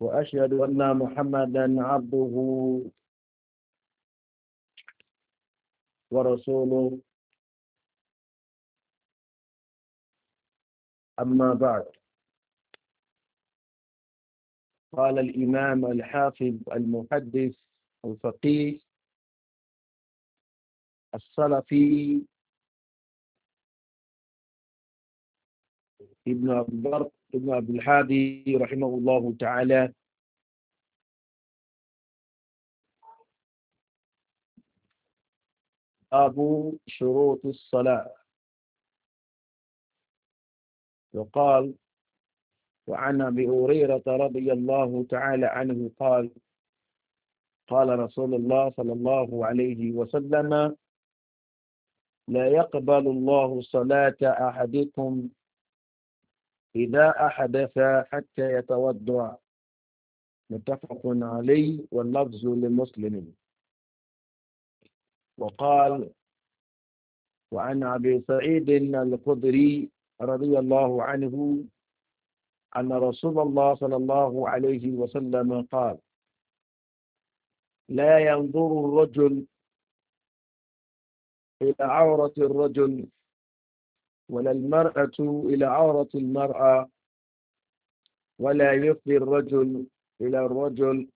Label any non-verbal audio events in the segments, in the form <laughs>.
وأشهد أن محمدا عبده ورسوله أما بعد قال الإمام الحافظ المحدث الفقيه السلفي ابن عبد ابن عبد الحادي رحمه الله تعالى أبو شروط الصلاة وقال وعن أبي هريرة رضي الله تعالى عنه قال قال رسول الله صلى الله عليه وسلم لا يقبل الله صلاة أحدكم إذا أحدث حتى يتوضأ متفق عليه واللفظ لمسلم وقال وعن أبي سعيد الخدري رضي الله عنه أن رسول الله صلى الله عليه وسلم قال لا ينظر الرجل إلى عورة الرجل ولا المرأة إلى عورة المرأة ولا يفضي الرجل إلى الرجل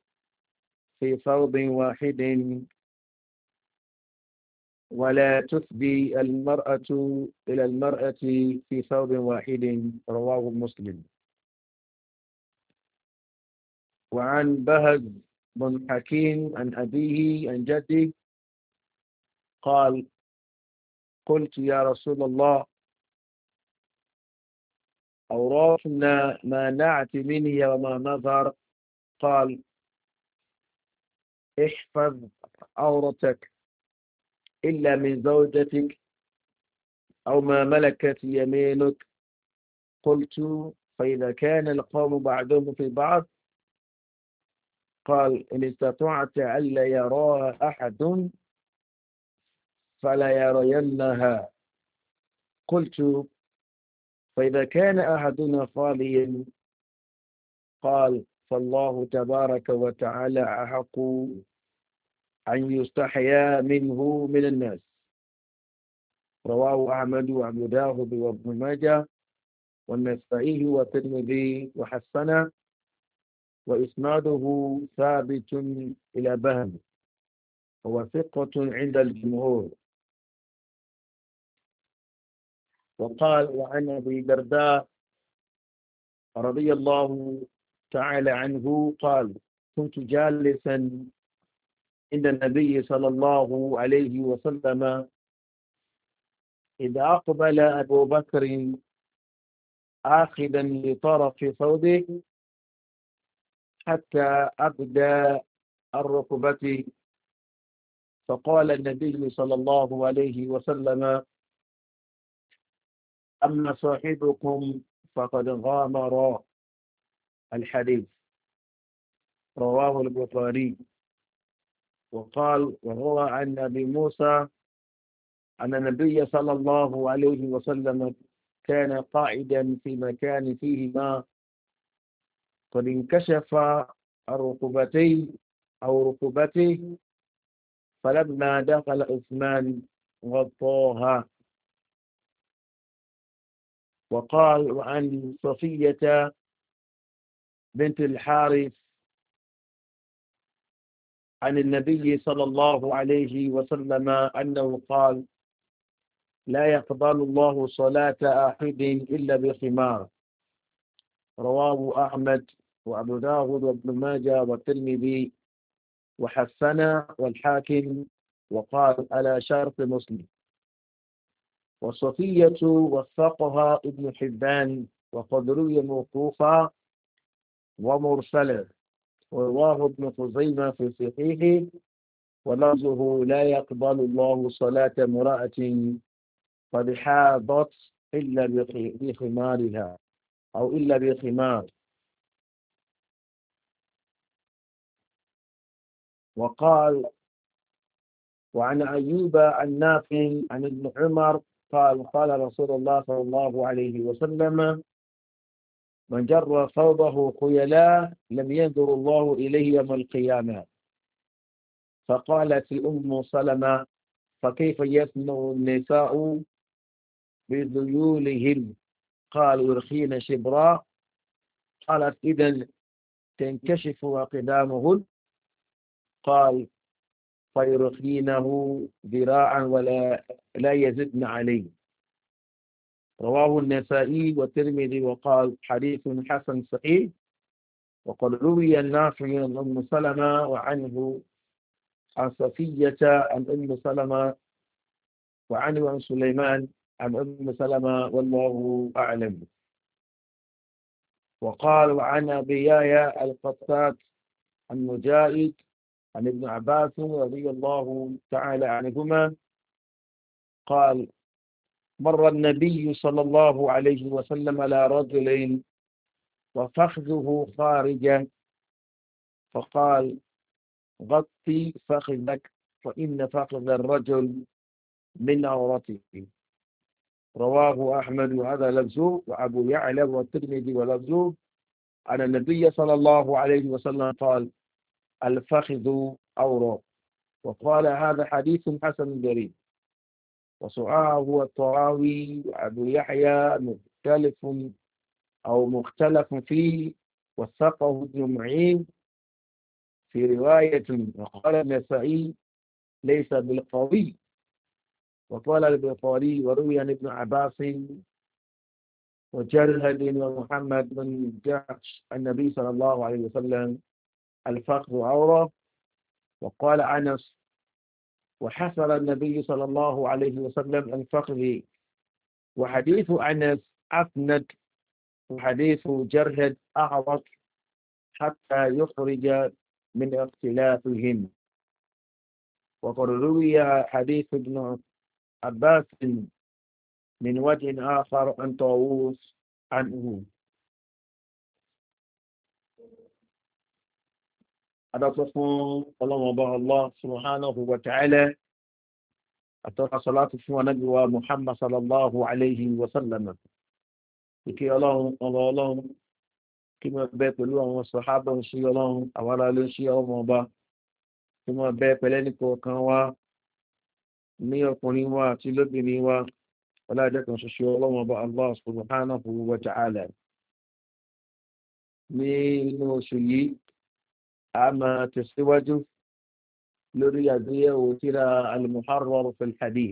في فوض واحد ولا تفضي المرأة إلى المرأة في فوض واحد رواه مسلم وعن بهز بن حكيم عن أبيه عن جده قال قلت يا رسول الله أورثنا ما نعت مني وما نظر قال احفظ عورتك إلا من زوجتك أو ما ملكت يمينك قلت فإذا كان القوم بعضهم في بعض قال إن استطعت ألا يراها أحد فلا يرينها قلت فإذا كان أحدنا خاليا قال فالله تبارك وتعالى أحق أن يستحيا منه من الناس رواه أحمد وأبو داود وابن ماجه والنسائي والترمذي وحسنه وإسناده ثابت إلى بهم هو ثقة عند الجمهور وقال وعن أبي درداء رضي الله تعالى عنه قال كنت جالسا عند النبي صلى الله عليه وسلم إذا أقبل أبو بكر آخذا لطرف صوته حتى أبدى الركبة فقال النبي صلى الله عليه وسلم أما صاحبكم فقد غامر الحديث رواه البخاري وقال وهو عن أبي موسى أن النبي صلى الله عليه وسلم كان قائدا في مكان فيه ما قد انكشف الركبتين أو ركبته فلما دخل عثمان غطاها وقال عن صفية بنت الحارث عن النبي صلى الله عليه وسلم أنه قال لا يقبل الله صلاة أحد إلا بخمار رواه أحمد وأبو داود وابن ماجه والترمذي وحسن والحاكم وقال على شرط مسلم وصفية وثقها ابن حبان وقد موقوفة ومرسلة والله ورواه ابن خزيمة في صحيحه ولفظه لا يقبل الله صلاة امرأة قد حاضت إلا بخمارها أو إلا بخمار وقال وعن أيوب عن ناف عن ابن عمر قال قال رسول الله صلى الله عليه وسلم من جر صوبه خيلا لم ينظر الله إليه يوم القيامة فقالت أم سلمة فكيف يسمع النساء بذيولهم قال يرخين شبرا قالت إذا تنكشف أقدامهن قال فيرخينه ذراعا ولا لا يزدن عليه رواه النسائي والترمذي وقال حديث حسن صحيح وقد روي النافع عن ام سلمه وعنه عن صفيه عن ام سلمه وعنه عن سليمان عن ام سلمه والله اعلم وقال عن ابيايا القطات المجاهد عن ابن عباس رضي الله تعالى عنهما قال مر النبي صلى الله عليه وسلم على رجل وفخذه خارجا فقال غطي فخذك فإن فخذ الرجل من عورته رواه أحمد وهذا لفظه وأبو يعلى والترمذي ولفظه أن النبي صلى الله عليه وسلم قال الفخذ أوراق وقال هذا حديث حسن جريد وصعاه هو الطراوي وأبو يحيى مختلف أو مختلف فيه وثقه ابن معين في رواية وقال النسائي ليس بالقوي وقال البخاري وروي عن ابن عباس وجرهد ومحمد بن جعش النبي صلى الله عليه وسلم الفقر عورة وقال أنس وحصل النبي صلى الله عليه وسلم الفقر وحديث أنس أفند وحديث جرهد أعرض حتى يخرج من اختلافهم وقد روي حديث ابن عباس من وجه آخر عن طاووس عنه adápẹ́ fún ọlọ́run ọba allah subhanahu wa ta'ala àtọ́ka sọláàtì fún anábíwá muhammad sallallahu alayhi wa sallam ìkí ọlọ́run ọba ọlọ́run kí mọ̀ bẹ́ pẹ̀lú àwọn sọ̀hábà ń sí ọlọ́run àwọn ará ló kan wá ní ọkùnrin wa àti lóbìnrin wa ọlájẹ́kan ṣoṣo ọlọ́run ọba allah subhanahu wa ta'ala ní inú oṣù yìí a máa tẹ̀síwájú lórí àgbéyẹ̀wò tíra alimuharrar filhadi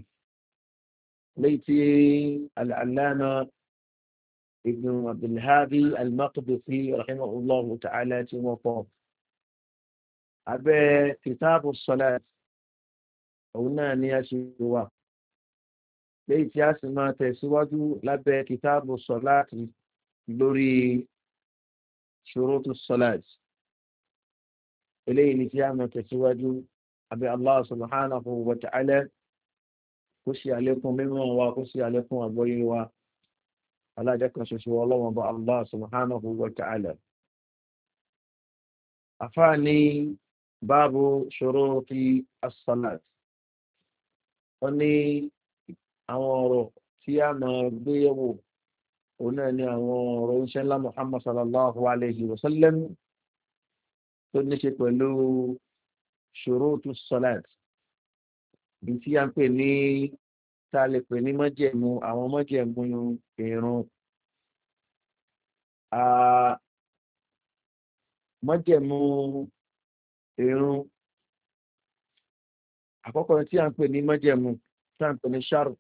léyìí tí alàlámà ibn abdulhadi almakdisi rahimahullah ta'ala tí wọ́n pọ̀ abẹ́ kìtàbù sọ́láàtì òun náà ni a ṣe wà léyìí tí a sì máa tẹ̀síwájú lábẹ́ kìtàbù sọ́láàtì lórí ṣòro tó sọ́láàtì eléyìí ni tí a mọ̀ tẹ̀síwájú àbí allah subhanahu wa ta'ala kó ṣe àlékún mímọ̀ wa kó ṣe àlékún àgbóyé wa alájẹ́kan ṣoṣo ọlọ́wọ́n bá allah subhanahu wa ta'ala afáà ní báàbù ṣòro fi asalat ó ní tó ní ṣe pẹ̀lú ṣòro tó sọ́láàt bí tí a ń pè ní tá a lè pè ní mọ́jẹ̀mú àwọn mọ́jẹ̀mú irun mọ́jẹ̀mú irun àkọ́kọ́ tí a ń pè ní mọ́jẹ̀mú tá a ń pè ní sharp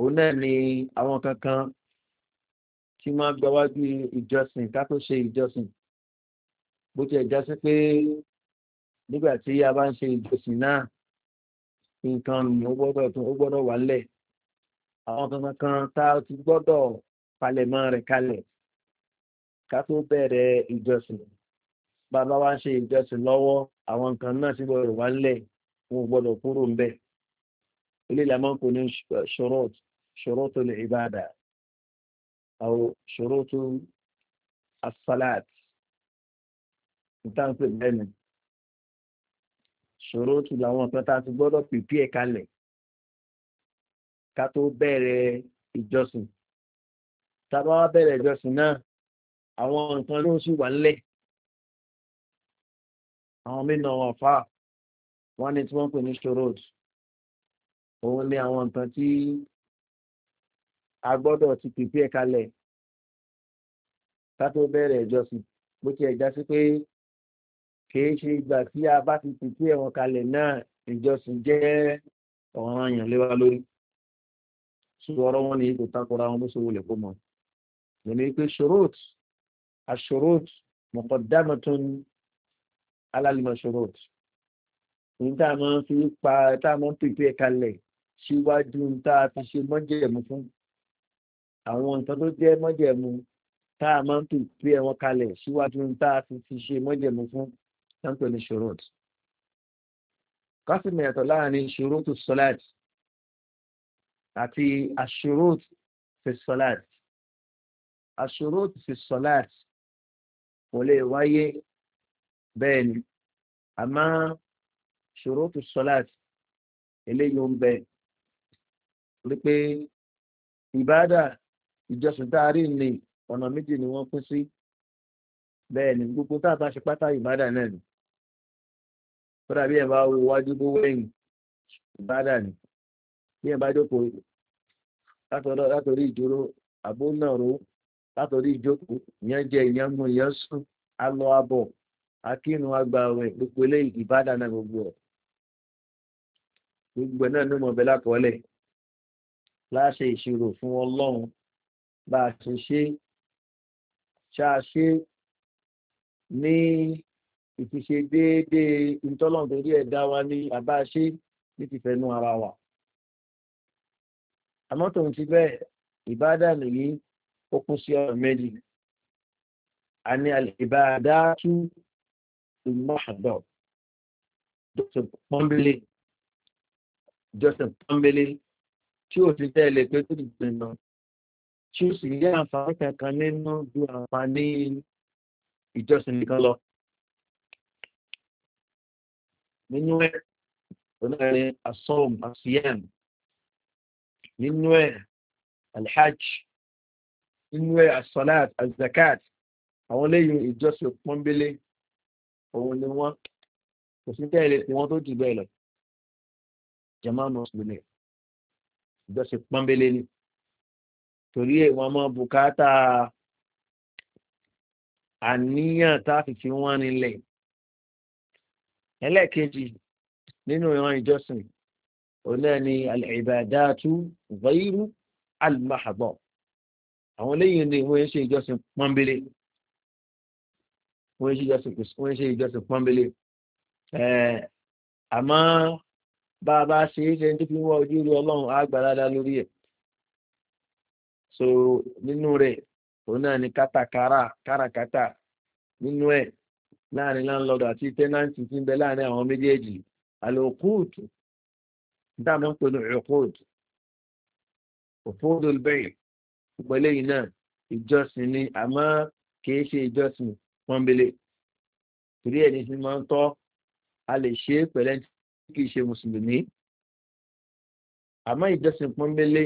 òun náà ni àwọn kankan tí máa gbọ́wájú ìjọsìn ká tó ṣe ìjọsìn bó tiẹ̀ já sí pé nígbà tí a bá ń ṣe ìjọsìn náà nǹkan ó gbọ́dọ̀ tún ó gbọ́dọ̀ wà ńlẹ̀ àwọn kankan kan tá a ti gbọ́dọ̀ palẹ̀mọ́ rẹ̀ kalẹ̀ ká tó bẹ̀rẹ̀ ìjọsìn bàbá wa ń ṣe ìjọsìn lọ́wọ́ àwọn nǹkan náà sì gbọ́dọ̀ wà ńlẹ̀ wọn ò gbọ́dọ̀ kúrò ń bẹ̀ ilé ìlànà kò ní ṣòrọ́t ṣòrọ́t olè ìbàdà àwọn ṣòrọ́t asálàtì ìtànpè lẹ́nu ṣòro tù làwọn nǹkan tá a ti gbọ́dọ̀ pèpì ẹ̀ kalẹ̀ ká tó bẹ̀rẹ̀ ìjọsìn tábà wá bẹ̀rẹ̀ ìjọsìn náà àwọn nǹkan ló ń sì wà ńlẹ̀ àwọn mìíràn wọn fà wọn ni tí wọ́n pè ní ṣòro òun ni àwọn nǹkan tí a gbọ́dọ̀ ti pèpì ẹ̀ kalẹ̀ ká tó bẹ̀rẹ̀ ìjọsìn bó ti ẹ̀ já sí pé kìí ṣe ìgbà tí a bá ti pèsè ẹ̀wọ̀n kalẹ̀ náà ìjọsìn jẹ́ ọ̀ràn àyàn léwa lórí ṣùgbọ́n wọn ni kò takora wọn mọ́sowó lè kó mọ́ lẹ́nu pé ṣòrót àṣòrót mọ̀kọ̀dámọ̀tún alálìmọ̀ ṣòrót ní tá a máa fi pa tá a máa pèsè ẹ̀ kalẹ̀ síwájú tá a ti ṣe mọ́jẹ̀mú fún àwọn nǹkan tó jẹ́ mọ́jẹ̀mú tá a máa pèsè ẹ̀wọ̀n kalẹ̀ síwájú tá a ti ṣe mọ́jẹ̀mú fún táǹpẹ ní ṣòròt kásìmọ̀ yàtọ̀ láàrin ṣòròt sọláàtì àti àṣòròt fi sọláàtì àṣòròt fi sọláàtì kò lè wáyé bẹ́ẹ̀ ni àmọ́ ṣòròt sọláàtì eléyìí ń bẹ wípé ìbáàdà ìjọsìn tá a rí ni ọ̀nà méjì ni wọ́n pín sí bẹ́ẹ̀ gbogbo tá ṣe pátá ìbáàdà náà ni kódà bí ẹ bá wo wájú tó wẹ̀yìn ìbádà ni bí ẹ bá jókòó látọ̀rí ìdúró àbónàró látọ̀rí ìjókòó ìyẹn jẹ ìyẹn mú ìyẹn sùn á lọ abọ̀ akínú agbàwẹ̀ gbogbo eléyìí ìbádà náà gbogbo ẹ̀ gbogbo ẹ̀ náà ní mọ̀ bẹ́lá kọ́lẹ̀ láṣẹ ìṣirò fún ọlọ́run bá a ti ṣe ṣáṣe ní ìfiṣe déédéé ìtọ́lọ́ntorí ẹ̀dá wa ní àbáṣe ní ti fẹnu ara wa. àmọ́ tòun ti bẹ́ẹ̀ ìbáàdà nìyí ó kún sí ọ̀rọ̀ méjì. a ní ìbáàdà tú ìmọ̀ọ́dọ̀ jọ́sìn pọ́nbélé jọ́sìn pọ́nbélé tí ò ti tẹ́lẹ̀ pé tó dìbò náà tí ó sì yá àǹfààní kankan nínú ju àǹfààní ìjọsìn nìkan lọ nínú ẹ̀ onáàrin asom asiyam nínú ẹ̀ alhaj nínú ẹ̀ asalat azakat àwọn lẹ́yìn ìjọsìn pọ́nbélé òun ni wọ́n kò sí tẹ́ ilé tí wọ́n tó jù bẹ́ẹ̀ lọ jama mùsùlùmí ìjọsìn pọ́nbélé ni torí ẹ̀ wọ́n mọ bùkátà àníyàn tá a fi fi wọ́n nílẹ̀ ẹlẹ́ẹ̀kejì nínú ìran ìjọsìn ọ̀nà ni al-ibadatu ghayru al-mahdha àwọn lẹ́yìn ni wọ́n ṣe ìjọsìn pọ́nbélé wọ́n ṣe ìjọsìn pọ́nbélé àmọ́ bá a bá ṣe é ṣe tó fi wá ojú rí ọlọ́run àgbàládá lórí ẹ̀ so nínú rẹ̀ ọ̀nà ni kátàkárà káràkátà nínú ẹ̀ láàrin landlord àti tenancy ti ń bẹ láàrin àwọn méjèèjì alòkúùtù dáàmú pẹ̀lú ìkúùtù òfóòdù bẹ́ẹ̀ pẹ̀lú yìí náà ìjọsìn ni àmọ́ kìí ṣe ìjọsìn pọ́nbélé torí ẹni tí máa ń tọ́ a lè ṣe pẹ̀lẹ́ kìí ṣe mùsùlùmí àmọ́ ìjọsìn pọ́nbélé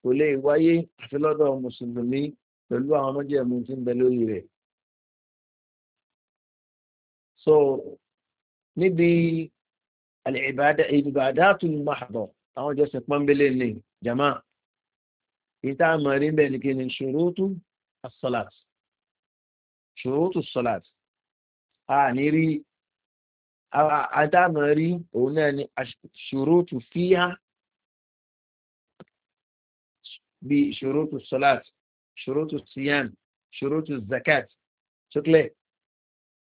kò lè wáyé àfi lọ́dọ̀ mùsùlùmí pẹ̀lú àwọn ọmọdé ẹ̀mú tí ń bẹ lórí rẹ̀ so níbi ìbàdàtù mahadọ̀ àwọn ìjọsìn pọ́nbélé ní jama ìta àmọ̀rí bẹ́ẹ̀ ní kí ni ṣòrótù as-salat ṣòrótù as-salat a ní rí àdámọ̀rí òun náà ni ṣòrótù fíhá bí ṣòrótù as-salat ṣòrótù siyam ṣòrótù zakat ṣókèlè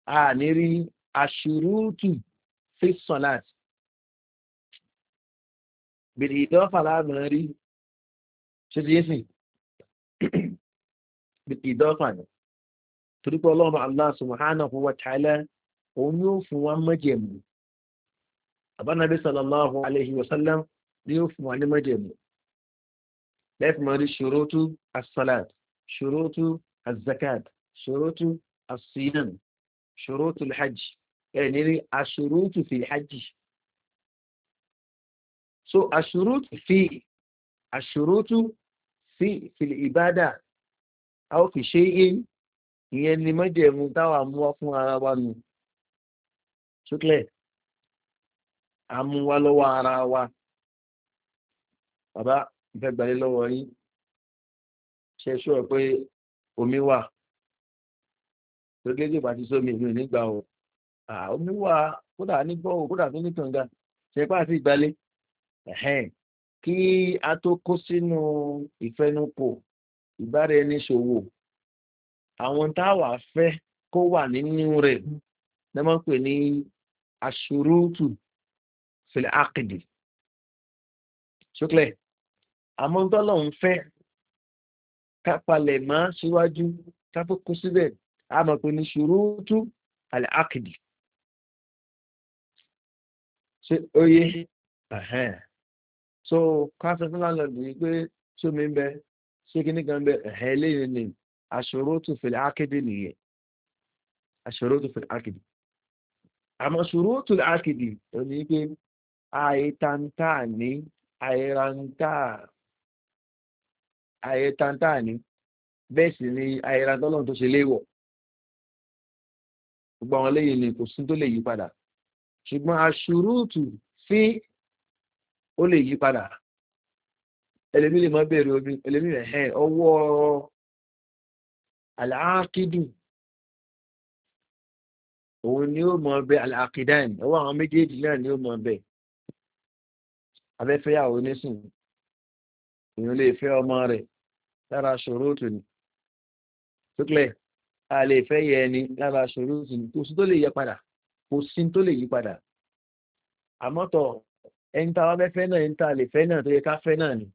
a ní rí aṣùrútù fi sọ̀láàtì bèrè ìdọ́fà láàmì rí ṣe ti yé sí bèrè ìdọ́fà ni torípọ̀ ọlọ́run allah subhanahu wa ta'ala òun yóò fún wa mọ́jẹ̀mú àbánabi sallallahu alayhi wa sallam ni yóò fún wa ní mọ́jẹ̀mú lẹ́fìmọ̀ rí ṣòrótú asọ́láàtì ṣòrótú azakat ṣòrótú asiyan ṣòrótù hajj ẹ̀ nírí aṣòrótù fi hajj so aṣòrótù fi aṣòrótù fi fìlì ìbádà a ó fi ṣe é ìyẹn ni mọ́jẹ̀mú táwa mú wá fún ara wa nù ṣúklẹ̀ a mú wá lọ́wọ́ ara wa bàbá ìfẹ́ gbalẹ̀ lọ́wọ́ yín ṣe ṣọ́ pé omi wà gbẹgbẹ gbẹgbà ti sómi ìlú nígbà o omi wà kódà nígbà o kódà tó ní kànga ṣẹpá àti ìgbálẹ kí a tó kó sínú ìfẹnukò ìbára ẹni ṣòwò àwọn táwà fẹ kó wà nínú rẹ ní wọn pè ní aṣurutu fìlẹ àkìdì ṣókè àmọ́ ń tọ́lọ̀ ń fẹ́ kápalẹ̀ máa síwájú kápẹ́ kó síbẹ̀ a mọ̀ pé ní ṣùrútù al-aqdi ṣe oye so káṣẹ fún láńlọ́dù yìí pé ṣómi ń bẹ ṣé kí nìkan bẹ ẹ̀hẹ́ eléyìí ni aṣòrótù fìlẹ̀ ákéde nìyẹn aṣòrótù fìlẹ̀ ákéde àmọ́ ṣòrótù ákéde ò ní pé àìtàntà ní àìràntà àìtàntà ní bẹ́ẹ̀ sì ni àìràntà ọlọ́run tó ṣe léwọ̀ gbogbo àwọn lẹ́yìn ni kò sí tó lè yí padà ṣùgbọ́n aṣùrùtù sí ó lè yí padà ẹlẹ́mí lè má bèèrè omi ẹlẹ́mí rẹ̀ ẹ̀ ọwọ́ aláàkídù òun ni ó mọ ọbẹ̀ aláàkídàn ọwọ́ àwọn méjèèjì náà ni ó mọ ọbẹ̀ abẹ́fẹ́yàwó nísìn èèyàn lè ọmọ rẹ̀ lára ṣòro tù ní. Tókìlẹ̀ a lè fẹ́ yẹ ẹni lára ṣòro sí kò sí tó lè yẹ padà kò sí tó lè yí padà àmọ́tọ̀ ẹni tá a wá fẹ́ náà ẹni tá a lè fẹ́ náà tó yẹ ká fẹ́ náà ni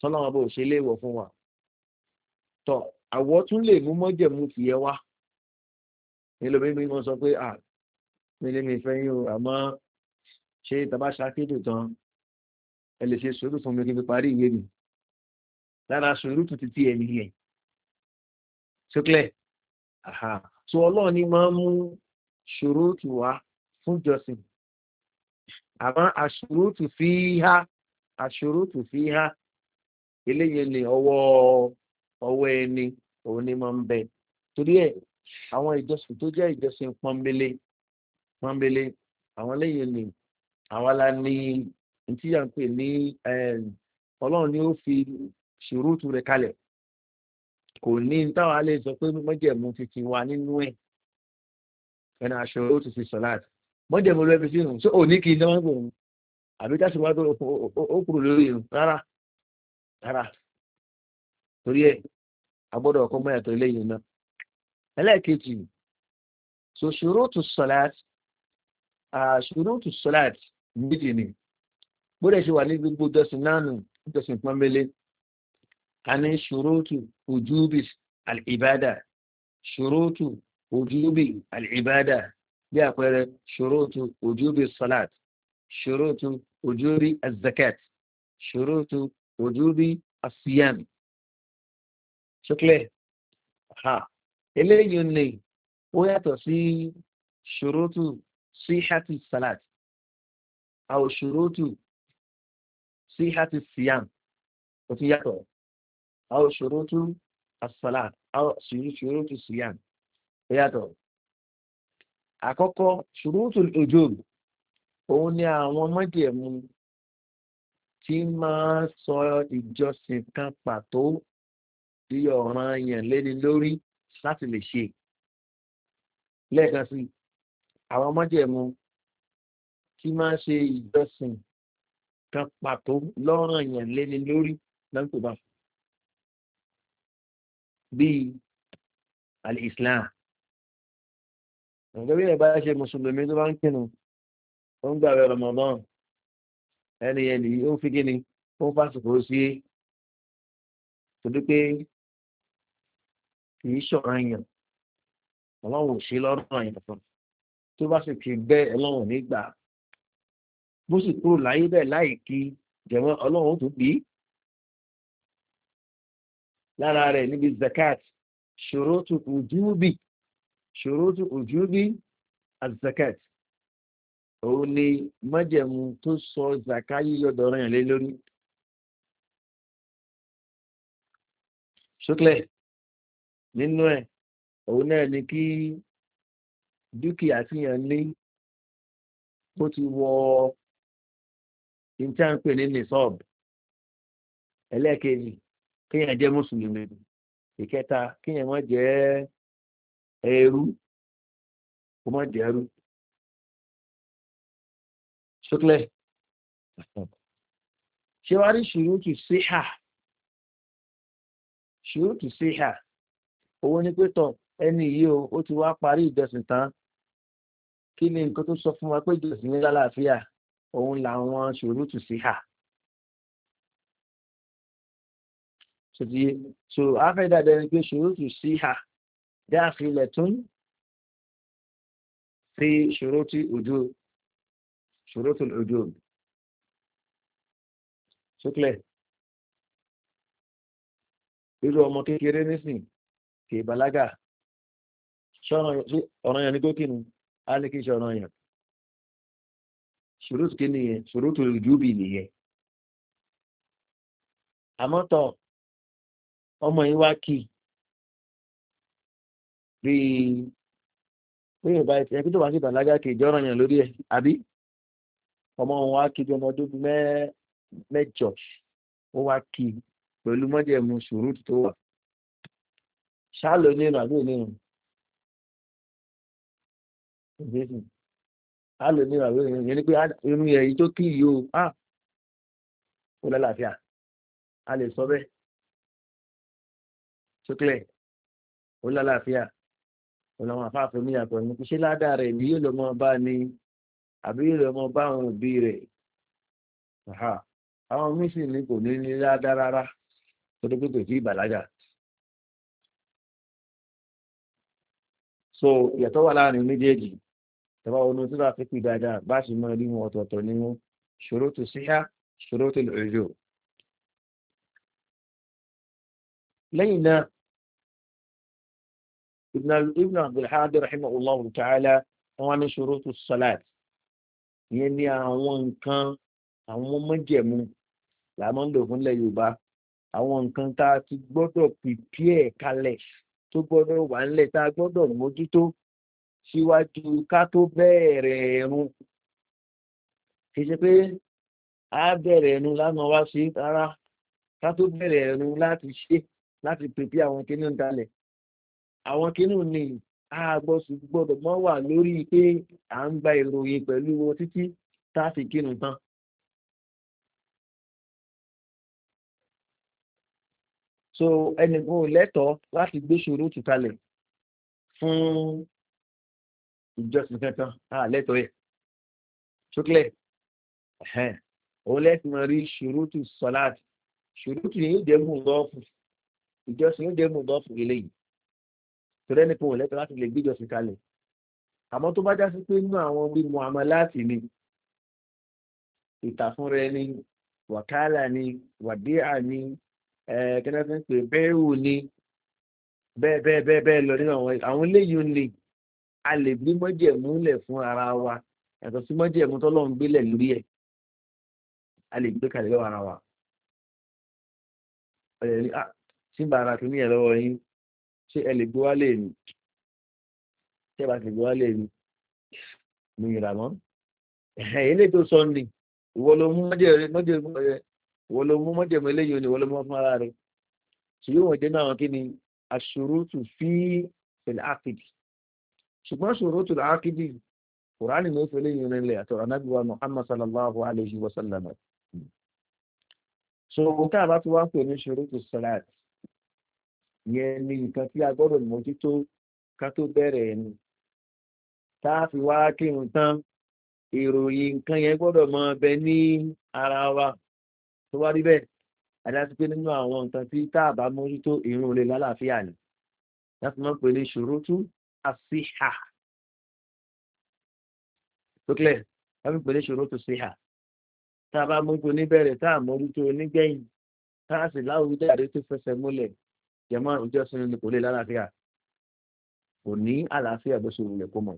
tọ́lọ́wọ́n bó ṣe léèwọ̀ fún wa tọ́ àwọ̀ tún lè mú mọ́jẹ̀mú fi ẹ wá nílò bí àhá so ọlọ́run ni máa ń mú ṣòrótù wá fún jọsìn àmọ́ àṣòrótù fi há àṣòrótù fi há eléyìí ni ọwọ́ ọwọ́ ẹni òun ni máa ń bẹ torí ẹ̀ àwọn ìjọsìn tó jẹ́ ìjọsìn pọ́nbélé pọ́nbélé àwọn ni àwa la ní eh, ni ó fi ṣòrótù rẹ̀ kalẹ̀ kò ní táwa lè sọ pé mọ́jẹ̀mú fífi wa nínú ẹ̀ ẹnu aṣọ ó ti fi sọ láti mọ́jẹ̀mú ló fi sínú ṣé òní kì í dán gbòòrùn àbí dáṣe wá tó ó kúrò lórí irun rárá rárá torí ẹ agbọ́dọ̀ ọkọ mọ́ ẹ̀tọ́ ilé yìí náà ẹlẹ́ẹ̀kejì so ṣòro tó sọ̀láàt ṣòro tó sọ̀láàt méjì ni bó dẹ̀ ṣe wà ní gbogbo dọ̀sìn náà nù dọ̀sìn pọ́nbélé a ní ṣòro tó وجوب العبادة شروط وجوب العبادة بأقول شروط وجوب الصلاة شروط وجوب الزكاة شروط وجوب الصيام شكله ها eléyìí يوني ó شروط صحة الصلاة أو شروط صحة الصيام síhàtì àwọn شروط tún àṣàlà شروط ṣòro tún ترى. ó yàtọ̀ àkọ́kọ́ ṣòro tún òjò òun ni àwọn mọ́jẹ̀mú tí máa sọ ìjọsìn kan pàtó bí ọ̀ràn yàn léni lórí láti lè ṣe lẹ́ẹ̀kan sí àwọn mọ́jẹ̀mú tí máa ṣe ìjọsìn kan pàtó lọ́ràn yàn léni lórí lọ́nkò bá fún bíi al-islam nǹkan bí ẹ bá ṣe mùsùlùmí tó bá ń kinu ó ń gbàwé ramadan ẹni ẹni ó fi kí ni ó ń fásitì ó sí torí pé kì í ṣọ̀ràn yàn ọlọ́run ò ṣe lọ́rùn àyàn kan tó bá sì ti bẹ́ ọlọ́run nígbà bó sì kúrò láyé bẹ́ẹ̀ láì kí jẹ̀wọ́n ọlọ́run ó tún bí lára rẹ̀ níbi zakat ṣòrótù ojúbì ṣòrótù ojúbì azakat òun ni mọ́jẹ̀mú tó sọ zaka yíyọ dọ̀rọ̀ yàn lé lórí. ṣókèlè nínú ẹ̀ òun náà ni kí dúkìá tíyàn ní bó ti wọ ìtànpè ní nìsọ́ọ̀bù ẹlẹ́ẹ̀kejì kéèyàn jẹ́ mùsùlùmí ìkẹta kéèyàn má jẹ́ ẹrú kó má jẹ́ ẹrú ṣókílẹ̀ ṣé wàá rí ṣùrùtù síhà ṣùrùtù síhà owó ní pé tọ̀ ẹni yìí o ó ti wá parí ìjọsìn tán kí ni nǹkan tó sọ fún wa pé ìjọsìn ní lálàáfíà òun làwọn ṣòro tù sọtí so afẹ́dá dẹni pé ṣòrótù sí ha dáàfilẹ̀ tún sí ṣòrótù òjò ṣòrótù òjò ṣókèlè irú ọmọ kékeré nísìn kì í bàlágà ọ̀ràn yẹn ní gókìnù á ní kí í ṣe ọ̀ràn yẹn ṣòrótù kí nìyẹn ṣòrótù òjò bì nìyẹn àmọ́tọ̀ ọmọ yìí wá kì bí bóyá ìbá ẹtì ẹkí tó wá sí ìbàlágà kì í jọ́ràn yàn lórí ẹ̀ àbí ọmọ òun wá kì bí ọmọ ọdún mẹ́jọ ó wá kì pẹ̀lú mọ́jẹ̀mú sùúrù tó wà ṣáàlò nínú àbí onírun ìgbésùn ṣáàlò àbí onírun yẹn ni pé irun yẹn yìí tó kì yìí o ah! ó lálàáfíà a lè sọ bẹ́ẹ̀ ṣókèlè ó lálàáfíà òun àwọn afáàfin mi yàtọ̀ ní ṣé ládàá rẹ̀ ni yóò lọ mọ bá ní àbí yóò lọ mọ bá àwọn òbí rẹ̀ àwọn míì sì ní kò ní ní ládàá rárá tó dé pé kò tí ì bàlágà. so ìyàtọ̀ wà láàrin méjèèjì tọ́wọ́ onú tí wàá fipì dáadáa bá sì mọ rí wọn ọ̀tọ̀ọ̀tọ̀ ní wọn ṣòro tó síhá ṣòro tó lòjò. lẹ́yìn náà ibn abdulhadi rahimahullah ta'ala wọn ní ṣòro tó salat ìyẹn ní àwọn nǹkan àwọn mọ́jẹ̀mú làá máa ń lò fúnlẹ̀ yorùbá àwọn nǹkan tá a ti gbọ́dọ̀ pìpìẹ́ kalẹ̀ tó gbọ́dọ̀ wà ńlẹ̀ tá a gbọ́dọ̀ mójútó síwájú ká tó bẹ̀rẹ̀ ẹ̀rùn kì í ṣe pé a bẹ̀rẹ̀ ẹ̀rùn lánàá wá sí rárá ká tó bẹ̀rẹ̀ ẹ̀rùn láti ṣe láti pèpè àwọn kíní ń dalẹ̀ àwọn kínú ni àgbọ̀sù gbọ́dọ̀ mọ́ wà lórí pé à ń gba ìròyìn pẹ̀lú wọn títí tá a fi kínú tán. so ẹnìkan ò lẹ́tọ̀ọ́ láti gbé ṣòro tù kalẹ̀ fún ìjọsìn kankan a lẹ́tọ̀ọ́ ẹ̀ ṣókèlẹ̀ ẹ̀hẹ́n òun lẹ́sìn mọ̀ rí ṣòro tù sọ́láàtì ṣòro tù yìí jẹ́ mú ǹdọ́fù ìjọsìn yìí jẹ́ mú ǹdọ́fù eléyìí tọ́lẹ́ nìkan ò lẹ́tọ̀ láti lè gbéjọsìn kalẹ̀ àmọ́ tó bá já sí pé inú àwọn mímu àmọ́ láti ni ìtàfúnra ẹni wàkálà ni wàdíà ni kẹ́nẹ́fẹ́ ń pè bẹ́ẹ̀rù ni bẹ́ẹ̀ bẹ́ẹ̀ bẹ́ẹ̀ bẹ́ẹ̀ lọ nínú àwọn àwọn eléyìí ni a lè gbé mọ́jẹ̀mú lẹ̀ fún ara wa yàtọ̀ sí mọ́jẹ̀mú tọ́lọ́ ń gbélẹ̀ lórí ẹ̀ a lè gbé kalẹ̀ lọ́wọ́ ara wa. ọ̀yẹ̀ ni ah síbára kìíní ẹ̀ lọ́wọ́ yín ṣé ẹ lè gbé wálé ni ṣé ẹ bá ti gbé wálé ni mo yìnbọn mọ́ ẹ̀hìn eléyìí tó sọ ni ìwọ ló mú mọ́jẹ̀mọ́ eléyìí ni ìwọ ló mọ́ fún ara rẹ̀ ṣùgbọ́n ìwọ̀n jẹ́ náà kí ni aṣòrótù fi pẹ̀lú ákìdì ṣùgbọ́n aṣòrótù ákìdì kùránì ló fẹ́ léyìn rẹ̀ àtọ̀rọ̀ anábíwá yẹn ni nǹkan tí a gbọ́dọ̀ mójútó ká tó bẹ̀rẹ̀ ẹnu tá a fi wá kírun tán ìròyìn nǹkan yẹn gbọ́dọ̀ mọ ọbẹ̀ ní ara wa tó wá rí bẹ́ẹ̀ àdáṣe pé nínú àwọn nǹkan tí tá a bá mójútó ìrún olè lálàáfíà ni láti mọ̀ pé ní ṣòro tú àṣìṣà tókè láti pè ní ṣòro tó ṣìṣà tá a bá mójútó níbẹ̀rẹ̀ tá a mójútó nígbẹ̀yìn tá a sì láwùjọ àdé tó fẹsẹ̀ múlẹ̀ jẹmọ́ ìjọsìn ni kò lè lálàáfíà kò ní àlàáfíà bó ṣe wùlẹ̀ kó mọ̀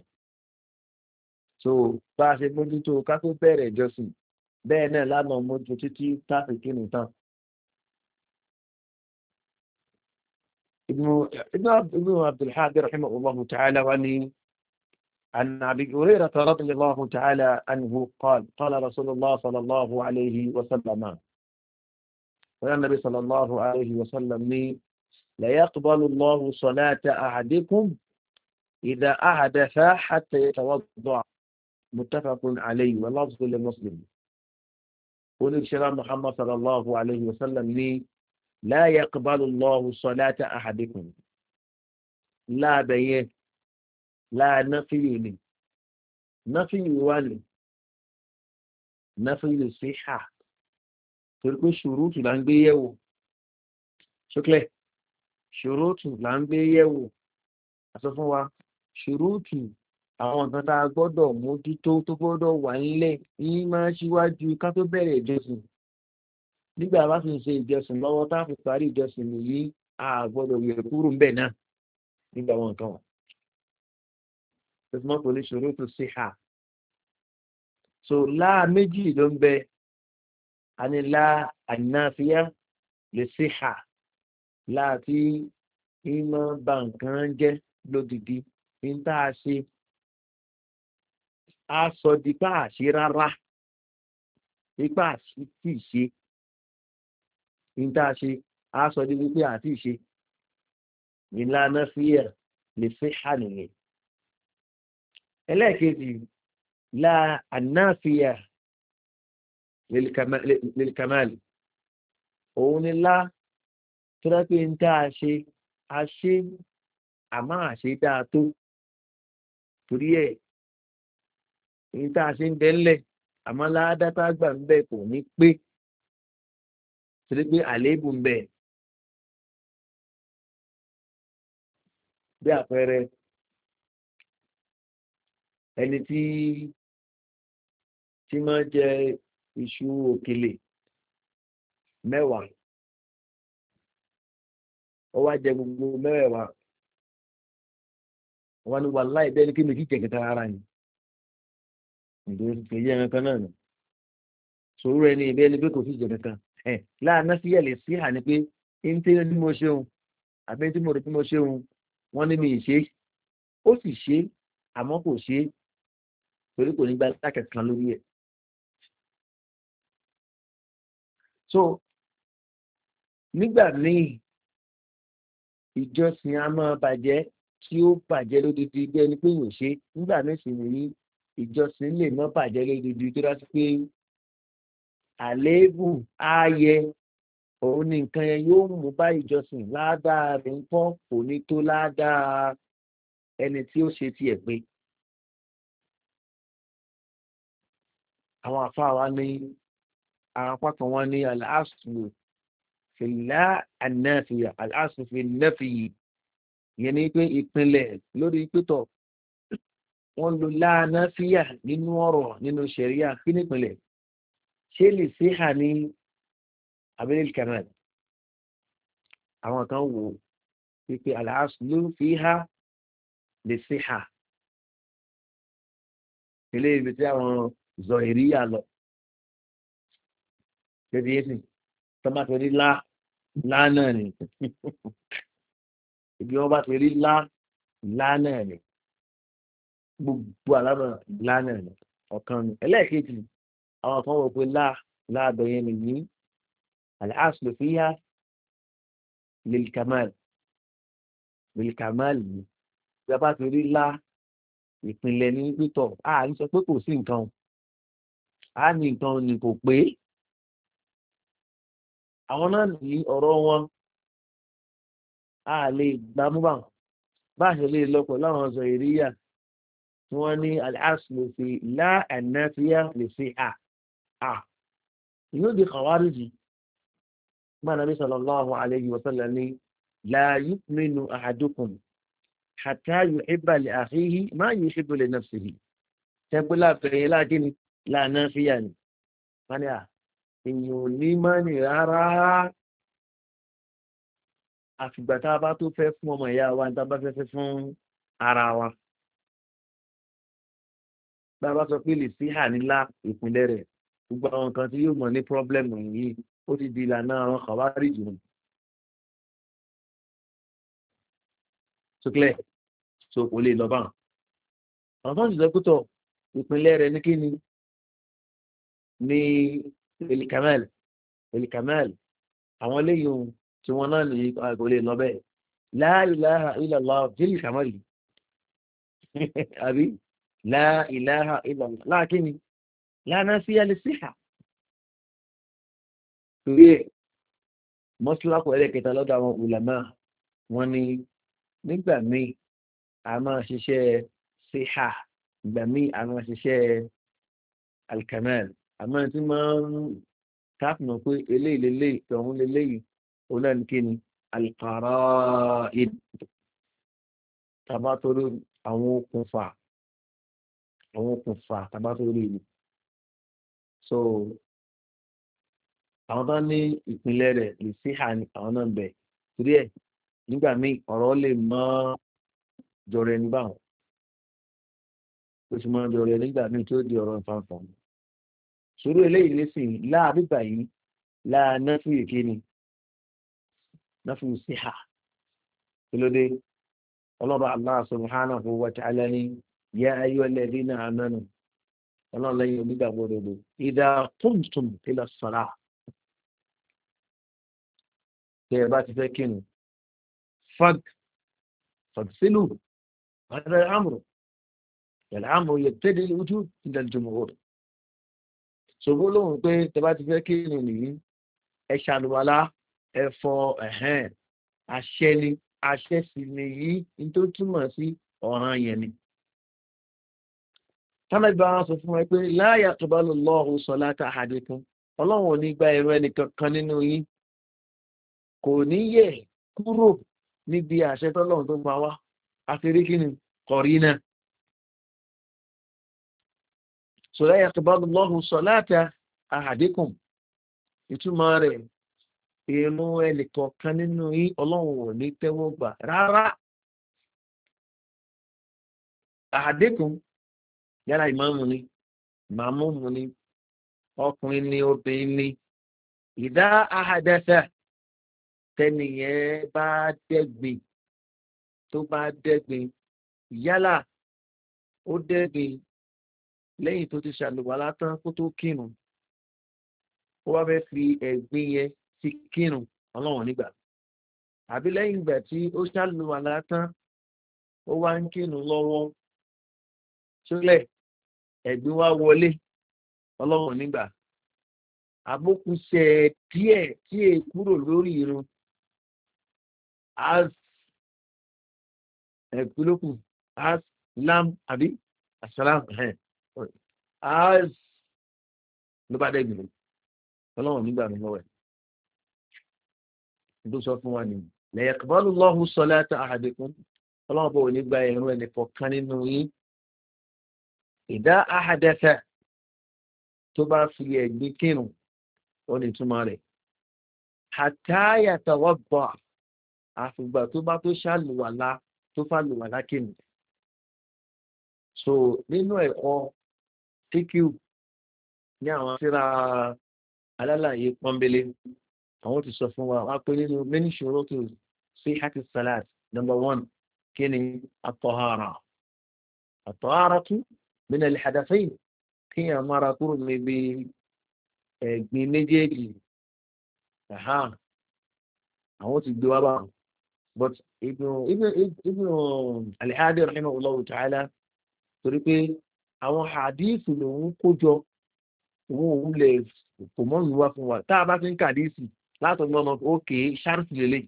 so bá a ṣe mójútó ká tó bẹ̀rẹ̀ ìjọsìn bẹ́ẹ̀ náà lánà mójú títí táàfì kínú tán ابن عبد الحاد رحمه الله تعالى عن أبي هريرة رضي الله تعالى عنه قال قال رسول الله صلى الله عليه وسلم قال النبي صلى الله عليه وسلم لا يقبل الله صلاة أحدكم إذا أحدث حتى يتوضع متفق عليه ولفظ للمسلم قول الشيخ محمد صلى الله عليه وسلم لي لا يقبل الله صلاة أحدكم لا بيه لا نفي لي نفي والي نفي الصحة تلك الشروط بيه شكله ṣòrótù là ń gbé yẹ̀wò àsọ fún wa ṣòrótù àwọn nǹkan tá a gbọ́dọ̀ mójútó tó gbọ́dọ̀ wà nílẹ̀ yín máa ṣíwájú ká tó bẹ̀rẹ̀ ìjọsìn nígbà bá fi ń ṣe ìjọsìn lọ́wọ́ tá a fi parí ìjọsìn nìyí a gbọ́dọ̀ yẹ̀ kúrò ńbẹ̀ náà nígbà wọn kan wọn. tẹsán kò lè ṣòro tó ṣe hà so láà méjì ló ń bẹ a ní láà ànáfíà lè ṣe hà láti ìmọ̀ ba nǹkan jẹ́ lódìdí ní tá a ṣe a sọ di pa àṣe rárá ipá àti ìṣe ní tá a ṣe a sọ di wípé àti ìṣe ìlànà fíyà lè fi hà nìyẹn ẹlẹ́ẹ̀kejì la ànáfíà lè òun ni lá. La tó dá pé ń tá a ṣe a ṣe àmọ́ àṣe dáa tó torí ẹ̀ èyí tá a ṣe ń bẹ́ ńlẹ̀ àmọ́ ládàtà gbà ń bẹ̀ kò ní pé torí pé àléébù ń bẹ̀. bí àpẹẹrẹ ẹni tí tí máa jẹ iṣu òkèlè mẹ́wàá ó wá jẹ gbogbo mẹ́rẹ̀ẹ̀wá wọn ni wà láì bẹ́ẹ̀ ni kí méjì jẹ̀kẹ̀tà ara ni ìdúró ti tẹ̀yẹ ẹran kan náà nù sòwúrò ẹni ìbẹ́ ẹni pé kò sí jẹ̀kẹ̀tà ẹ̀ láàánú sí ẹ̀lẹ́ sí hà ni pé ń tẹ́ ní mo ṣeun àbí tí mo rò pé mo ṣeun wọ́n ní mi ì ó sì ṣe àmọ́ kò ṣe torí kò ní gba lákẹ̀kan lórí ẹ̀ so nígbà míì ìjọsìn a máa bàjẹ́ tí ó bàjẹ́ lódidi bí ẹni pé yóò ṣe nígbà mẹ́sìn nìyí ìjọsìn lè má bàjẹ́ lódidi tó dá sí pé àléébù ààyè òun ni nǹkan yẹn yóò mú bá ìjọsìn ládàá rẹ̀ ń pọ́n kò ní tó ládàá ẹni tí ó ṣe tiẹ̀ pé. àwọn àfáà wa ní àwọn apá kan wọn ní aláàsùlù fìlà ànáfìyà aláṣùfin nẹ́fìyì ìyẹn ni pé ìpínlẹ̀ lórí pétọ̀ wọ́n lo láàánáfíà nínú ọ̀rọ̀ nínú ṣẹ̀ríà kí nípìnlẹ̀ ṣé lè ṣe hà ní abẹ́lẹ̀ kanáà àwọn kan wò pípé aláṣù ló fi hà lè ṣe hà ilé ibi tí àwọn zọ̀ìríyà lọ. Ṣé ti yé lánà ni <laughs> ibi wọn bá ti rí lá lánà ni gbogbo alábà lánà ni ọ̀kan ni ẹlẹ́ẹ̀kejì àwọn kan wọ pé lá láàbẹ̀yẹn nìyí àlàáṣìlò fi yá lèlìkàmáàlì lèlìkàmáàlì ni bí a bá ti rí lá ìpínlẹ̀ ní pítọ̀ a ní sọ pé kò sí nǹkan a ní nǹkan ni kò pé àwọn náà ní ọ̀rọ̀ wọn a lè gbámúbà bá ṣe lè lọ pẹ̀lú àwọn ọ̀sọ̀ ìríyà tí wọ́n ní aláṣìlò sí láàánáfíà lè fi à à yóò di kàwárìjì gbọ́nà bí sallallahu alayhi wa sallam ní la yu'minu ahadukum hatta yuhibba li akhihi ma yuhibbu li nafsihi tẹ́gbẹ́ láàfẹ́ yẹn láàkíní láàánáfíà ni wọ́n ní èyàn ò ní mọ́nì rárá àfìgbà tá a bá tó fẹ́ fún ọmọ ìyá wa tá a bá fẹ́ fẹ́ fún ara wa tá a bá sọ pé lè sí hà nílá ìpínlẹ̀ rẹ̀ gbogbo àwọn nǹkan tí yóò mọ̀ ní pọ́blẹ́mù yìí ó ti di ìlànà àwọn kọ̀wárì jù sókè so kò lè lọ bá àwọn fáwọn ìjọba pé ìpínlẹ̀ rẹ̀ ní kí ni ní lèlìkàmẹ́lì lèlìkàmẹ́lì àwọn eléyìí ohun tí wọ́n náà lè kò lè lọ bẹ́ẹ̀ láìláha ìlàlá lèlìkàmẹ́lì <laughs> àbí láìláha ìlàlá láàkíní lánà sí alẹ́síhà torí ẹ̀ mọ́sílákọ̀ ẹlẹ́kẹta lọ́dọ̀ àwọn òlàmá wọn ni nígbà míì a máa ṣiṣẹ́ síhà ìgbà míì a máa ṣiṣẹ́ alkamal àmọ́ tí máa ń tápùnà pé eléyìí leléyìí tọ̀hún leléyìí òun náà ní kí ni alìkàrà ìdù tabatori àwọn okùnfà àwọn okùnfà tabatori ìlú so àwọn tó ní ìpínlẹ̀ rẹ̀ lè sí hà ní àwọn náà bẹ̀ torí ẹ̀ nígbà míì ọ̀rọ̀ lè mọ́ jọrọ ẹni báwọn ó sì mọ́ jọrọ nígbà míì tí ó di ọ̀rọ̀ ìfàǹfàǹ ṣòro eléyìí nísìnyí láàbígbà yìí láàánú fún ìkéni náfù síhà kí ló dé ọlọ́ba allah subhanahu wa ta'ala ni yá ayé ọlẹ́dí náà amánu ọlọ́run lẹ́yìn onígbàgbọ́ òdodo ìdá kúntùm ilẹ̀ sọ̀rà tẹ́ ẹ bá ti fẹ́ kínu هذا الأمر الأمر يبتدئ الوجود عند الجمهور ṣògbọ́n lóhùn pé tẹ́bá ti fẹ́ kírun nìyí ẹ ṣàlùwàlá ẹ fọ ẹ̀hẹ́n àṣẹ ni àṣẹ sì nìyí ní tó túmọ̀ sí ọ̀ràn yẹn ni. tánàgbà wọn sọ fún ẹ pé láàyà tó bá lò lọ́ọ̀hún sọ látà àdékùn ọlọ́run ní gba ẹ̀rọ ẹnìkankan nínú yín kò ní yẹ kúrò níbi àṣẹ tọ́lọ́run tó pa wá àti rí kí kọ̀rí náà. sọ̀rọ̀ ẹ̀yà tó bá ń lọ́hùn sọ láti àhàdínkù ìtumọ̀ rẹ̀ èrò ẹnìkọ̀ọ̀kan nínú yín ọlọ́run ní tẹ́wọ́ gbà rárá àhàdínkù yàrá ni màmúmù ni ọkùnrin ni obìnrin ni ìdá àhàdẹ́sẹ̀ tẹnìyẹn bá dẹ́gbin tó bá dẹ́gbin yálà ó lẹ́yìn tó ti ṣàlùwàlá tán kó tó kírun ó wá fẹ́ fi ẹ̀gbin yẹn ti kírun ọlọ́wọ̀n nígbà àbí lẹ́yìn ìgbà tí ó ṣàlùwàlá tán ó wá ń kírun lọ́wọ́ sílẹ̀ ẹ̀gbin wá wọlé ọlọ́wọ̀n nígbà àbókùsẹ̀ díẹ̀ tí è irun as ẹ̀kúlókù as lam àbí asalam. as ló bá dẹ́gbìn mi ọlọ́run nígbà mi lọ́wọ́ ẹ̀ tó sọ fún wa nìyí lẹ́yẹ̀kọ́bọ́lù lọ́hùn sọlá àti àhàdẹ́kùn ọlọ́run bọ̀ ní gba ẹ̀rún ẹni kọ̀ọ̀kan nínú yín ìdá àhàdẹ́fẹ́ tó bá fi ẹ̀gbin kírun ó ní túmọ̀ rẹ̀ àtàyàtàwọ̀ bọ̀ àfìgbà tó bá tó ṣàlùwàlá tó fàlùwàlá kírun so nínú ẹ̀kọ́ tíkíù ní àwọn síra alálàyé pọ́nbélé àwọn ti sọ fún wa wá pé nínú many ṣòro to sí hati salat number one kí ni àtọ̀hárà àtọ̀hárà tún nínú ìlẹ̀hàdáfẹ́ kí ni mara kúrò níbi ẹ̀gbin méjèèjì àwọn ti gbé wá bá but ibnu alihadi rahimahu allah ta'ala torí pé àwọn àdíìsì lòun kó jọ òun òun lè kò mọ́rùn wá fún wa tá a bá ti ń kàdíìsì látọ̀gbọ́n ọmọ òkè ṣáàtì lélẹ̀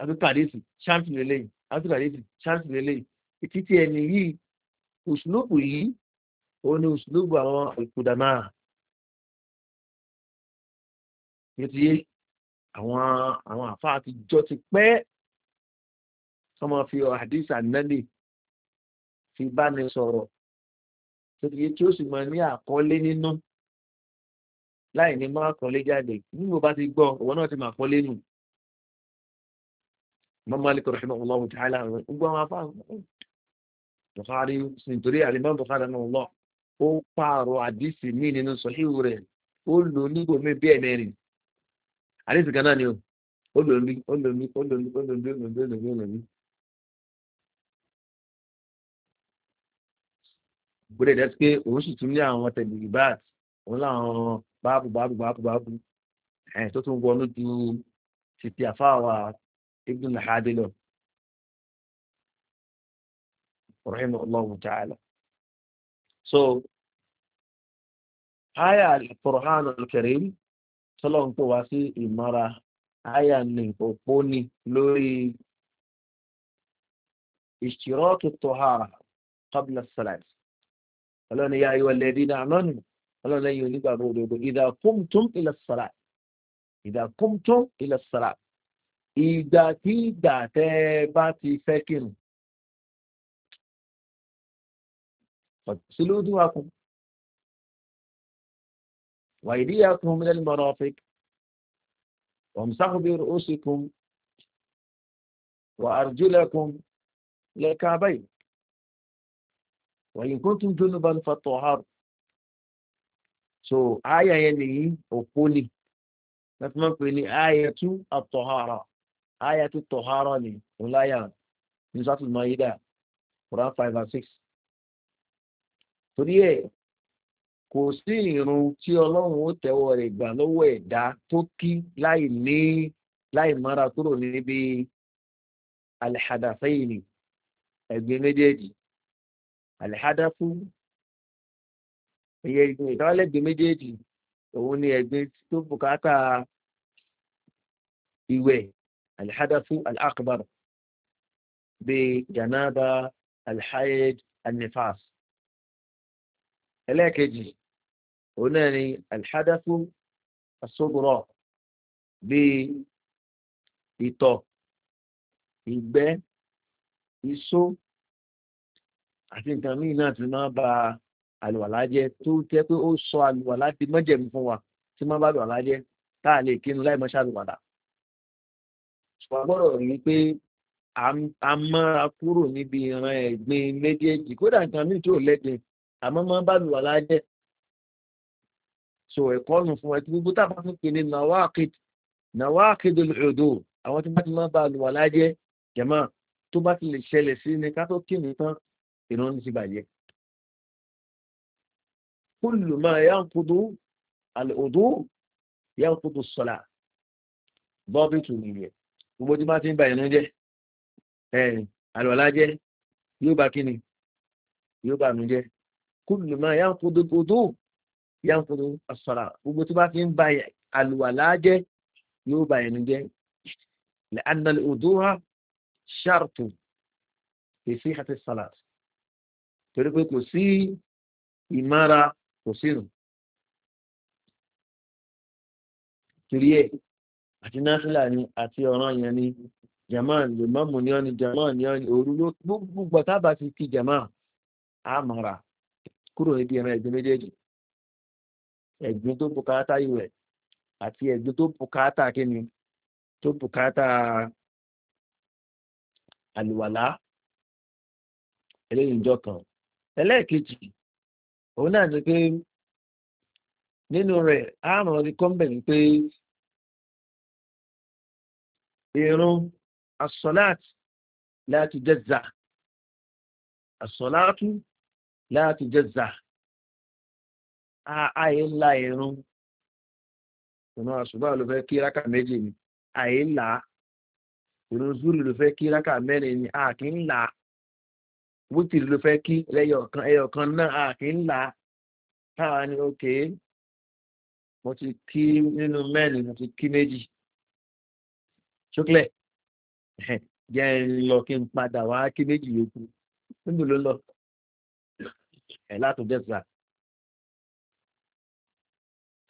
àti kàdíìsì ṣáàtì lélẹ̀ àti kàdíìsì ṣáàtì lélẹ̀ títí ẹni yìí òṣùlùkù yìí òun ni òṣùlùkù àwọn ìkùdàmá nítorí àwọn àwọn àfa àtijọ́ ti pẹ́ ọmọ fi àdíìsì ànálè fi bá ní sọ̀rọ̀ tóbi tí ó sì máa ní àkọlé nínú láì ní máa kọ́lé jáde nígbà bá ti gbọ́ òun náà ti máa kọ́lé nù mọ́mọ́lì kọ̀rọ̀ṣẹ́mọ̀ ọlọ́run ti hàlà rẹ̀ gbogbo àwọn afá bùhárí nítorí àlìmọ́ bùhárí náà lọ ó pààrọ̀ àdìsí ní nínú sọ̀híwù rẹ̀ ó lò nígbò mí bí ẹ̀mẹ́rin àdìsí kan náà ni ó lò mí ó lò mí ó lò mí ó lò mí ó lò mí ó lò mí bó dẹ̀ dẹ́sí pé òun sì tún ní àwọn tẹ̀lé bat òun láwọn báàbù báàbù báàbù báàbù ẹ̀ tó tún wọnú ju títí àfáàwà ibùdó nàhádé lọ rahimu allahu ta'ala so aya al-qur'an al-karim tọ́lọ́n pè wá sí ìmọ́ra aya ní òpó ni lórí ìṣirọ́tù tọ́hárà qabla salat قالوا يا ايها الذين امنوا قالوا لا يونيك اذا قمتم الى الصلاه اذا قمتم الى الصلاه اذا تيدات باتي فكين فسلوا دعاكم وايديكم من المرافق وامسحوا برؤوسكم وارجلكم للكعبين wọ̀nyí kó tún jóná so àyà yẹn nìyí òpó ni láti máa ń pè ní àyà tú àtọ̀hárà àyà tú tọ̀hárà ni ọláyà ní sátìlì máa yí dà quran five and six torí ẹ kò sí ìrùn tí ọlọ́run ó tẹ̀wọ́ rẹ̀ gbà lọ́wọ́ ẹ̀dá tó kí láì ní láì mara kúrò níbi alhadafẹ́yìn ẹ̀gbin méjèèjì الحدث هي دولة بمجيدي وهنا يجب أن الحدث الأكبر بجنابة الحيد النفاس لكن هنا الحدث الصغرى ب يتو يبه يسو àti nǹkan míì náà ti máa ba àlùwàlá jẹ́ tó jẹ́ pé ó sọ àlùwàlá di mọ́jẹ̀mú fún wa tí máa bá àlùwàlá jẹ́ tá a lè kínu láì mọ́ ṣàlùwàlá. ṣùgbọ́n gbọ́dọ̀ rí pé a mọ́ra kúrò níbi ìran ẹ̀gbin méjèèjì kódà nǹkan míì tí ò lẹ́gbin àmọ́ máa bá àlùwàlá jẹ́. ẹ̀kọ́ nù fún ẹ tí gbogbo táwọn fún kìíní nawakid nawakid olùdó àwọn tí wọ́n ti máa bá àlùwàlá jẹ̀mọ́ tó bá ti lè ṣẹlẹ̀ sí ni ká tó kí ìran ti bàjẹ́. Kúlù máa yá ń kudu àlòdó yá ń kudu sọ̀là bọ́ọ̀bì tù nìyẹn. Gbogbo tí bá ti ń ba ìran jẹ́, àlọ́lá jẹ́, yóò bá kíni, yóò bá nu jẹ́. Kúlù máa yá ń kudu kudu yá ń kudu sọ̀là. Gbogbo tí bá ti ń ba àlùwàlá jẹ́, yóò bá ìran jẹ́. لأن الأدوها شرط في صحة الصلاة torí pé kò sí ìmára kò sírùn torí ẹ̀ àti náfìlà ni àti ọ̀ràn yẹn ni jama lè mọ́mù ní ọ́ni jama ní ọ́ni òru ló gbogbo tábà ti fi jama àmàrà kúrò níbi ẹ̀rọ ẹ̀gbẹ́ méjèèjì ẹ̀gbẹ́ tó bùkátà ìwẹ̀ àti ẹ̀gbẹ́ tó bùkátà kíni tó bùkátà àlùwàlá eléyìí ìjọ kan ẹlẹ́ẹ̀kejì òun náà ni pé nínú rẹ̀ àrùn ọdí kọ́ńbẹ̀ ni pé irun asọ́láàtì láti jẹ́zà asọ́láàtù láti jẹ́zà ààyè ńlá irun ìrun àṣùbà ló fẹ́ kí rákà méjì ni ààyè ńlá ìrun zúrù ló fẹ́ kí rákà mẹ́rin ni ààkì ńlá wítìrì ló fẹ́ kí lẹ́yọ̀kan ẹyọ̀kan náà a kì í là táwa ni òkè mo ti kí nínú mẹ́rin mo ti kí méjì ṣókìlẹ̀ jẹ́ ń lọ kí n padà wá kí méjì yòókù níbo ló lọ ẹ̀ látòjẹ́sà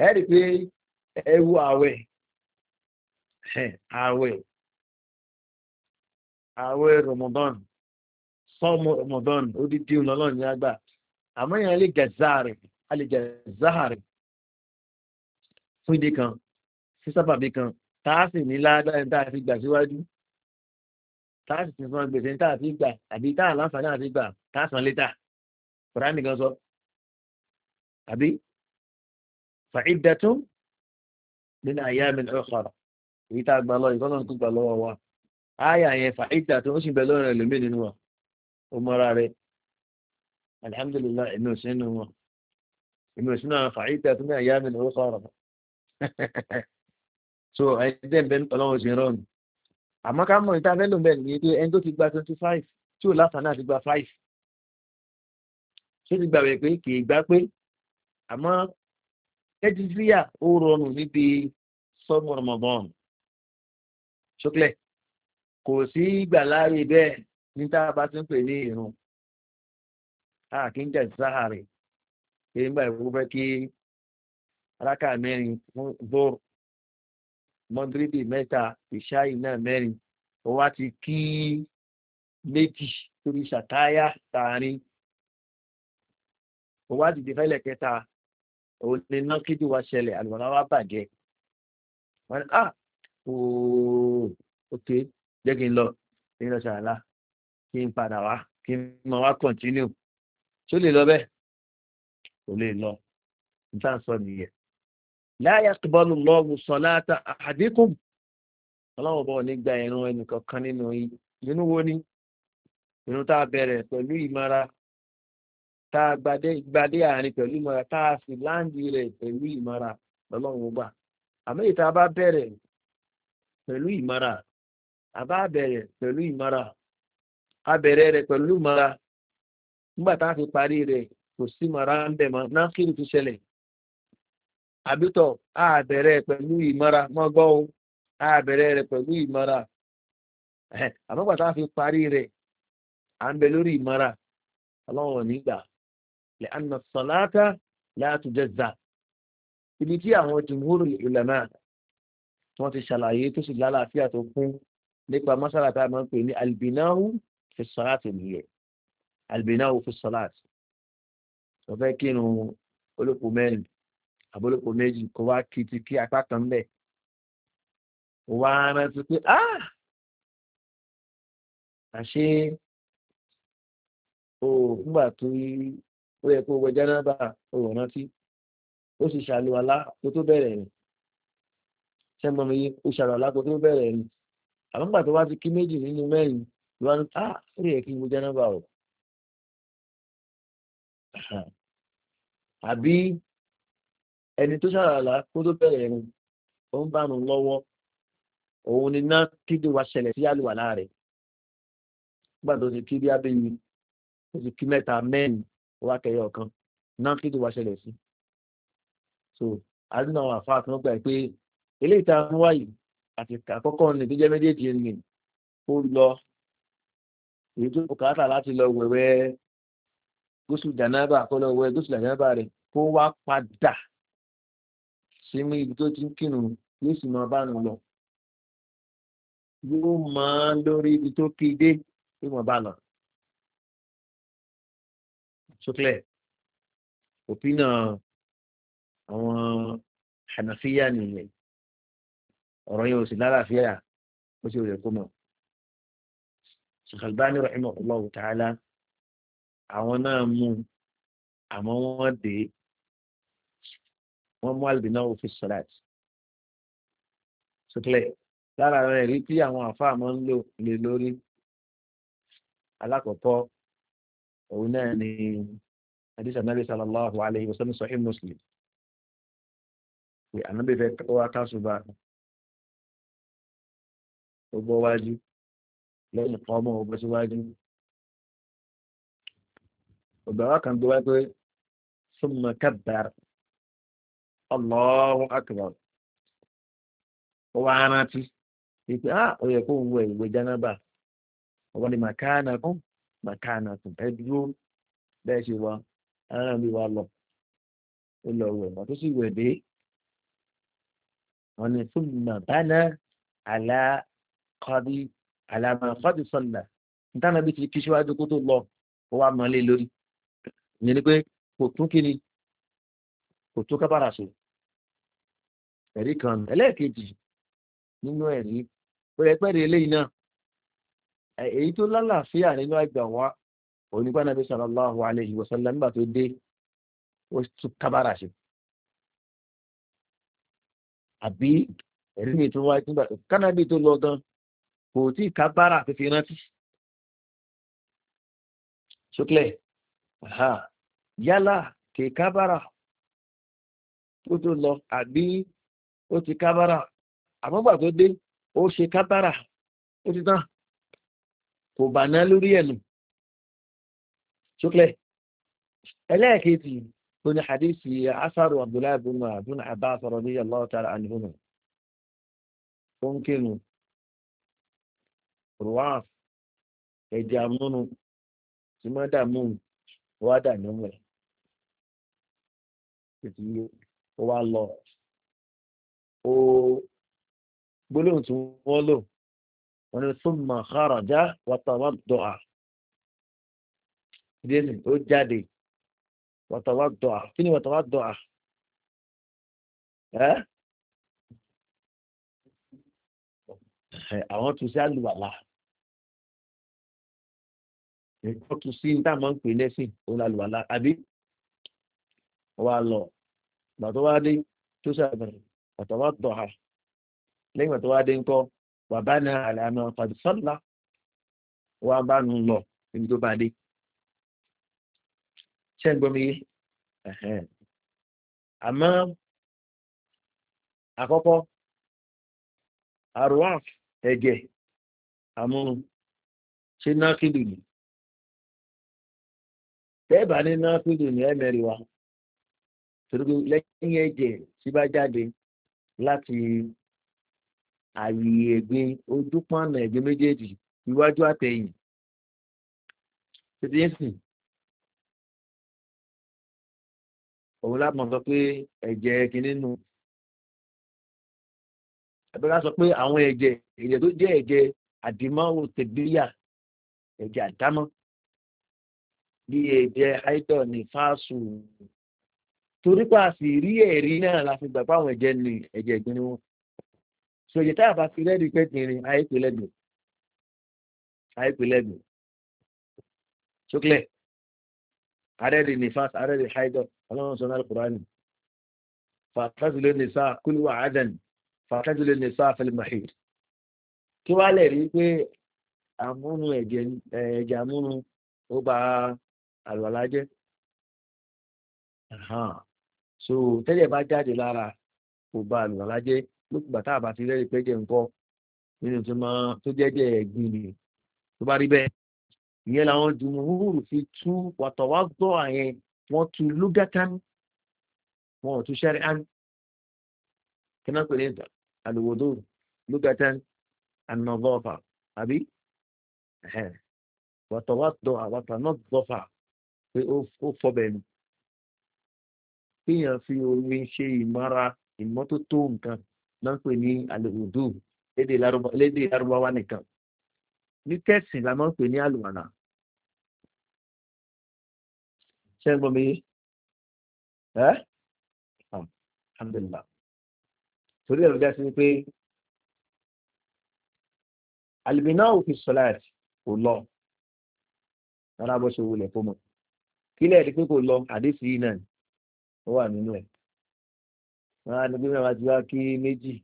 ẹ rí pé ẹ wo àwẹ̀ àwẹ̀ àwẹ̀ ramadan sọ́ọ̀mù ramadan ó di dín lọ́lọ́ ní àgbà àmọ́ yẹn lè gẹ̀záàrì a lè gẹ̀záàrì fún ìdí kan sí sábàbí kan táàsì ní ládàá ní táàfi gbà síwájú táàsì ti san gbèsè ní táàfi gbà àbí táà láǹfààní àti gbà táàsán létà kùrá nìkan sọ àbí fàídẹ́tún nínú àyà mi ọ̀kọ̀rọ̀ èyí tá a gbà lọ ìkọ́nà tó gbà lọ́wọ́ wa áyà yẹn fàídẹ́tún ó sì bẹ̀ lọ́rọ̀ ẹlòmíì nínú wọn ó mọ́ra rẹ̀ alhamdulillah èmi ò sínú wọn èmi ò sínú àwọn fàáyítà tó ní àyà mi lówó sọ̀rọ̀ <laughs> so ẹni tẹ́ ń bẹ ọlọ́run ṣe rọrùn àmọ́ ká mọ̀ níta fẹ́ ló ń bẹ̀ nìyí pé ẹni tó ti gba twenty five tí ò láǹfààní àti gba five ṣé ti gbà wẹ̀ pé kì í gbá pé àmọ́ ẹ̀dínfíà ó rọrùn níbi sọ́mù ṣókèlè kò sí gbàláàrí bẹ́ẹ̀ ní tá a bá ti ń pè ní irun a kì í jẹ́ sáà rẹ̀ èyí gbà ìwú fẹ́ kí alákà mẹ́rin fún bóòrù mọ́ndíríbì mẹ́ta ìṣáì náà mẹ́rin ó wá ti kí méjì torí ṣàtáyà tààrin ó wá dìde fẹ́lẹ̀ kẹta òun ni náà wá ṣẹlẹ̀ àlùmọ́nà wá bàjẹ́ wọ́n ní ah ooo ok jẹ́ kí n lọ kí n lọ kí n padà wá kí n mọ wá continue tó lè lọ bẹ́ẹ̀ kò lè lọ níta sọ nìyẹn láyà tìbọnù lọ́wọ́ sọ láta àdínkù ọlọ́wọ́ bọ̀ nígbà ẹ̀rùn ẹnìkan kan nínú wo ni inú tá a bẹ̀rẹ̀ pẹ̀lú ìmọ̀ra tá a gbadé àárín pẹ̀lú ìmọ̀ra tá a láǹdì rẹ̀ pẹ̀lú ìmọ̀ra gbà àmọ́ ìta bá bẹ̀rẹ̀ pẹ̀lú ìmọ̀ra àbá bẹ̀rẹ̀ pẹ̀lú ìmọ̀ra abẹ̀rẹ̀ rẹ̀ pẹ̀lú mara nígbà tá a fi parí rẹ̀ kò sí mara ń bẹ̀ mọ́ náà kí ló fi ṣẹlẹ̀ àbítọ̀ àbẹ̀rẹ̀ pẹ̀lú ìmara mọ́ gbọ́ o àbẹ̀rẹ̀ rẹ̀ pẹ̀lú ìmara tá fi parí rẹ̀ à ń bẹ lórí ìmara ọlọ́run nígbà lè àna sọ̀láta láti ibi tí àwọn jùmúrù ìlànà wọ́n ti ṣàlàyé tó sì lálàáfíà tó kún nípa mọ́sálà tá a máa ń pè albinahu في الصلاة هي البناء في الصلاة ọ̀fẹ́ kí irun olóko mẹ́rin àbólóko méjì kó wá kí ti kí apá kan ń bẹ̀ wá rántí pé ah! àṣé o nígbà tó ó yẹ kó wọjá náà bá òwò rántí ó sì ṣàlùwàlá kó tó bẹ̀rẹ̀ rìn sẹ́gbọ̀n mi ó ṣàlùwàlá kó tó bẹ̀rẹ̀ rìn àmọ́ nígbà tó wá ti kí méjì nínú mẹ́rin ló wá ní á ah, ó yẹ kí n mo jánábà o àbí ẹni tó ṣàràlà kó tó bẹ̀rẹ̀ ẹ̀rùn ó ń bánu lọ́wọ́ òun ni ná kídé wa ṣẹlẹ̀ sí àlùwàlá rẹ̀ nígbà tó ti kí bí abéyí tó ti kí mẹ́ta mẹ́rin wá kẹyọ ọ̀kan ná kídé wa ṣẹlẹ̀ sí so àdúnà àwọn àfáà kan gbà pé eléyìí tá a mú wáyìí àti àkọ́kọ́ ní tó méjèèjì ẹni kó lọ èyí tó bùkátà láti lọ wẹ̀wẹ̀ gúúsù jànáàbà kó lọ wẹ gúúsù jànáàbà rẹ̀ kó wá padà sínú ibi tó ti ń kírun yóò sì máa bá nù lọ yóò máa lórí ibi tó kí dé yóò máa bá nù. sókè òpínà àwọn hànàfíyà nìyẹn ọ̀rọ̀ yẹn ò sì lálàáfíà ó sì rẹ̀ kó mọ̀ ṣùgbọ́n rahimahullahu ta'ala àwọn náà mú àmọ́ wọ́n dé wọ́n mú àlùbí náà òfin salat sọ́tẹ́lẹ̀ lára rẹ̀ rí tí àwọn àfáà máa ń lò lè lórí alákọ̀ọ́kọ́ òun náà ni hadith anabi sallallahu alayhi wa sallam sahih muslim pé anabi fẹ́ wá kásùbà ó bọ́ wájú lẹ́yìn kan ọmọ ọgbọ́n síwájú ọgbàwá kan gbé wá pé súnmọ́ kábàárà Allahu akbar ó wá rántí wípé á ah, ó yẹ kó wọ ìwé jánábà ọwọ́ ni màkánà kún màkánà ẹ dúró bẹ́ẹ̀ ṣe wá ara mi wá lọ ó lọ wẹ̀ wọ́n tó sì wẹ̀ dé wọ́n ní súnmọ́ bánà àlá kọ́dí àlàmà fọ́dù sọ́là ìtànà bí ti kí síwájú kó tó lọ ó wá mọ́lé lórí ní ni pé kò tún kí ni kò tún kábàrà sùn ẹ̀rí kan ẹlẹ́ẹ̀kejì nínú ẹ̀rí pẹ̀rẹ̀pẹ̀rẹ̀ eléyìí náà èyí tó lálàáfíà nínú àgbà wa onígbà nàbí sàlọ́láhù aléyìí wọ̀sánlá nígbà tó dé ó tún kábàrà sí àbí ẹ̀rí mi tó wáyé nígbà tó kánábì tó lọ gan kò tí ìkágbára àti fi rántí ṣókílẹ̀ yálà kì kábára ó tó lọ àbí ó ti kábára àmọ́gbà tó dé ó ṣe kábára ó ti tán kò bà náà lórí ẹ̀nù ṣókílẹ̀ ẹlẹ́ẹ̀kejì tó ní àdéṣì asáàrù abdullahi bin abdullahi abba sọ̀rọ̀ ní yàlọ́ tààrà àníhùnà ruaf ẹ̀jẹ̀ amúnu tí má dààmú wá dààmú rẹ̀ títí ó wá lọ ó gbólóhùn tí wọ́n lò wọ́n ní súnmọ̀ àràjá wàtàwà dọ̀à ìdíyẹ́sì ó jáde wàtàwà dọ̀à kí ni wàtàwà dọ̀à ẹ́ àwọn tún sí àlùwàlà nǹkan tún sí níta máa ń pè lẹ́sìn òun la lò wá lára àbí wa lọ ìgbà tó wá dé tó ṣàbẹ̀rẹ̀ ọ̀tọ̀ wá tọ̀ ha lẹ́yìn ìgbà tó wá dé ńkọ́ wà bá ní àlànà pàdé sọ́lá wà bá nu lọ níbi tó bá dé ṣé ń gbọ́mi yé àmọ́ àkọ́kọ́ àrùwá ẹ̀jẹ̀ àmú ṣe náà kìlì nìí tẹ́ẹ̀bà ní náfíìlù ní ẹ̀mẹ́rin wa torí lẹ́yìn ẹ̀jẹ̀ tí bá jáde láti ààyè ẹ̀gbin ojú pọ́nà ẹ̀gbin méjèèjì iwájú àtẹ̀yìn títí sìn òun láti mọ̀ sọ pé ẹ̀jẹ̀ kìíní nu àbẹ́ká sọ pé àwọn ẹ̀jẹ̀ ẹ̀jẹ̀ tó jẹ́ ẹ̀jẹ̀ àdìmọ́ òtẹ̀gbéyà ẹ̀jẹ̀ àdámọ́ bí ẹ̀jẹ̀ e haidọ̀ ní fáṣù torí pa sì rí ẹ̀rí náà la fi gbà pé àwọn ẹ̀jẹ̀ ní ẹ̀jẹ̀ ìgbín ni wọn so ẹ̀jẹ̀ tá a bá fi lẹ́rìí pé kìnrin àìpé lẹ́gbẹ̀ẹ́ àìpé lẹ́gbẹ̀ẹ́ ṣókèlè àrẹ́rì ní fáṣù àrẹ́rì haidọ̀ ọlọ́run sọ náà kúránì fàtàzìlẹ̀ ó bá àlùwàlá jẹ́ so tẹ́lẹ̀ bá jáde lára kò ba àlùwàlá jẹ́ lókùgbà tá a bá ti rẹ́rìí pé jẹ́ nǹkan nínú tó máa tó jẹ́jẹ́ ẹ̀gbìn ni tó bá rí bẹ́ẹ̀ ìyẹn làwọn jùmùhúrù fi tú wàtọ̀wá gbọ́ àyẹn wọ́n tu lúgátán wọn ò tún ṣẹ́rí án kí náà pè ní àlùwòdó lúgátán ànàbọ́fà àbí wàtọ̀wá dọ̀ àwàtà náà dọ̀fà pé ó fọbẹ̀ nù kéèyàn fi omi ṣe ìmọ́ra ìmọ́tótó nǹkan náà pè ní àlèhùdù lédè lárúbáwá nìkan ní tẹ̀sìn la máa ń pè ní àlùwànà ṣé ń gbọ́ mi ẹ́ ah, alhamdulilah torí ẹ̀rọ dá sí ni pé alìmínà òfin sọláàtì kò lọ rárá bó ṣe wulẹ̀ fún mi kí lẹ́ẹ̀dí pé kò lọ àdéṣì yìí náà ó wà nínú ẹ̀ wọ́n á ní pé mẹ́wàá ti wá kí méjì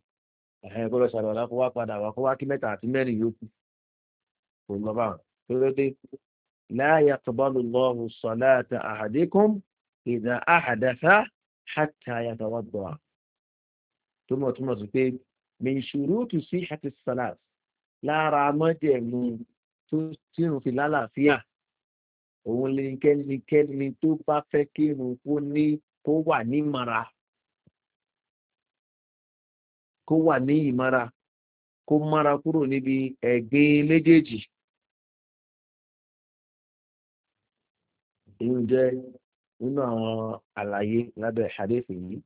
ẹ̀hẹ́n gbọ́dọ̀ ṣàlọ́lá kó wá padà wá kó wá kí mẹ́ta àti mẹ́rin yòókù kò lọ bá wọn tó láàyè àtọ̀bọ́lù lọ́hùn sọ̀láàtà àhàdékùn ìdá àhàdáfá hàtà àyàtọ̀wọ́dọ̀ tó mọ̀ túmọ̀ sí pé mi ìṣòro tù sí àti sàlát lára mọ́jẹ̀mú tó tí fi lálàáfíà òun lè kẹ́nikẹ́ni tó bá fẹ́ kírun kó ní kó wà ní ìmọ̀ra kó wà ní ìmọ̀ra kó mọ́ra kúrò níbi ẹ̀gbin méjèèjì. èyí jẹ́ nínú àwọn àlàyé lábẹ́ àdéfì yìí.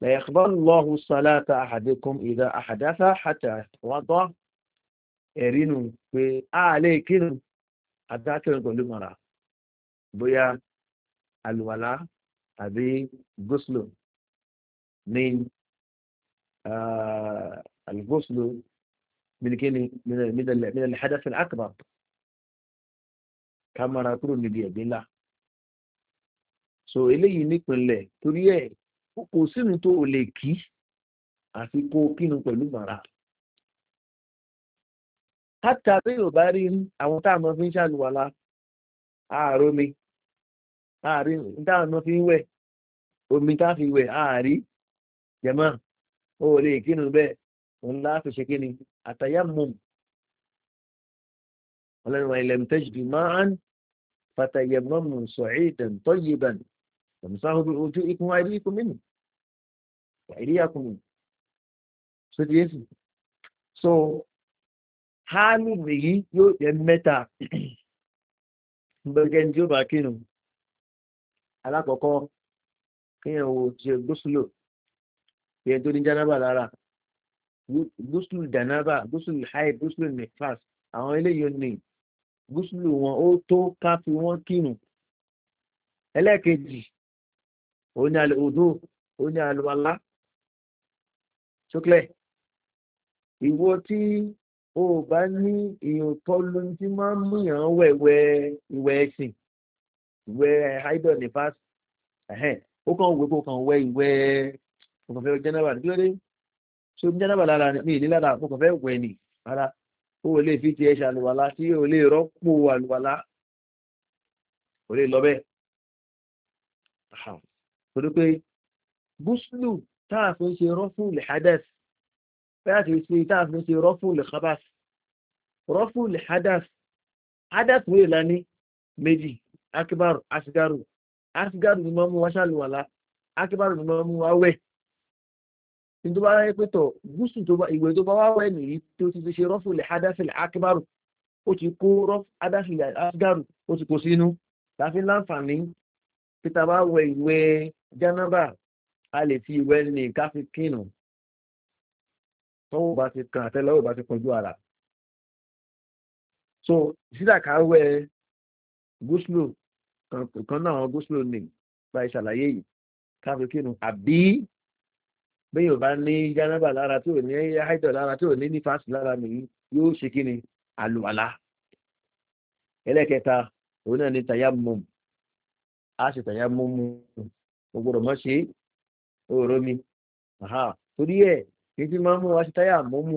ليقبل الله صلاة أحدكم إذا أحدث حتى وضع إرينو في آلي كنو adákẹ́rẹ́ pẹ̀lú mọ̀ra bóyá àlùwàlá àbí goslo ní ah, àlùgoslo mílíkìní mílẹ̀ hadasin akbar ká mara kúrò níbi ẹ̀gbẹ́ ńlá so eléyìí nípìnlẹ̀ torí ẹ̀ kò sínú tó o lè kí àfi kó kínú pẹ̀lú mọ̀ra hátà tí yóò bá rí àwọn tá a mọ fi ń ṣàlùwàlá ààrò mi ààrin tá a mọ fi ń wẹ̀ omi tá a fi wẹ̀ ààrí jẹ̀mọ́ o lè kínú bẹ́ẹ̀ òun láàfin ṣe kí ni àtàyà mọ̀m ọlọ́run wa ilẹ̀ mtẹ́jì bí máa ń fàtàyà mọ́mù sọ̀rọ̀ ìdàn tó yé bàn ojú ikun wa ìrí ikun mímu ìrí akun mi so hálù nìyí yóò jẹ́ mẹ́ta gbẹ̀gẹ́ ní tí ó bá kínú alákọ̀ọ́kọ́ kíyàn wo ṣe gúúsùlò yẹn tó ní jánábà lára gúúsùlù jánábà gúúsùlù haì gúúsùlù nìfàs àwọn eléyìí ní gúúsùlù wọn ó tó ká fi wọn kínú ẹlẹ́ẹ̀kejì ó ní alẹ́ odó ó ní alẹ́ wàlá ṣókè ìwọ tí o ò bá ní èèyàn tọ́ lóyún tí máa ń mú yàn wẹ̀wẹ̀ ìwẹ̀ ẹ̀sìn ìwẹ̀ haidọ̀ ní fásitì ó kàn wé kó kàn wẹ ìwẹ̀ ọkàn fẹ́ jẹ́nàbà kí ló dé ṣé omi jẹ́nàbà lára mi ìní lára ọkàn fẹ́ wẹ̀ nì ara ó lè fi ti ẹ̀ṣẹ̀ àlùwàlá tí ó lè rọ́pò àlùwàlá ó lè lọ bẹ́ẹ̀ torí pé gúúsùlù táà fi ń ṣe rọ́fún lè láti ṣe táàfin ṣe rọ́fù lè khabas rọ́fù lè hadas hadas wèé lání méjì akibaru asigaru asigaru ni mọ́ mú wá ṣàlùwàlá akibaru ni mọ́ mú wá wẹ̀ ní tó bá ráyé pé tọ̀ gúúsù ìwé tó bá wá wẹ̀ nìyí tó ti fi ṣe rọ́fù lè hadas lè tọ́wọ́ bá ti kan àtẹ́lẹ́wọ́ bá ti kọjú ara so sídà káwẹ́ gúúsùlù kan náà àwọn gúúsùlù ní gba ìṣàlàyé yìí káfí kínú àbí bẹ́ẹ̀ ò bá ní jánábà lára tí ò ní haidọ̀ lára tí ò ní nífàsì lára nìyí yóò ṣe kí ni àlùwàlá ẹlẹ́kẹta òun náà ni tayamum a ṣe tayamum o gbọ́dọ̀ mọ́ ṣe òòrò mi torí ẹ̀ kí tí máa ń mú wa ṣe táyà mọ́mú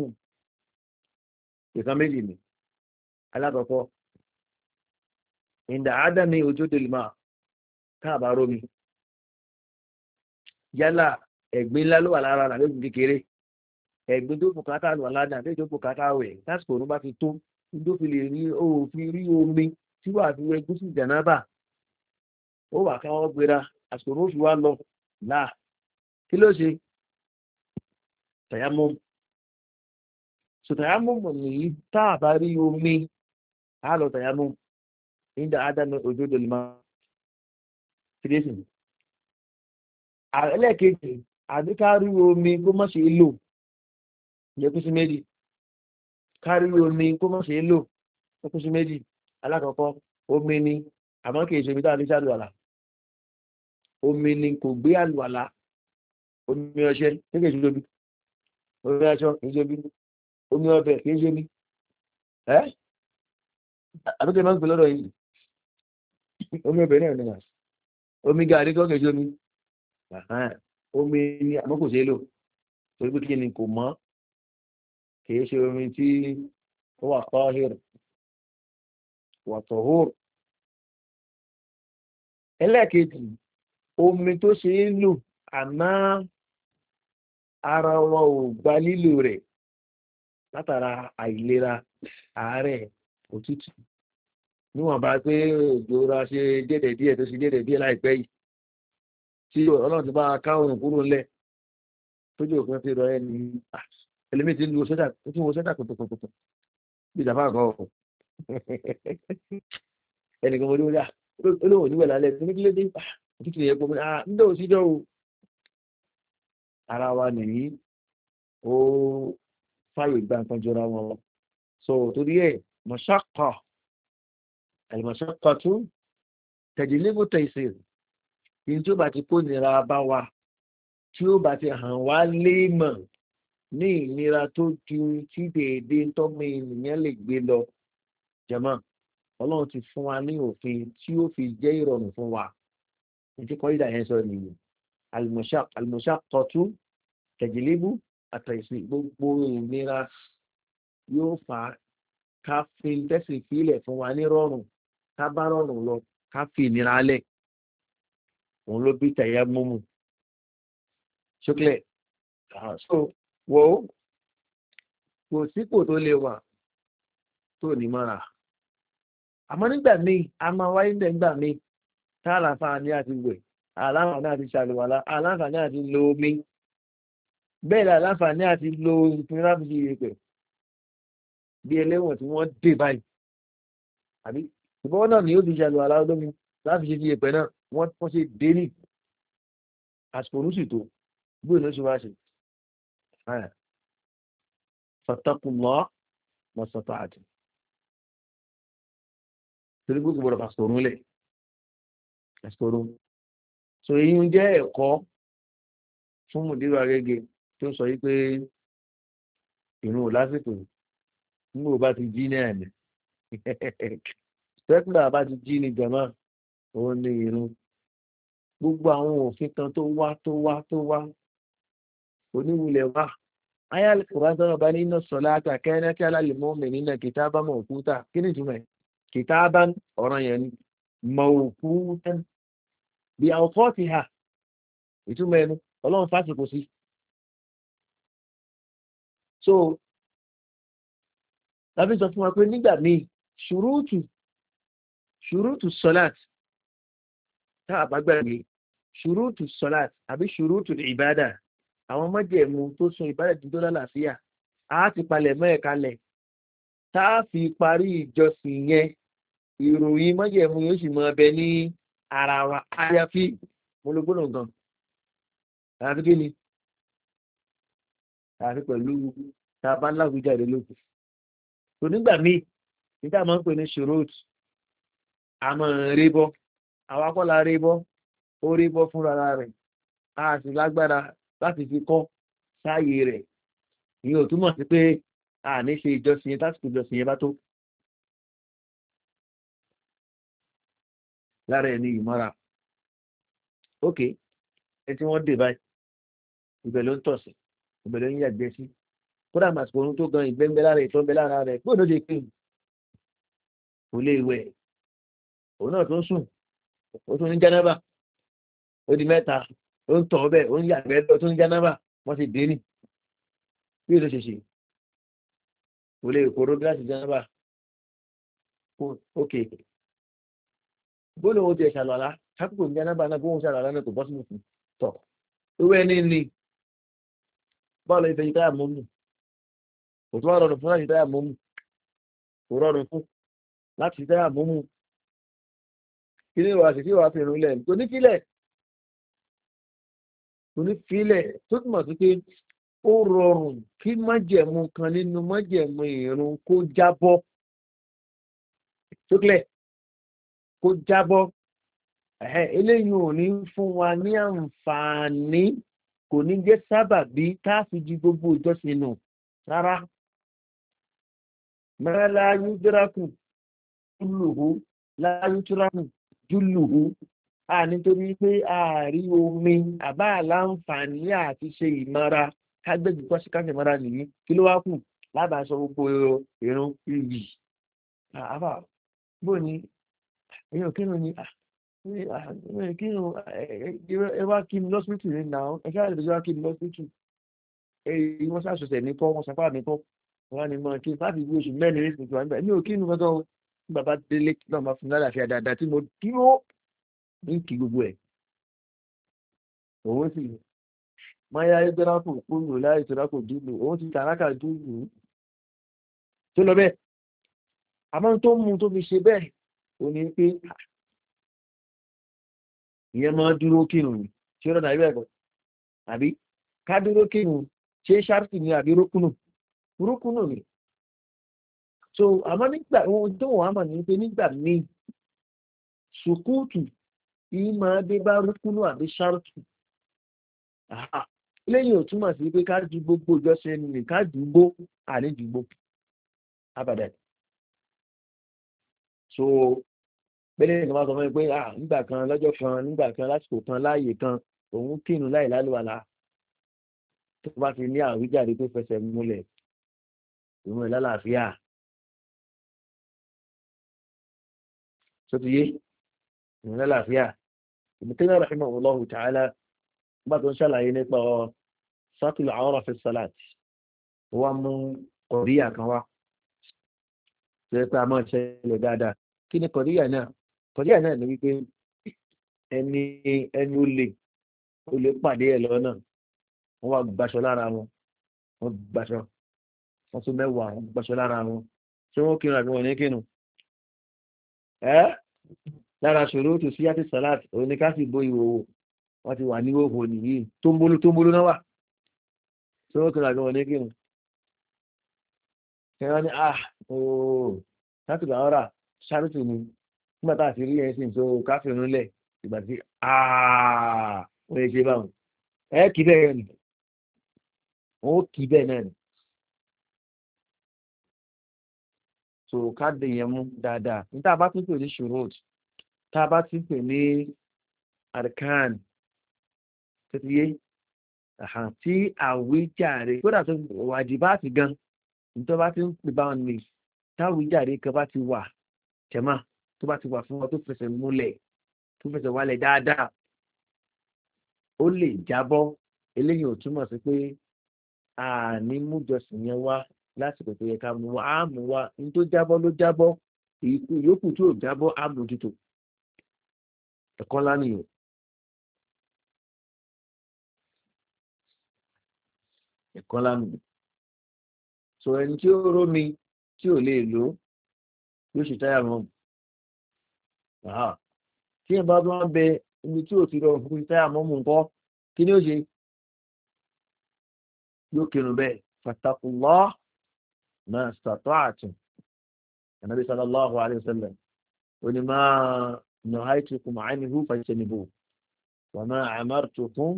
ìkan méjì ni alákọ̀ọ́kọ́ ìdá ádámi ojú dèlìmá káàbà rómi yálà ẹ̀gbin ńlá ló wà lára àlẹ́gùn kékeré ẹ̀gbin tó bùkátà lù aládà àlẹ́jọ́ bùkátà wẹ̀ lásìkò òun bá fi tó tó fi lè rí òfin rí omi tí wàá fi wẹ gúúsù jànábà ó wà káwọ́ gbéra àsìkò òun fi wá lọ láà kí ló ṣe tàyámọ́mù so tàyámọ́mù nìyí tá a bá rí omi á lọ tàyámọ́mù nígbà ádámù ojú ìdòlè máa fi dé sìn ẹlẹ́ẹ̀kejì àbí kárí omi kó mọ́ sí lò jẹ́ kú sí méjì kárí omi kó mọ́ sí lò kú sí méjì alákọ̀ọ́kọ́ omi ni àmọ́ kìí ṣe omi tá a lè ṣàlù àlà omi ni kò gbé àlù omi ọṣẹ kéèké ṣe lóbi orí aṣọ kìí ṣe bí omi ọbẹ̀ kìí ṣe bí ẹ́ àbíkẹ́ máa ń pè lọ́dọ̀ yìí omi ọbẹ̀ náà nìyà omi gàrí kọ́ kìí ṣe omi omi ni àmọ́ kò ṣe lò torí pé kí ni kò mọ́ kìí ṣe omi tí ó wà tọ́hìr wà tọ́hùr ẹlẹ́ẹ̀kejì omi tó ṣe é lò àmọ́ ara wọn ò gba lílò rẹ̀ látara àìlera àárẹ̀ òtútù níwọ̀n bá pé òjò ra ṣe dédé díẹ̀ tó ṣe dédé díẹ̀ láìpẹ́ yìí tí ọlọ́run ti bá káwọn kúrò ńlẹ̀ tójú òpin ti rọ ẹni ẹlẹ́mí ti ń lu sẹ́tà tó ti wo sẹ́tà kòtòkòtò bí ìjàpá àgọ́ ọ̀hún ẹnìkan mo ní wọlé olóhùn oníwẹ̀ lálẹ́ ní kílódé òtútù yẹn pọ̀ mọ́ ní à ń dọ̀ sí jọ́ o ara wa nìyí ó fàyè gba nǹkan jọra wọn lọ so torí ẹ mọ̀ṣákọ̀ àìmọ̀ṣákọ̀ tún tẹ̀dílébù tẹ̀sí kí n tí ó bá ti kó nira bá wa tí ó bá ti hàn wá léèmọ̀ ní ìnira tó ju tí dèédé tọ́mọ ènìyàn lè gbé lọ jẹ̀mọ́ ọlọ́run ti fún wa ní òfin tí ó fi jẹ́ ìrọ̀rùn fún wa ètí kọ́ ìdá yẹn sọ nìyí àlùmọ̀ṣàkọ̀tú tẹ̀jìlébù àtẹ̀sí gbogbo ìnira yóò fà á ká fi tẹ́sí ìfilẹ̀ fún wa ní rọrùn ká bá rọrùn lọ ká fi ìnira alẹ̀ òun ló bí tẹ̀yà múmu ṣókèlè ah, so wò ó kò sípò tó lè wà tó ní mọ́ra àmọ́ nígbà míì a máa wáyé nígbà míì tá a àti wẹ̀ aláǹfààní àti ṣàlùwàlá aláǹfààní àti lo omi bẹ́ẹ̀ aláǹfààní àti lo ìpín láti fi ìrẹ̀pẹ̀ bí ẹlẹ́wọ̀n tí wọ́n dè báyìí àbí ìbọ́wọ́ náà ni ó fi ṣàlùwàlá olómi láti ṣe fi ìrẹ̀pẹ̀ náà wọ́n wọ́n ṣe dé ní àsìkò oníṣì tó gbóyè ló ṣe wá ṣe fàtàkùnlọ́ orun so eyín jẹ́ ẹ̀kọ́ fún mùdírò arẹ́gẹ tó sọ wípé ìrún ò lásìkò nígbà bá ti jí ní ẹ̀mí tẹ́kùlà bá ti jí ní jẹ̀mọ́ òun ni ìrún gbogbo àwọn òfin kan tó wá tó wá tó wá oníwulẹ̀ wá ayé alìkùrá tọ́nà bá ní iná sọ̀lá àtàkẹ́ ẹ̀rẹ́ kí alálìmọ́ mi nínú kìtà bá mọ̀ òkúta kí ni ìtumọ̀ kìtà bá ọ̀ràn yẹn mọ̀ òkúta bí àwọ̀fọ́ ti ìtumọ̀ ẹnu ọlọ́run fásitì sí. so tàbí sọ fún wa pé nígbà míì ṣùrùtù ṣùrùtù sọlát tá a bá gbàgbé ṣùrùtù sọlát àbí ṣùrùtù ìbádà àwọn mọ́jẹ̀mú tó sun ìbádà dídó lálàáfíà a ti palẹ̀ mọ́ tá a fi parí ìjọsìn yẹn ìròyìn mọ́jẹ̀mú yóò sì mọ ọbẹ̀ ní ara wa àyàfi mọ́lógbónà gan àyàfi kí ni àyàfi pẹ̀lú tàbá ńlá ìjáde lókè kò nígbà míì nígbà máa ń pè ní ṣòroot a máa ń rébọ́ àwọn akọ́lá rébọ́ ó rébọ́ fúnra rẹ̀ a sì lágbára láti fi kọ́ sáàyè rẹ̀ ìyẹn túmọ̀ sí pé a ní ṣe ìjọsìn tásìkò ìjọsìn yẹn bá tó. lára ẹni ìmọ́ra ok ẹ tí wọ́n dè báyìí ibẹ̀ ló ń tọ̀sí ibẹ̀ ló ń yàgbẹ́ sí kódà màsìkò orun tó gan ìgbẹ́ ń bẹ lára ìtọ́ ń bẹ lára rẹ̀ gbọ́dọ̀ lè pè kò lè wẹ̀ òun náà tó ń sùn ó tún ní jánábà ó di mẹ́ta ó ń tọ̀ ọbẹ̀ ó ń yàgbẹ́ lọ tó ń jánábà wọ́n ti dé ní bí èso ṣe ṣe kò lè kóró gíláàsì jánábà ok bóòlù oúnjẹ ìṣàlọ́lá ṣàkókò ní anábà náà bóòlù ṣàlọ́lá náà kò bọ́ sínú fún tọ̀ owó ẹni ni báwo lè fẹ́ yí táyà mọ́mù kò tó wà rọrùn fún láti táyà mọ́mù kò rọrùn fún láti táyà mọ́mù kí ni wàá sì kí wàá fi irun lẹ̀ kò ní fílẹ̀ kò ní fílẹ̀ tó túmọ̀ sí pé ó rọrùn kí májẹ̀mú kan nínú májẹ̀mú ìrún kó jábọ́ tó kílẹ̀ kó jábọ́ eléyìí ò ní fún wa ní àǹfààní kò ní jẹ́ sábàbí tá a fi ju gbogbo ìjọsìn nù rárá mẹ́rẹ́lá yúdúrákù júlùú láyútúrákù júlùú a nítorí pé ààrí omi àbá àláǹfààní àti ṣe ìmọ́ra kágbẹ́jì kọ́sí káfí nìyí kí ló wá kù lábàáṣọ gbogbo irun ìrì àbá bó ni èyàn kírun ni kírun ẹ wá kí mi lọ́sítì rẹ̀ náà ẹ ṣáà lè wá kí mi lọ́sítì eh, èyí wọ́n ṣàṣọṣẹ̀ mi kọ́ wọ́n ṣàpá mi kọ́ wọ́n ní mọ́ kí fáàbì bí oṣù mẹ́rin ní ìsìnkú àmì mi ò kí inú gbọ́dọ̀ bàbá délé náà máa fún lálàáfíà dáadáa tí mo dúró ní kí gbogbo ẹ̀ òun sì máyá ẹgbẹ́ra kò kúrò láì tó dákò dúró òun ti tàràkà dúró tó lọ bẹ́ẹ̀ àmọ́ tó mú tó fi ṣe bẹ́ẹ̀ ó ní pé ìyẹn máa dúró kírun ṣé rọ̀nà ìwé ẹ̀kọ́ àbí ká dúró kírun ṣé ṣáàtì ni àbí rókùnù rókùnù ni so àmọ́ nígbà ohun tó wọ́n mọ̀ ní pé nígbà míì ṣùkúùtù yìí máa dé bá rókùnù àbí ṣáàtì lẹ́yìn ò túmọ̀ sí pé ká ju gbogbo ìjọsìn ẹni ká dùgbò so pẹ́lẹ́ nìkan máa sọ fún mi pé ah nígbà kan lọ́jọ́ kan nígbà kan lásìkò kan láàyè kan òun kírun láì lálùwàlà tó bá ti ní àwíjàre tó fẹsẹ̀ múlẹ̀ ìmọ̀ ìlàlàáfíà sótìyé ìmọ̀ ìlàlàáfíà ìmọ̀tẹ́lẹ̀ rahimah ọlọ́hu tààlà bá tó ń ṣàlàyé nípa ọ sákìlù àwọn ọ̀fẹ́ sàláàtì wọ́n mú ọ̀ríyà kan wá tó yẹ pé a máa ṣẹlẹ̀ dáadáa kí ni kọ̀díyà náà kọ̀díyà náà ni wípé ẹni ẹni olè olè pàdé ẹ̀ lọ́nà wọ́n wá gbaṣọ lára wọn wọ́n gbaṣọ wọ́n tún mẹ́wàá wọ́n gbaṣọ lára wọn tí wọ́n kírun àbí wọn ní kírun ẹ́ lára ṣòro tó sí yàtí salat oníkásì bo ìwòwò wọ́n ti wà ní òhò nìyí tó ń bólú tó ń bólú náà wà tí wọ́n kírun àbí wọn ní kírun kí wọ́n ah ooo láti gbà ọ́rà ṣàrùtù ni nígbà tá a ti rí ẹ̀ sí tó káfíìn nílẹ̀ ìgbà tí aaa wọ́n yẹ ṣe báwọn ẹ kì bẹ́ẹ̀ ni wọ́n kì bẹ́ẹ̀ náà ni. so káàdì yẹn mú dáadáa ní tá a bá tún pè ní ṣùrọ̀d tá a bá tún pè ní arkan títí yé tí àwíjàre kódà tó wàjibáàtì gan ní tó bá ti ń pè báwọn mi táwíjàre kan bá ti wà jẹ̀má tó bá ti wà fún ọ tó fẹsẹ̀ múlẹ̀ tó fẹsẹ̀ wálẹ̀ dáadáa ó lè jábọ́ eléyìí ò túmọ̀ sí pé àní mújọsìn yẹn wá lásìkò tó yẹ ká mú wa á mú wa ní tó jábọ́ ló jábọ́ ìyókù tí jábọ́ á ẹ̀kọ́ ńlá ẹ̀kọ́ ńlá sọ ẹni tí ó rómi tí ò lè lò ó yóò ṣe táyà mọ́ tí ẹ̀ bá tó wọ́n bẹ ibi tí ò ti rọrùn fún táyà mọ́ mú nǹkan kí ni ó ṣe yóò kírun bẹ́ẹ̀ fatakulọ́ máa sàtọ́ àtún anabi sallallahu alayhi wa sallam ó ní máa nà áìtìkùn àìníhù fàṣẹnibù wà máa àmàrtùkùn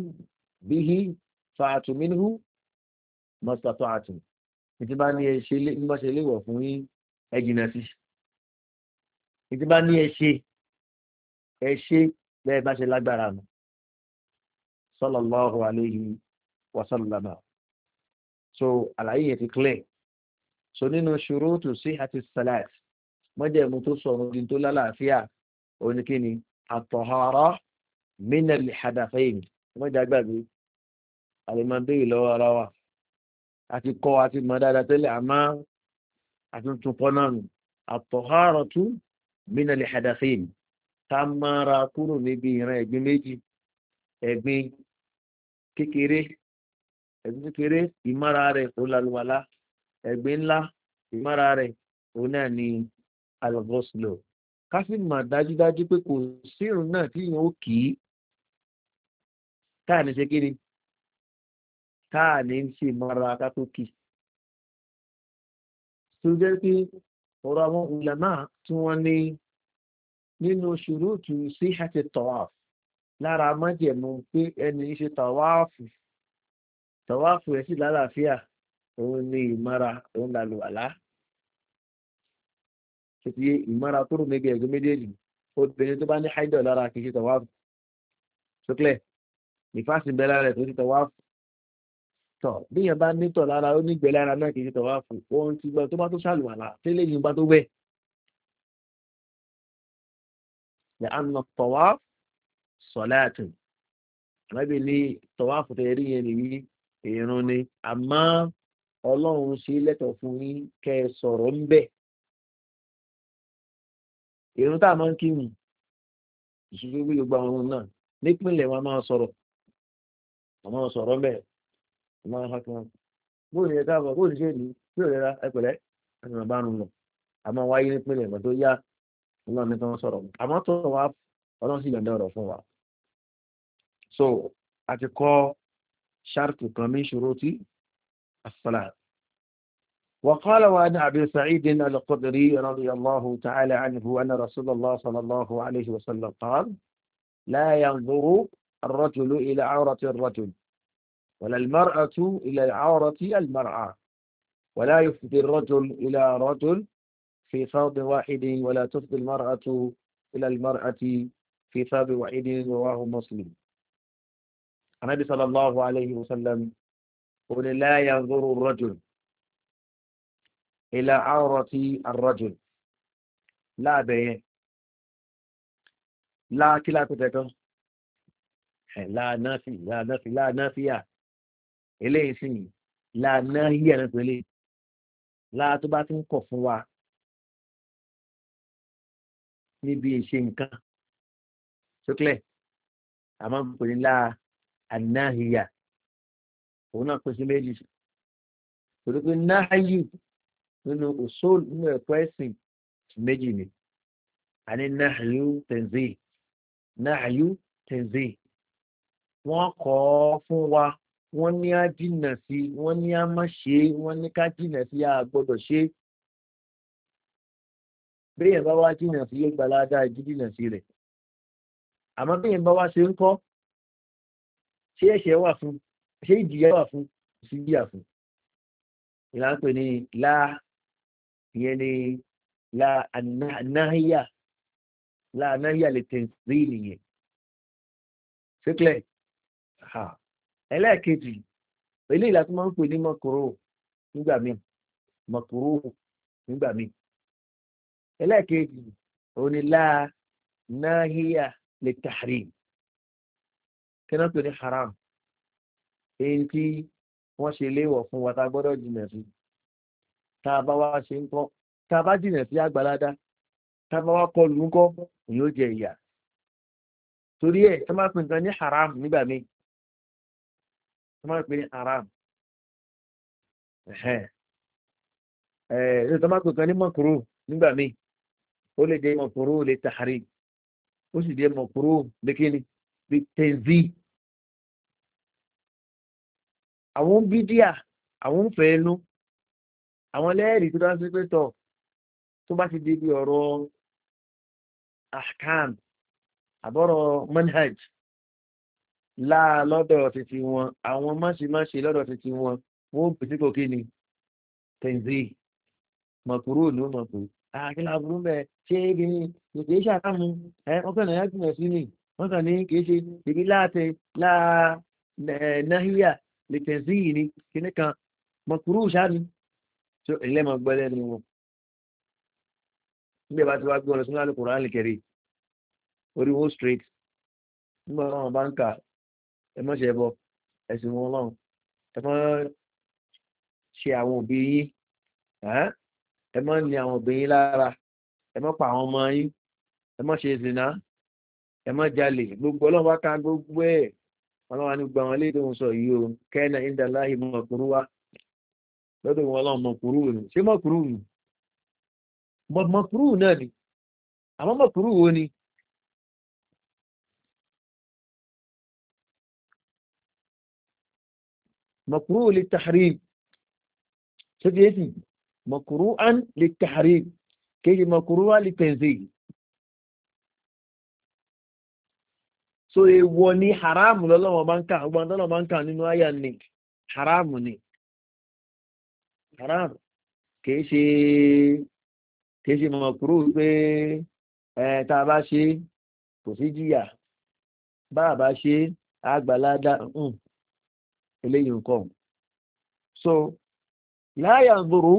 bíhí fàtùmínú máa sàtọ́ àtún ìtìbá ni ẹ ṣe léwọ̀ fún ẹjìnà sí ìdí bá ní ẹṣe ẹṣe bẹ́ẹ̀ bá ṣe lágbára nù sọlọ́lọ́hu aléhi wasalama so àlàyé yẹn ti clear so nínú ṣòro tó sí àti salat mọ́jẹ̀mú tó sọ̀rọ̀ di tó lálàáfíà oníkíni àtọ̀hárá mínàlì hadafẹ́yìn mọ́jà gbàgbé àlèmọ́dé ìlọ́wọ́ ara wa àti kọ́ àti mọ̀ dáadáa tẹ́lẹ̀ àmọ́ àtúntún pọ́nà nù àtọ̀hárá tún mina lè hadafin ká mára kúrò níbi ìran ẹ̀gbin méjì ẹ̀gbin kékeré ẹ̀gbin kékeré ìmára rẹ̀ kò lálùwàlá ẹ̀gbin ńlá ìmára rẹ̀ kò náà ní alvoslo ká sì mà dájúdájú pé kò sírun náà tí yẹn ó kì í táà ní ṣe ni táà ní ṣe mọ́ra ká tó kì jẹ́ pé ọ̀rọ̀ àwọn ulama tí wọ́n ní nínú ṣùrùtù sí àti tọ̀wáfù lára májẹ̀mú pé ẹni ṣe tọ̀wáfù tọ̀wáfù ẹ̀ sì lálàáfíà òun ni ìmara òun lálù àlá títí ìmara kúrò níbi ẹ̀gbẹ́ méjèèjì obìnrin tó bá ní haidọ̀ lára kìí ṣe tọ̀wáfù ṣókẹ́lẹ̀ nífàsì bẹ́ẹ̀ lára ẹ̀ tó ṣe tọ̀wáfù tọ̀ bí yẹn bá nítọ̀ lára ó nígbẹ̀ lára náà kìí tọ̀ wá fún ohun ti gbọ́ tó bá tó ṣàlùwàlà tí lè yìnbá tó wẹ̀. ní àná tọ̀wá sọ̀láàtì àbábí ní tọ̀wá fòtẹ́ rí yẹn nìyí ìrún ni àmọ́ ọlọ́run ṣe lẹ́tọ̀ fún yín kẹ́ ẹ sọ̀rọ̀ ń bẹ̀. ìrún tá a máa ń kírun ìṣúgbó gbogbo àwọn ohun náà nípínlẹ̀ wọn máa sọ̀rọ̀ wọn máa sọ̀rọ̀ bẹ́ẹ̀. ọmọ ọ̀hún kan bóòlù yẹ káàbọ̀ bóòlù ṣe ní yóò rẹra ẹpẹlẹ ẹni bàbá ń lọ àmọ́ wáyé nípínlẹ̀ ìgbà tó yá ọlọ́run ní kan sọ̀rọ̀ àmọ́ tó wá ọlọ́run sì yọ̀ǹda ọ̀rọ̀ fún wa. so a ti kọ́ ṣáàtù kan mí ṣòro tí asala وقال وعن أبي سعيد القدري رضي الله تعالى عنه أن رسول الله صلى الله عليه وسلم قال لا ينظر الرجل إلى عورة الرجل ولا المرأة إلى عورة المرأة ولا يفضي الرجل إلى رجل في ثوب واحد ولا تفضي المرأة إلى المرأة في ثوب واحد رواه مسلم النبي صلى الله عليه وسلم قل لا ينظر الرجل إلى عورة الرجل لا بيه لا كلا كتك لا نافي لا نافي لا نافية eléyìí sì ní lànà yíyẹ náà pélé lára tó bá ti ń kọ̀ fún wa níbi ìṣe nǹkan sókè àmọ́ kò ní lára ànáhìyà òun náà pèsè méjì torí pé náhàyù nínú òṣòlù nínú ẹ̀kọ́ ẹ̀sìn méjì ni àní náhàyù tẹ̀nzé náhàyù tẹ̀nzé wọ́n kọ́ fún wa wọ́n ní á jìnà sí wọ́n ní á má ṣe é wọ́n ní ká jìnà sí á gbọ́dọ̀ ṣe é béèyàn bá wá jìnà sí yóò gbàlá dáa jíjìnà sí rẹ̀ àmọ́ béèyàn bá wá ṣe ń kọ́ ṣé ẹ̀ṣẹ̀ wà fún ṣé ìjìyà wà fún sí bíyà fún ìlànà ní la ìyẹn ni la anáhíyà la anáhíyà lè tẹ̀ rí nìyẹn ṣé clear? ẹlẹ́ẹ̀kejì eléyìí la tún máa ń pè ní mọ̀kòrò nígbà míì mọ̀kòrò nígbà míì ẹlẹ́ẹ̀kejì onílà náhíà lè tàrí kíná pè ní haram èyí tí wọ́n ṣe léwọ̀ fún wa tá a gbọ́dọ̀ jìnà sí tá a bá wá ṣe ń kọ́ tá a bá jìnà sí àgbàládá tá a bá wá kọlù ń kọ́ èyí jẹ ìyà torí ẹ̀ tá máa pè nǹkan ní haram nígbà míì tó máa ń pè ní haram ẹ̀ẹ́ tó máa ń pè kan ní mọ̀kúrú nígbà míì ó lè dé mọ̀kúrú lè tàhárí ó sì dé mọ̀kúrú lè kíni lè tẹ̀nzí àwọn bídíà àwọn ń fẹ́ ẹnu àwọn lẹ́ẹ̀rí tó dá sí pé tọ̀ tó bá ti di bí ọ̀rọ̀ ahkam àbọ̀rọ̀ manhaj láà lọ́dọ̀ títí wọn àwọn mọ́ṣímọ́ṣí lọ́dọ̀ títí wọn wọ́n pè sí kòkí ni tẹ̀sí mọ̀kúrú ìlú mọ̀kú àkílà burú bẹ̀ ṣé ibi ni kì í ṣàkámu ẹ wọ́n fẹ́ nàá jùmọ̀ sí ni wọ́n kàn ní kì í ṣe ibi láti láà náhíyà lè tẹ̀sí yìí ni kíní kan mọ̀kúrú ṣáàni tó ìlẹ́mọ̀ gbẹ́lẹ́ ni wọn. nígbà bá ti wá gbé wọn lọ sí lálùkùrọ̀ àlìkẹ̀rẹ̀ ẹ mọ́ ṣe ẹbọ ẹ̀sìn wọn lọ́run ẹ mọ́ ṣe àwọn òbí yín ẹ mọ́ ní àwọn òbí yín lára ẹ mọ́ pa àwọn ọmọ yín ẹ mọ́ ṣe zìnà ẹ mọ́ jalè gbogbo ọlọ́run bá ka gbogbo ẹ̀ ọlọ́run ní gbogbo àwọn tó ń sọ yìí o kẹ́ẹ̀nà ìdàláhì mọ̀kúrú wa lọ́dọ̀ wọn ọlọ́run mọ̀kúrú ni ṣé mọ̀kúrú ni mọ̀kúrú náà ni àmọ́ mọ̀kúrú wo ni مكروه للتحريم سيدي مكروها للتحريم كي مكروها للتنزيل so èèwọ̀ ni haramu lọ́lọ́wọ́ máa ń kà ọgbọ́n tọ́lọ́ máa ń kà nínú àyà ni haramu ni haramu kìí ṣe kìí ṣe mọ̀mọ̀ kúrò pé ẹ̀ tá a bá ṣe kò sí jìyà bá a eléyìí nǹkan so láyà ń dúró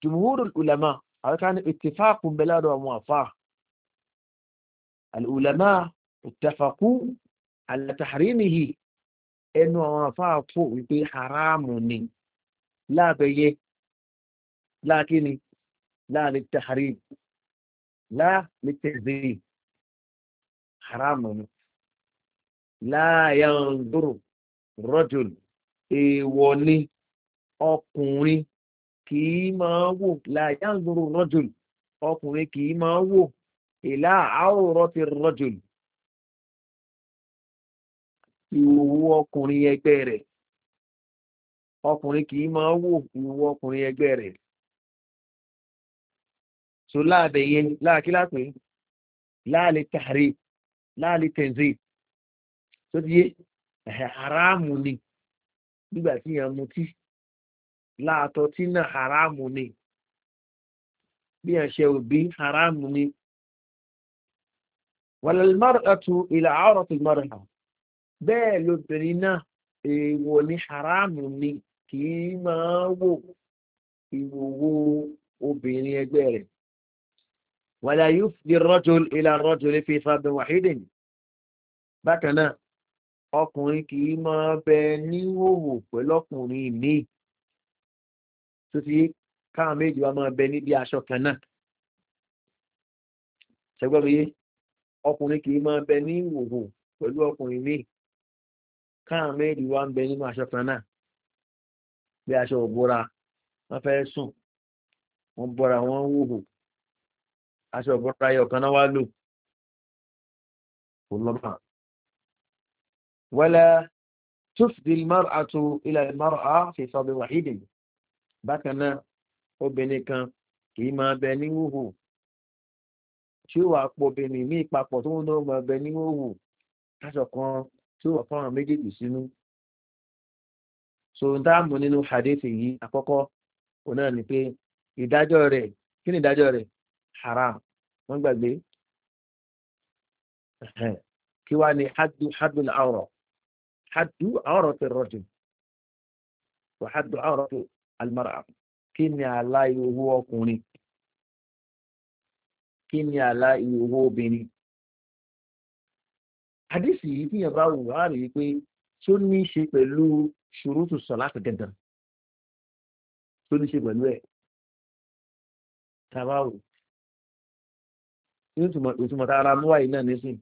jùmúhúrù ulama àríká ní ìtìfáàkùn bẹ ládọ̀ àwọn àfà al'ulama ìtàfàkù alàtàrínihì ẹnu àwọn àfà fò wípé haramu ni láàbẹ̀yẹ láàkíní láàrin tàrí láàrin tẹ̀zẹ̀ haramu ni láyà ń dúró rọ́jùlù èèwọ̀ ni ọkùnrin kì í máa wò láyà ń gbòòrò rọ́jòl ọkùnrin kì í máa wò ìlà àwòrán ti rọ́jòl ìwòwò ọkùnrin ẹgbẹ́ rẹ̀ ọkùnrin kì í máa wò ìwòwò ọkùnrin ẹgbẹ́ rẹ̀ so láàbẹ̀ yẹn láàkí lápẹ́ láàlẹ́ tààrí láàlẹ́ tẹ̀sí tó ti yé haramu ni nígbà tí yẹn mutí láàtọ̀ tí náà haramu ni bí yẹn ṣe òbí haramu ni wàlẹ̀lmọ́rọ̀tù ilẹ̀ àárọ̀tù mọ́rọ̀lá bẹ́ẹ̀ lóbìnrin náà èèwọ̀ ni haramu ni kì í máa wò ìwòwò obìnrin ẹgbẹ́ rẹ̀ wàlẹ̀ yóò fi ilẹ̀ rọ́jò lè fi fàbẹ̀ bákan náà ọkùnrin kì í máa bẹ níhòòhò pẹ̀lọ́kùnrin míì tó ti káwọn méjì wa máa bẹ níbi aṣọ kan náà ṣẹgbẹ́mìyé ọkùnrin kì í máa bẹ níhòòhò pẹ̀lú ọkùnrin míì káwọn méjì wa ń bẹ nínú aṣọ kan náà bí aṣọ òbúra wọ́n fẹ́ sùn wọ́n bọ́ra wọ́n wòhò aṣọ òbúra ayọ̀ kan náà wá lò kò lọ́mọ́ ولا تفضي المرأة إلى المرأة في صدر واحد بكنا وبنك كما بنيوه tí ó wà pọ̀ obìnrin ní ìpapọ̀ tó ń lọ́wọ́ ọbẹ̀ ní òwò aṣọ kan tí ó wà fún àwọn méjèèjì sínú. so n tá mú nínú hadith yìí àkọ́kọ́ òun náà ni pé ìdájọ́ rẹ̀ kí ni ìdájọ́ rẹ̀ haram wọ́n gbàgbé kí wá ní hadu hadu àwọ̀rọ̀ hadu awrati rajul wa hadu awrati almar'a kí ni àlá ìhòhò ọkùnrin kí ni àlá ìhòhò obìnrin àdìsí yìí tíyẹn bá wù á rí i pé tó ní í ṣe pẹ̀lú ṣòrótù sọ̀láàtì gẹ̀gàn tó ní í ṣe pẹ̀lú ẹ̀ tàbá wù ní ìtumọ̀ tààrà mú wáyé náà nísìn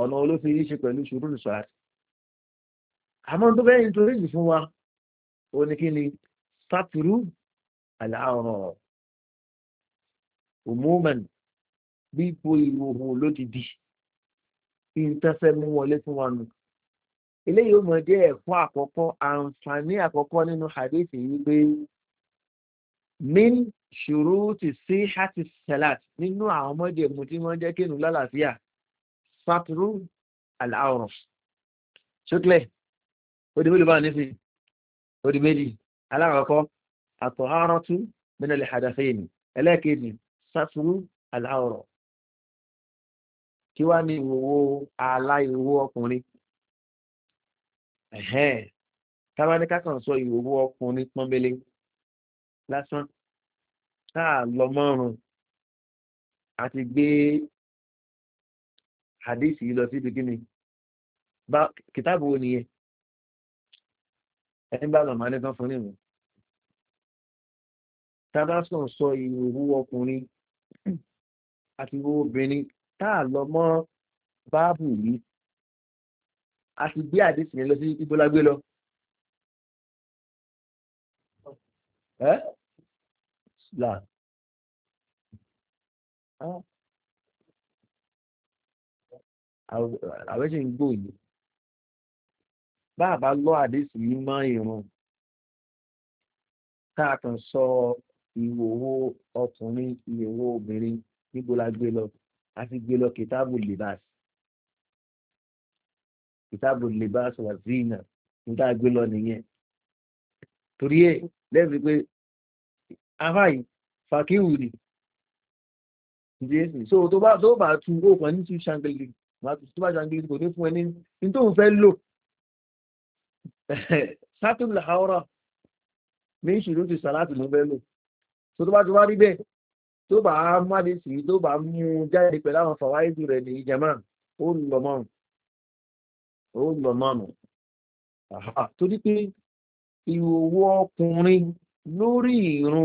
ọ̀nà olófin yìí ṣe pẹ̀lú ṣòrótù sọ̀láàtì àmọ́ tó bẹ́ẹ̀ nítorí ìlú fún wa ó ní kí ni sátìrú àlàárọ̀ òmùmẹ̀n bí ipò ìwòhùn ló ti di ìtẹ́fẹ́ mú wọlé fún wa nù eléyìí ó mọ̀ jẹ́ ẹ̀kọ́ àkọ́kọ́ àǹfààní àkọ́kọ́ nínú hadithi yìí pé min ṣòro ti sí hati salat nínú àwọn ọmọdé mu tí wọ́n jẹ́ kéènù lálàáfíà sátìrú àlàárọ̀ ṣókèlè ó di mélòó bá nífi ó di méjì alákọ̀ọ́kọ́ àtọ̀hárọ́tú mẹ́nàlẹ̀ àdàfẹ́yìnì ẹlẹ́ẹ̀kejì sáfúrú aláwọ̀rọ̀ kí wá ní ìwòwò aláìwò ọkùnrin ẹ̀hẹ́n tábánikà kan sọ ìwòwò ọkùnrin pọ́nbélé lásán táà lọ mọ́rùn àti gbé hadith yìí lọ sí ibi gíní kìtàbù wo nìyẹn ẹni bá màmá lẹ́gbọ́n fún nìyẹn tabasọ̀n sọ ìhòòhò ọkùnrin àti ìhòòhò obìnrin tá a lọ mọ́ báàbù yìí a ti gbé àdéhùn yẹn lọ sí ibolagbé lọ. ẹ́ là àwọn ẹ̀ṣẹ̀ ń gbòòyìn bàbá lọ́ àdéṣù yìí mọ́ ìrùn káàkàn sọ ìwòwò ọkùnrin ìwòwò obìnrin níbo la gbé lọ a ti gbé lọ kìtàbù libas kìtàbù libas wà zina níta gbé lọ nìyẹn torí ẹ lẹ́sìn pé afáyì fàkíwùrì jésù so tó bá tó bá tu ó kàn ní tu ṣàǹgìlì tó bá ṣàǹgìlì kò ní fún ẹ ní tó ń fẹ́ lò sátúlù àwọ̀rọ̀ ní ìṣìlú ti sàlátì ló bẹ́ẹ̀ lò tó tó bá ti wá rí bẹ́ẹ̀ tó bá máde sí tó bá mú jáde pẹ̀lú àwọn fàwáìdì rẹ̀ ní ìjàmá ó lọ mọ́rùn ó lọ mọ́rùn torí pé ọkùnrin lórí ìrun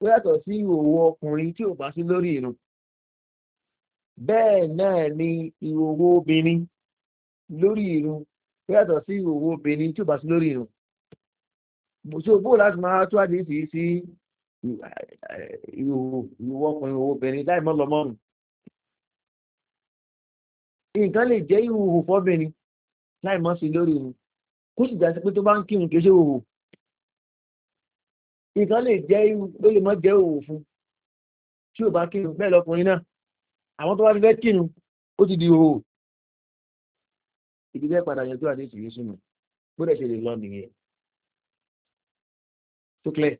ó yàtọ̀ sí ọkùnrin tí ò bá sí lórí ìrun bẹ́ẹ̀ ni obìnrin lórí ìrun ó yàtọ̀ sí ìhòòhò obìnrin tí o bá sí lórí irun so bó láti máa tó àdéhìsì sí ìhòòhò ìhòòhò ọkùnrin ìhòòhò obìnrin láì mọ́ lọ́mọ́rùn nǹkan lè jẹ́ ìhòòhò fọ́bìnrin láì mọ́ sí lórí irun kó sì jásí pé tó bá ń kírun kì í ṣe ìhòòhò nǹkan lè jẹ́ ló lè mọ́ jẹ́ ìhòòhò fún tí o bá kírun bẹ́ẹ̀ lọkùnrin náà àwọn tó bá ti fẹ́ kírun ó ti di ìhòòhò ibi bẹ́ẹ̀ padà yanjú àdéhùn yìí sùnmù gbọ́dọ̀ ṣe lè lọ nìyẹn tókẹ́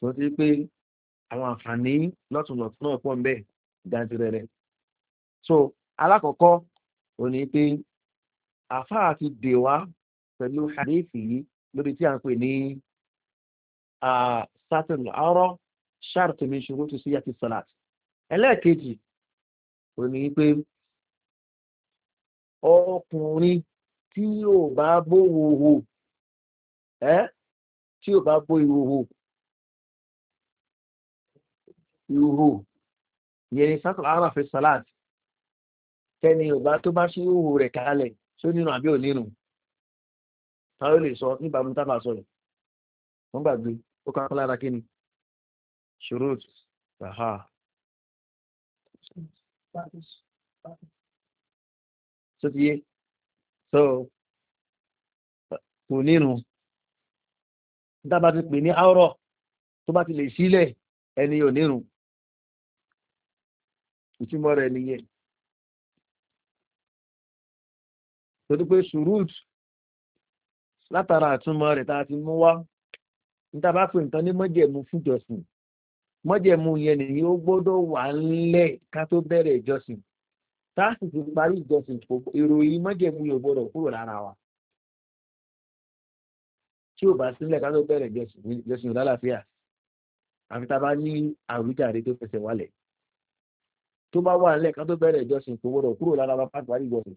tó ti pé àwọn àǹfààní lọ́tùnlọ́tún náà pọ̀ nbẹ̀ jantirẹrẹ so alákọ̀ọ́kọ́ ò ní pé àfáà ti dè wá pẹ̀lú àdéhùn yìí lórí tí a ń pè ní satin ọrọ̀ ṣáàtì mi ṣòro tó sí yàtì salat ẹlẹ́ẹ̀kejì ò ní pé ọkùnrin tí ò bá bó wòwò ẹ́ tí ò bá bó ìwòwò ìwòwò yẹn ni sátọ̀ ara fi salad tẹni ò bá tó bá ṣe ìwòwò rẹ̀ kalẹ̀ tí ó nínú àbí ò nínú ta ló lè sọ níbàámu tábà sọ yìí wọ́n gbàgbé ó kọ́ lára kí ni ṣòro ṣàhà sótìyé so kò nírun dábà ti pè ní áwọ̀rọ̀ tó bá ti lè sílẹ̀ ẹni ò nírun ìtumọ̀ rẹ̀ nìyẹn torí pé ṣùrùt látara àtúmọ̀ rẹ̀ tá a ti mú wá níta bá pè nǹkan ní mọ́jẹ̀mú fújọsìn mọ́jẹ̀mú yẹn nìyí ó gbọ́dọ̀ wà ńlẹ̀ ká tó bẹ̀rẹ̀ ìjọsìn táàsì ti parí ìjọsìn ìròyìn mọ́jẹ̀mú yóò gbọ́dọ̀ kúrò lára wa tí ò bá sílẹ̀ ká tó bẹ̀rẹ̀ ìjọsìn ìdálàfíà àfi tá a bá ní àrùjáde tó fẹsẹ̀ wálẹ̀ tó bá wà nílẹ̀ ká tó bẹ̀rẹ̀ ìjọsìn kò gbọ́dọ̀ kúrò lára wa pàtó parí ìjọsìn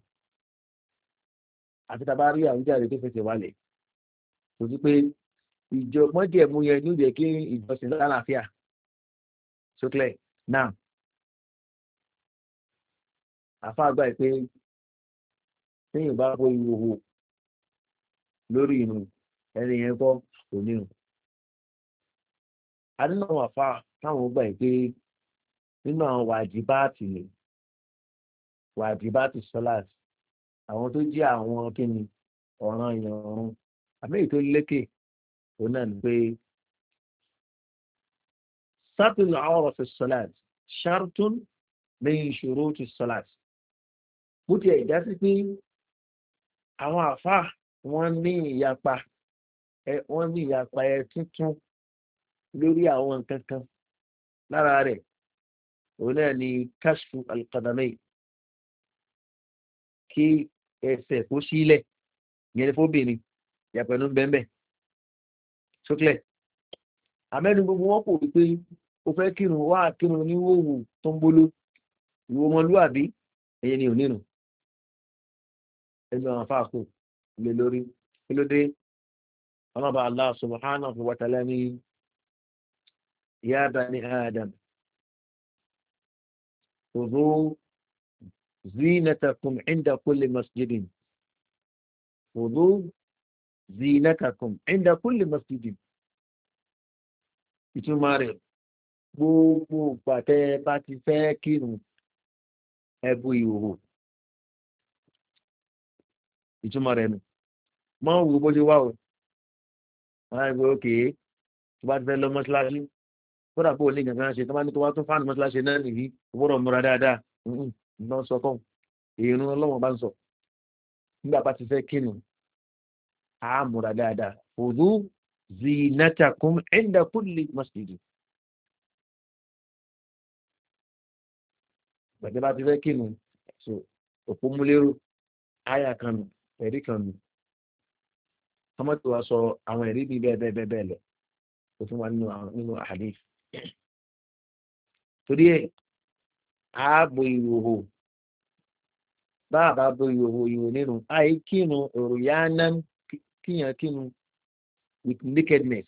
àfi tá a bá rí àrùjáde tó fẹsẹ̀ wálẹ̀ kò sí pé ìjọ mọ́jẹ̀mú yẹn ní ìjẹ́ kí ìjọsìn ìdálàfíà sókè náà àfáàgbà pé téèyàn bá bó ìwòwò lórí inú ẹni yẹn kọ́ kò ní o. adínà wàfà táwọn gbà pé nínú àwọn wàjibáàtì ni wàjibáàtì sọláàtì àwọn tó jẹ́ àwọn kíni ọ̀ràn ìyànrún àmì èyí tó lékè òun náà ni pé sátìlù àwọn ọ̀rọ̀ fi sọláàtì ṣàrùtún lẹ́yìn ìṣòro ti sọláàtì bó ti ẹ̀já sí pé àwọn àfáà wọ́n ní ìyapa wọ́n ní ìyapa ẹ tuntun lórí àwọn nǹkan kan lára rẹ̀ òun náà ni kashfu alkadamai kí ẹsẹ̀ kó sílẹ̀ yẹn ni fóbìnrin yàpẹ̀nu bẹ́ẹ̀ sókè àmẹ́nu gbogbo wọn kò rí pé o fẹ́ kírun wá kírun ní wòwò tó ń bolo ìwò ọmọlúwàbí ni ò nírun ẹgbẹ́ wọn fàákù lè lórí kí ló dé ọlọ́ba allah subhanahu wa ta'ala ní yáàbá ní adam kòrò zinatakum inda kulli masjidin kòrò zinatakum inda kulli masjidin ìtumá rẹ̀ gbogbo pàtẹ́ bá ti fẹ́ kírun ẹ̀bù ìhòhò ìtumọ̀ rẹ̀ nù mọ́ wù bó ṣe wà o wọ́n á gbé òkè tó bá ti fẹ́ lọ mọ́ṣáláṣí kódà kó o ní gangan ṣe tó bá ní kó wá tún fáànù mọ́ṣáláṣí náà nìyí o gbọ́dọ̀ múra dáadáa ǹdọ́ sọ kọ́ ìrún ọlọ́wọ́n bá ń sọ nígbà bá ti fẹ́ kínu á múra dáadáa òdú zinatakum inda kulli masjidi gbàdé bá ti fẹ́ kínu òpómúlérò áyà kanu ẹ̀rí kan nù ọmọdé wa sọ àwọn ẹ̀rí bíi bẹ́ẹ̀ bẹ́ẹ̀ bẹ́ẹ̀ lọ kò tún wà nínú àhàdé torí ẹ̀ ààbò ìhòhò bá àbá bo ìhòhò ìhò nínú àì kínu ọ̀rọ̀ yá ná kíyàn kínu with nakedness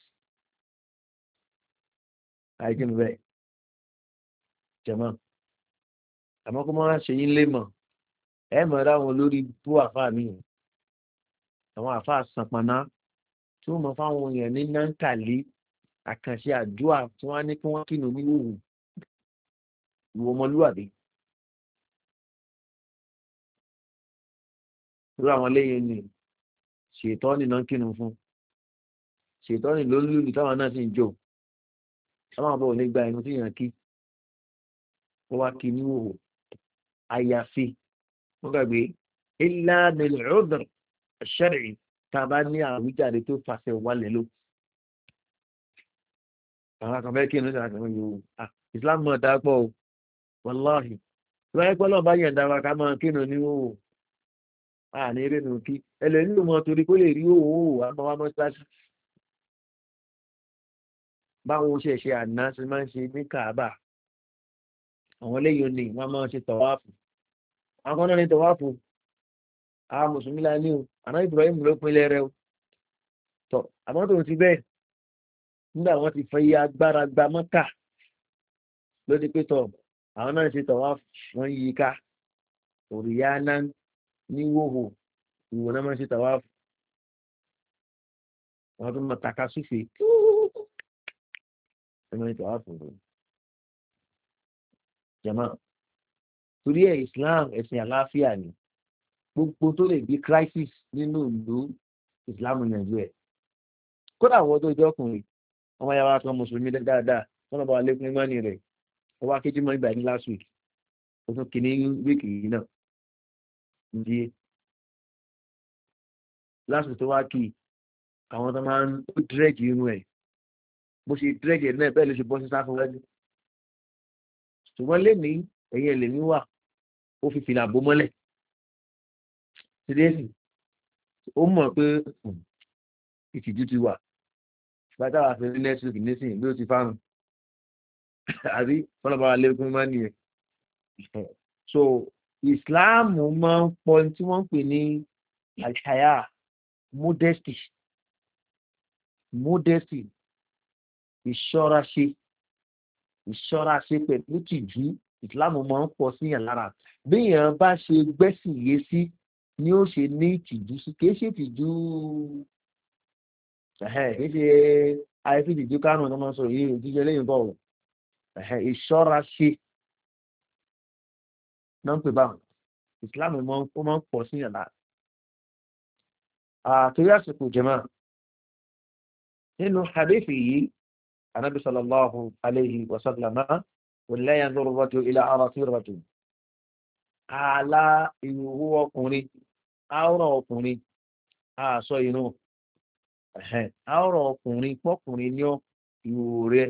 àì kínu bẹ́ẹ̀ jẹ̀mọ́ àmọ́ kó máa ṣe yín lé mọ̀ ẹ mọ̀ ráwọn olórí bú àfáà mi àwọn àfáà sanpaná tí wọ́n mọ fáwọn èèyàn ní náńtàlí àkànṣe àdúrà tí wọ́n á ní kí wọ́n kínú níwòwò ìwọ ọmọlúwàbí. irú àwọn lẹ́yìn ni ṣètọ́nì náà kínú fún ṣètọ́nì ló lùlù táwọn náà sì ń jò táwọn àbọ̀ ò ní gba ẹnu tí yàn kí wọ́n wá kí níwòwò àyàfi wọ́n gbàgbé ilá nílùú ọ̀dọ̀rọ̀ ṣẹ́rìí tá a bá ní àwíjàre tó fàṣẹ wálẹ̀ ló àwọn akọ̀mẹ́ kí ní ṣàkàwọn yòó islam mọ̀ dápọ̀ o wọláhì lọ́yẹ́ pọ́lọ́ bá yẹn dára ká máa kí ní o àní eré nù kí ẹlẹ́ni ló mọ torí kó lè rí o àmọ́ wa mọ́ sáṣí báwọn ṣe ṣe àná ṣe máa ń ṣe ní kàábà àwọn eléyìí ni wọ́n máa ṣe tọ̀wáàfù àwọn kan náà ní tọ̀wáàfù a mùsùlùmí la ní o àná ibrahim ló pinlẹ̀ rẹ o tọ àmọ́ tó ti bẹ́ẹ̀ nígbà wọn ti fẹ́ yí agbára gba mọ́tà ló ti pé tọ àwọn náà ṣe tọ̀ wọ́n yí ká òrìyá náà níwòhò ìwò náà máa ń ṣe tàwa wọn tún máa taka súfè jama torí ẹ islam ẹsìn àlàáfíà ni gbogbo tó lè bí crisis nínú ìlú islam nàìjíríà kódà àwọn tó jẹ́ ọkùnrin ọmọ yàrá kan mùsùlùmí dáadáa wọn náà bá wà lẹ́kùn nígbà ní rẹ̀ ọwọ́ akéjì mọ́ ìgbà ní last week oṣù kìíní wíìkì yìí náà di last week tó wá kì í àwọn tó máa ń dírẹ́jì inú ẹ̀ bó ṣe dírẹ́jì ẹ̀ náà bẹ́ẹ̀ ló ṣe bọ́ sí sáfún wẹ́dí ṣùgbọ́n lẹ́nìí ẹ̀yìn ẹ̀lẹ́mí wà ó fi fìlà bó mọ́lẹ̀ síríẹ́sì ó mọ̀ pé hmm, ìtìjú ti wà bàtà wà fún next week nísìnyí bí ó ti fáwọn àbí fọlọ́bà lẹ́kùn máa nìyẹn so islam máa ń pọ tí wọ́n ń pè ní àṣàyà modesty modesty ìṣọ́ra ṣe ìṣọ́ra ṣe pẹ̀lú tìjú islam máa ń pọ síyàn lára bí èèyàn bá ṣe gbẹ́sìn yé sí. Si, ni ó ṣe ní ìtìjú sí kìí ṣe ìtìjú kìí ṣe àìsí ìtìjú kánú tó máa ń sọ yìí ìtìjú eléyìí bọ̀ ìṣọ́ra ṣe náà ń pè báwọn ìsìláàmù ó máa ń pọ̀ sí yàrá àtúrí àsìkò jẹ́mọ́ nínú hadith yìí anabi sallallahu alayhi wa sallam wọ́n lẹ́yìn lórúkọ tó ilẹ̀ ara tí rọ̀jù ààlà ìwò ọkùnrin àwòrán ọkùnrin àṣọ ìran àwòrán ọkùnrin pọkùnrin ní ìwò rẹ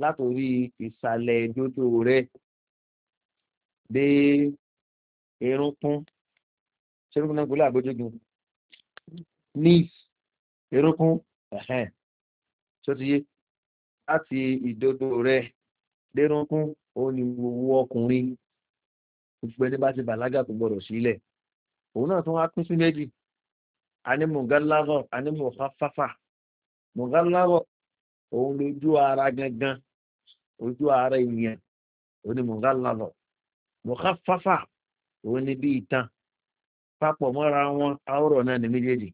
látòrí ìsàlẹ̀ ìdodo rẹ dé erunkun ṣerúkún náà gbọ́lá àgbójógun ní erunkun tó ti yé láti ìdodo rẹ dérunkun ó ní owó ọkùnrin gbogbo ẹni bá ti bàlágà tó gbọdọ̀ sílẹ̀ òun náà tún wá pín sí méjì a ní mùgálárọ̀ a ní mùfáfáfà mùgálárọ̀ òun lójú ara gangan ojú ara ìyẹn òun ni mùgálárọ̀ mùfáfáfà òun ni bí ìtàn papọ̀ mọ́ra wọn àwòrán náà ní méjèèjì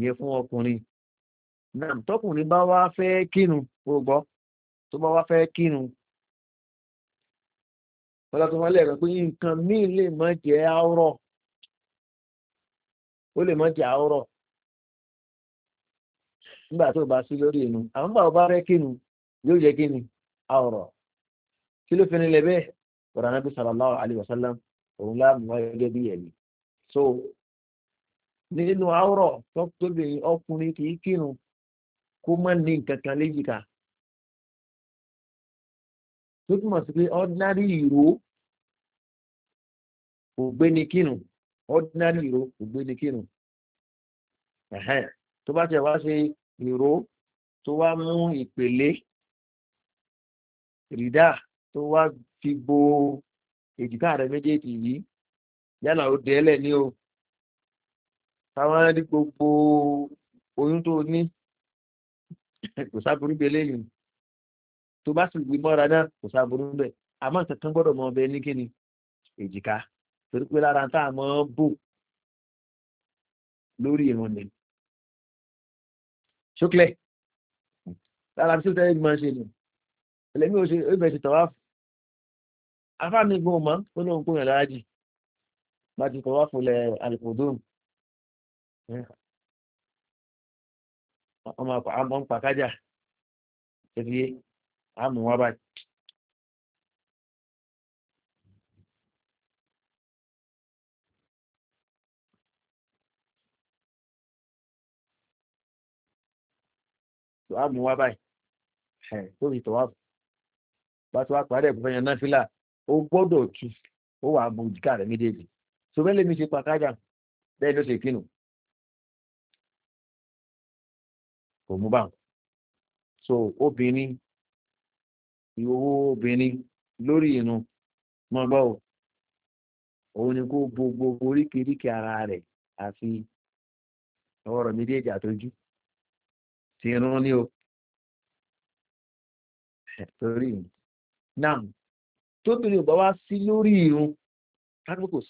yẹ fún ọkùnrin náà tọkùnrin bá wá fẹ́ kínu gbogbo tó bá wá fẹ́ kínu ọlọ́tún wọn lẹ́rọ pé nǹkan míì lè mọ́ jẹ́ àwòrán ó lè mọ́ ti àárọ̀ nígbà tó bá sí lórí inú àwọn bá ọba rẹ kínu yóò jẹ kíni àọrọ kí ló fẹni lẹbẹ ọ̀rọ̀ anábì sàlọ́láwà alìwàsálàm òun láàmú wáyé gẹ́gẹ́ bí ẹ̀mí so nínú àọrọ tó tóbi ọkùnrin kì í ordinary ìró kò gbé ní kírun tó bá tẹ̀ wá ṣe ìró tó wá mú ìpele rìdá tó wá fi bo èjìká rẹ méjèèjì yìí yálà ó dẹ́lẹ̀ ní o táwọn rí gbogbo oyún tó ní kò sáburú bẹ lẹ́yìn tó bá sì gbé mọ́ra náà kò sáburú bẹ àmọ́ nǹkan gbọ́dọ̀ mọ ọbẹ̀ ní kíni èjìká torí pé lára tá a mọ́ bò lórí ìrun ni ṣókìlẹ̀ lára tí ó tẹ́lẹ̀ bí máa ń ṣe nù ẹlẹ́mí ò ṣe ó bẹ̀ ṣe tọ́wá afá mi gbọ́n mọ́ ó lóun kó yàn lára jì bá ti tọ́wá fúnlẹ̀ alùpùdùn ọmọ àpá àmọ́ ń pàkájà ṣe àmọ́ wọn báyìí. tó á mú wá báyìí ẹ̀ tó fi tọ̀wá bá tó wá parí ẹ̀kọ́ fẹ́yàn náà fílà ó gbọ́dọ̀ tu ó wà mú ìdíkà rẹ̀ méjèèjì tó bẹ́ẹ̀ lèmi ṣe pàkájà bẹ́ẹ̀ ló ṣe kínu kò mú bá so obìnrin ìhòòhò obìnrin lórí inú mọ́ gbọ́ o òun ni kó gbogbo oríkèéríkèé ara rẹ̀ àti ọwọ́ méjèèjì àtọ́jú Tinha no sí lórí irun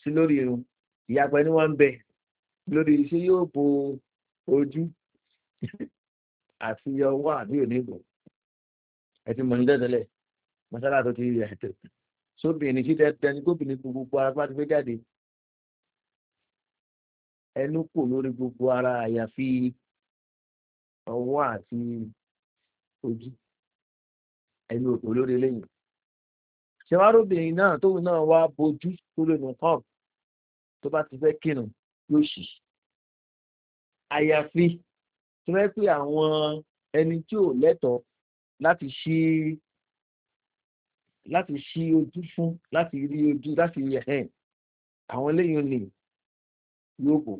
sí irun ìyàgbẹ́ ni wọ́n bẹ lórí iṣẹ́ yóò bo ojú àti ọwọ́ àbí mọ̀ ní mọ́sálà tó ti rí ẹ̀tẹ̀ sóbìnrin tẹ́tẹ́ ní gbogbo ara ọwọ́ àti ojú ẹni òkú lórí lẹ́yìn ṣẹwárọ́bìnrin náà tóun náà wá bojú tó lè nù kọ́ọ̀bù tó bá ti fẹ́ kírun yóò ṣì àyàfi tó fẹ́ pé àwọn ẹni tí ò lẹ́tọ̀ọ́ láti ṣí láti ṣí ojú fún láti rí ojú láti rí ẹ̀hẹ́n àwọn eléyìí ni yóò bò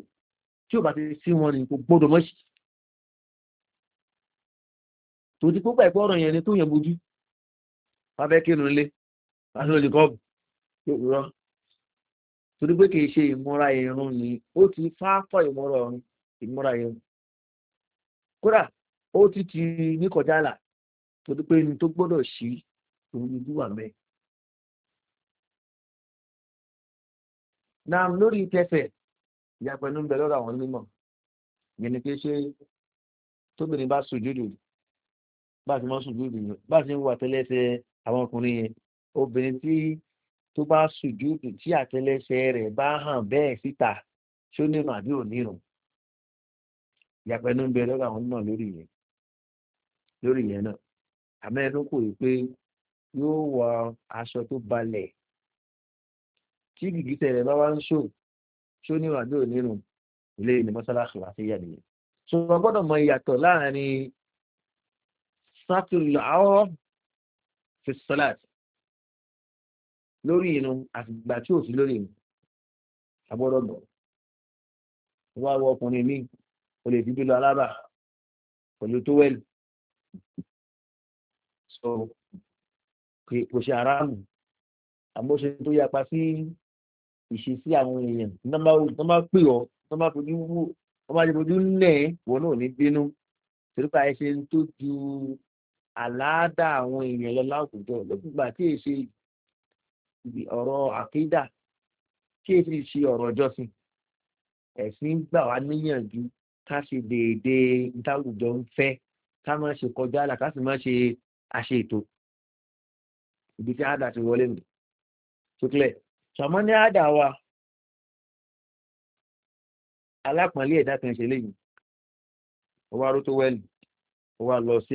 tí ò bá ti sí wọn ni kò gbọ́dọ̀ mọ́ṣì tó ti pópà ẹ̀kọ́ ọ̀rọ̀ yẹn ni tó yẹn bojú fábẹ́ kínú ilé láti lórí kọ́ọ̀bù yóò torí pé kì í ṣe ìmúra irun ni ó ti fáfọ́ ìmúra ọ̀run ìmúra irun kódà ó ti ti ní kọjá là torí pé ní tó gbọ́dọ̀ sí òun ojú wà mẹ́. Nam lórí tẹ́fẹ̀ ìyàpẹ̀nu ń bẹ lọ́dọ̀ àwọn onímọ̀ yẹn ni pé ṣé tóbìnrin bá sùn jújù bá a ti máa ń sùjúdù yẹn bá a ti ń wo àtẹlẹsẹ àwọn ọkùnrin yẹn obìnrin tí tó bá sùjúdù tí àtẹlẹsẹ rẹ bá hàn bẹ́ẹ̀ síta ṣó nínú àbí ò nírun ìyàpẹ̀nu ń bẹ lọ́dọ̀ àwọn náà lórí yẹn lórí yẹn náà àmẹ́rin kò rí pé yóò wọ aṣọ tó balẹ̀ tí gìgísẹ̀ rẹ̀ bá wá ń ṣò ṣó níwájú onírun ilé ní mọ́sálásí àti ìyá nìyẹn ṣùgbọ́n gbọ́dọ̀ mọ ìyàtọ̀ láàrin sátìrì àwọ̀ fi sọ́láàtì lórí inú àtìgbà tí ò sí lórí inú agbọ́dọ̀ bọ̀ wá wọ ọkùnrin mi o lè dìbí lọ alábà pẹ̀lú tówẹ́lì so kò ṣe aráàmù àmóṣe tó yapa sí ìṣesí àwọn èèyàn tó máa pè ọ́ tó máa fojú wú tó máa fojú nẹ̀ náà ní bínú torípa ẹ tó ju àláàdà àwọn èèyàn lọ láwùjọ lókùgbà tí è ṣe ọ̀rọ̀ àkídà tí è sì ṣe ọ̀rọ̀ ọjọ́sìn ẹ̀sìn gbà wá níyànjú ká ṣe déédéé ìtàwùjọ ń fẹ́ ká má ṣe kọjá àlà ká sì má ṣe àṣe ètò ibi tí àdà ti wọlé nù tókìlẹ̀ ṣàmọ́ ní àdà wa alápọ̀nlé ẹ̀dá kan ṣe léyìn ó wá ró tó ó wá lọ sí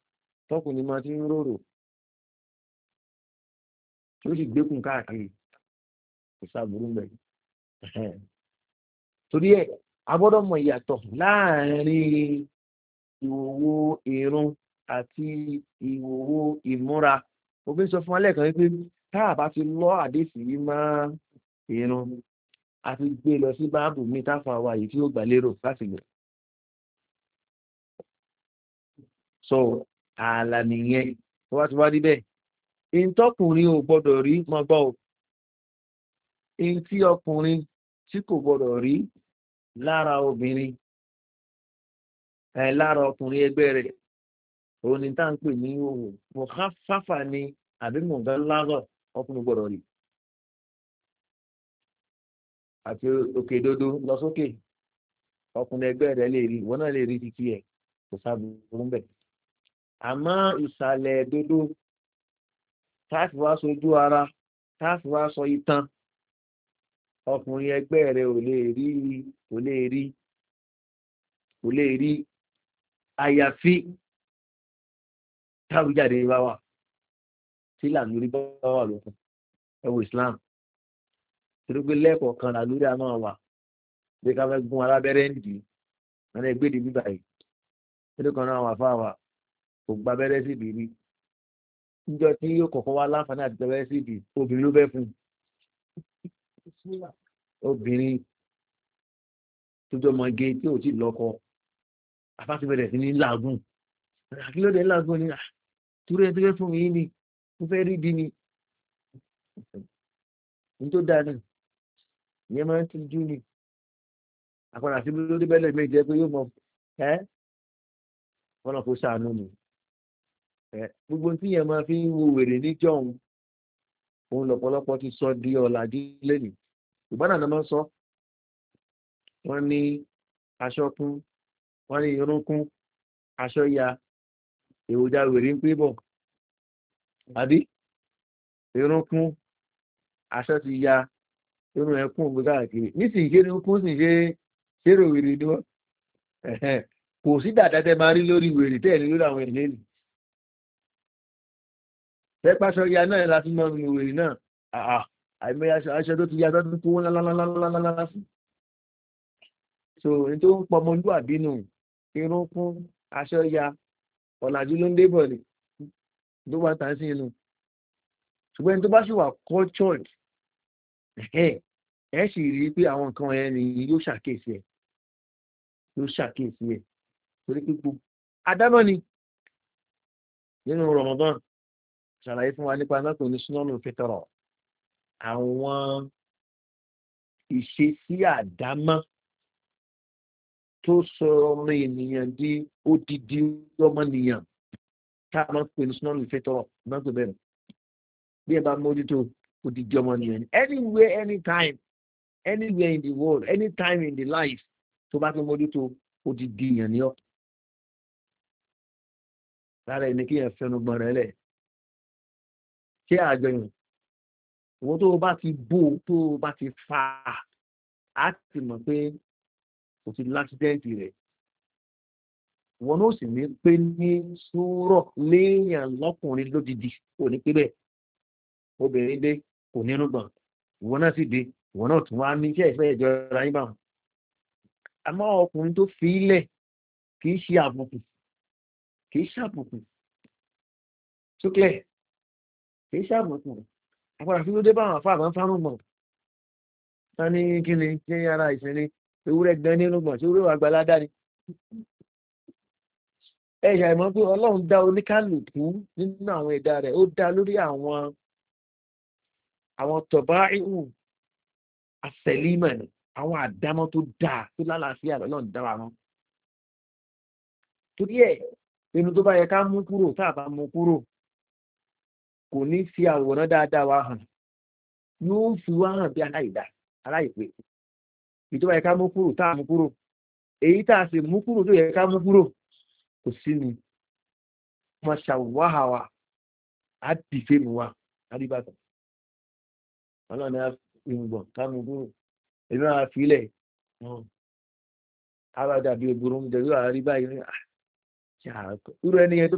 tọkùnrin máa ti ń rorò tí ó sì gbékùn káàkiri kò sáàbùrú mẹ torí ẹ agbọ́dọ̀ mọ ìyàtọ̀ láàrin ìwòwò irun àti ìwòwò ìmúra òfin sọ fún alẹ́ kan wípé tá a bá ti lọ àdéhùn yìí mọ́ irun a ti gbé lọ sí báàbù mi táfà wa yìí tí ó gbà lérò láti gbẹ. so ààlà nìyẹn tó bá ti wá rí bẹ́ẹ̀ ìtọ́kùnrin ò gbọ́dọ̀ rí mọ́ gbọ́ ò ìtí ọkùnrin tí kò gbọ́dọ̀ rí lára obìnrin ẹ̀ lára ọkùnrin ẹgbẹ́ rẹ̀ òun ni tá à ń pè ní òwò mọ̀káfáfà ni àbí mọ̀gá lágọ̀ ọkùnrin gbọ́dọ̀ rí àti òkè dodo lọ sókè ọkùnrin ẹgbẹ́ rẹ̀ lè rí ìwọ náà lè rí títí ẹ̀ kò sábà ń bẹ̀ àmọ́ ìsàlẹ̀ dodo táàfì wá sojú ara táàfì wá sọ itan ọkùnrin ẹgbẹ́ rẹ̀ ò lè rí ò lè rí ò lè bá wà tí lànà orí bá lókun ẹwọ islam torípé lẹ́ẹ̀kọ̀ọ́ kan là lórí àmọ́ wà bí ká fẹ́ gún alábẹ́rẹ́ ń dì í wọn lè gbé di bíbá náà wà fáwà kò gba abẹ́rẹ́ síbi rí níjọ tí yóò kọ̀ọ̀kan wá láǹfààní àti abẹ́rẹ́ síbi obìnrin ló fẹ́ fún obìnrin tójọ́mọge tí ò tí lọ́kọ àfáàtì bẹ̀rẹ̀ sí ní làágùn àkílódé làágùn ni ah, túrẹ́ túrẹ́ fún mi yìí ni mo fẹ́ rí bí ni ní tó dáa náà ìyẹn máa ń tijú ni àpàdà sí lórí bẹ́lẹ̀ méje pé yóò mọ ẹ́ fọ́nà kó ṣàánú mi gbogbo tí yẹn máa fi ń wo wèrè níjọ́un òun lọ̀pọ̀lọpọ̀ ti sọ di ọ̀làjú lẹ́nìí ìbọ́nà náà máa ń sọ wọ́n ní aṣọ kún wọ́n ní irun kún aṣọ ya èròjà wèrè ń pé bọ̀ àbí irun kún aṣọ ti ya irun ẹ̀ kún gbogbo káàkiri nísìnyí ṣe irun kún sì ṣe ṣèrò wèrè ni wọ́n kò sí dàda tẹ máa rí lórí wèrè tẹ́ẹ̀ ní lórí àwọn ènìyàn pẹ́pàṣọ ya náà láti mọ ìròyìn náà àìmọ́ aṣọ tó ti ya tọ́tún kó lálálálálálá sí. so n tó ń pọmọ ojú àbínú irun kún aṣọ ya ọ̀làjú ló ń débọ̀ ni tó wà tà sí inú. ṣùgbọ́n tó bá sì wà cultured ẹ sì rí pé àwọn nǹkan ẹ ni yóò ṣàkíyèsí ẹ yóò ṣàkíyèsí ẹ torí pé adámọ́ ni nínú rọ̀mọ́bọ́n ṣàlàyé fún wa nípa náà ní súnánù fẹ́tọ̀rọ̀ àwọn ìṣesí àdámọ́ tó sọ ọmọ ènìyàn di odidi ọmọnìyàn tá a máa ń pè ní súnánù fẹ́tọ̀rọ̀ máa bẹ́ẹ̀ bí ẹ bá mójútó odidi ọmọnìyàn ni anywhere anytime anywhere in the world anytime in the life tó bá tó mójútó odidi èèyàn ni ọ. lára ẹni kí yẹn fẹnu gbọ́n rẹ lẹ́yìn ṣé àjọyìn ìwọ́n tó bá ti bó tó bá ti fa á ti mọ̀ pé kò ti láṣídẹ́ǹtì rẹ̀ wọn ó sì ní pé ní sùúrọ̀ léèyàn lọ́kùnrin lódìdí kò ní pé bẹ́ẹ̀ obìnrin dé kò ní irúgbọ̀n ìwọ náà sì dé ìwọ náà tún wá ní iṣẹ́ ìfẹ́ ìjọra yín báwọn àmọ́ ọkùnrin tó fi ilẹ̀ kì í ṣe àbùkù kì í ṣàbùkù sókè kìí ṣàbùkù àpàdà tí ló dé báwọn afáàbọ̀ ń fárún gbọ̀n ta ní kí ni ṣé ara ìsinmi ewúrẹ́ gan ní irúgbọ̀n ṣé ewúrẹ́ wà gbalada ni. ẹ ṣàìmọ́ pé ọlọ́run dá oníkálùkù nínú àwọn ẹ̀dá rẹ̀ ó dá lórí àwọn àwọn tọ̀bá ihò àṣẹlímọ̀ ni àwọn àdámọ́ tó dáa tó lálàáfíà lọ́lọ́run dá wa mọ́. torí ẹ̀ pinnu tó bá yẹ ká mú kúrò tá a bá mú kúrò kò ní fi àwòrán dáadáa wa hàn yóò fi wá hàn bí aláìdá aláìpé ìjọba yẹ ká mú kúrò tá a mú kúrò èyí tá a sì mú kúrò tó yẹ ká mú kúrò kò sí ni wọn ṣàwáhà wa á dìfé mi wa adébàtà ọlọ́run á ìmùgbọ̀n ká mú kúrò èmi náà fílẹ̀ ara dàbí ògbòrò ń jẹ́ yóò àrí báyìí irú ẹni yẹn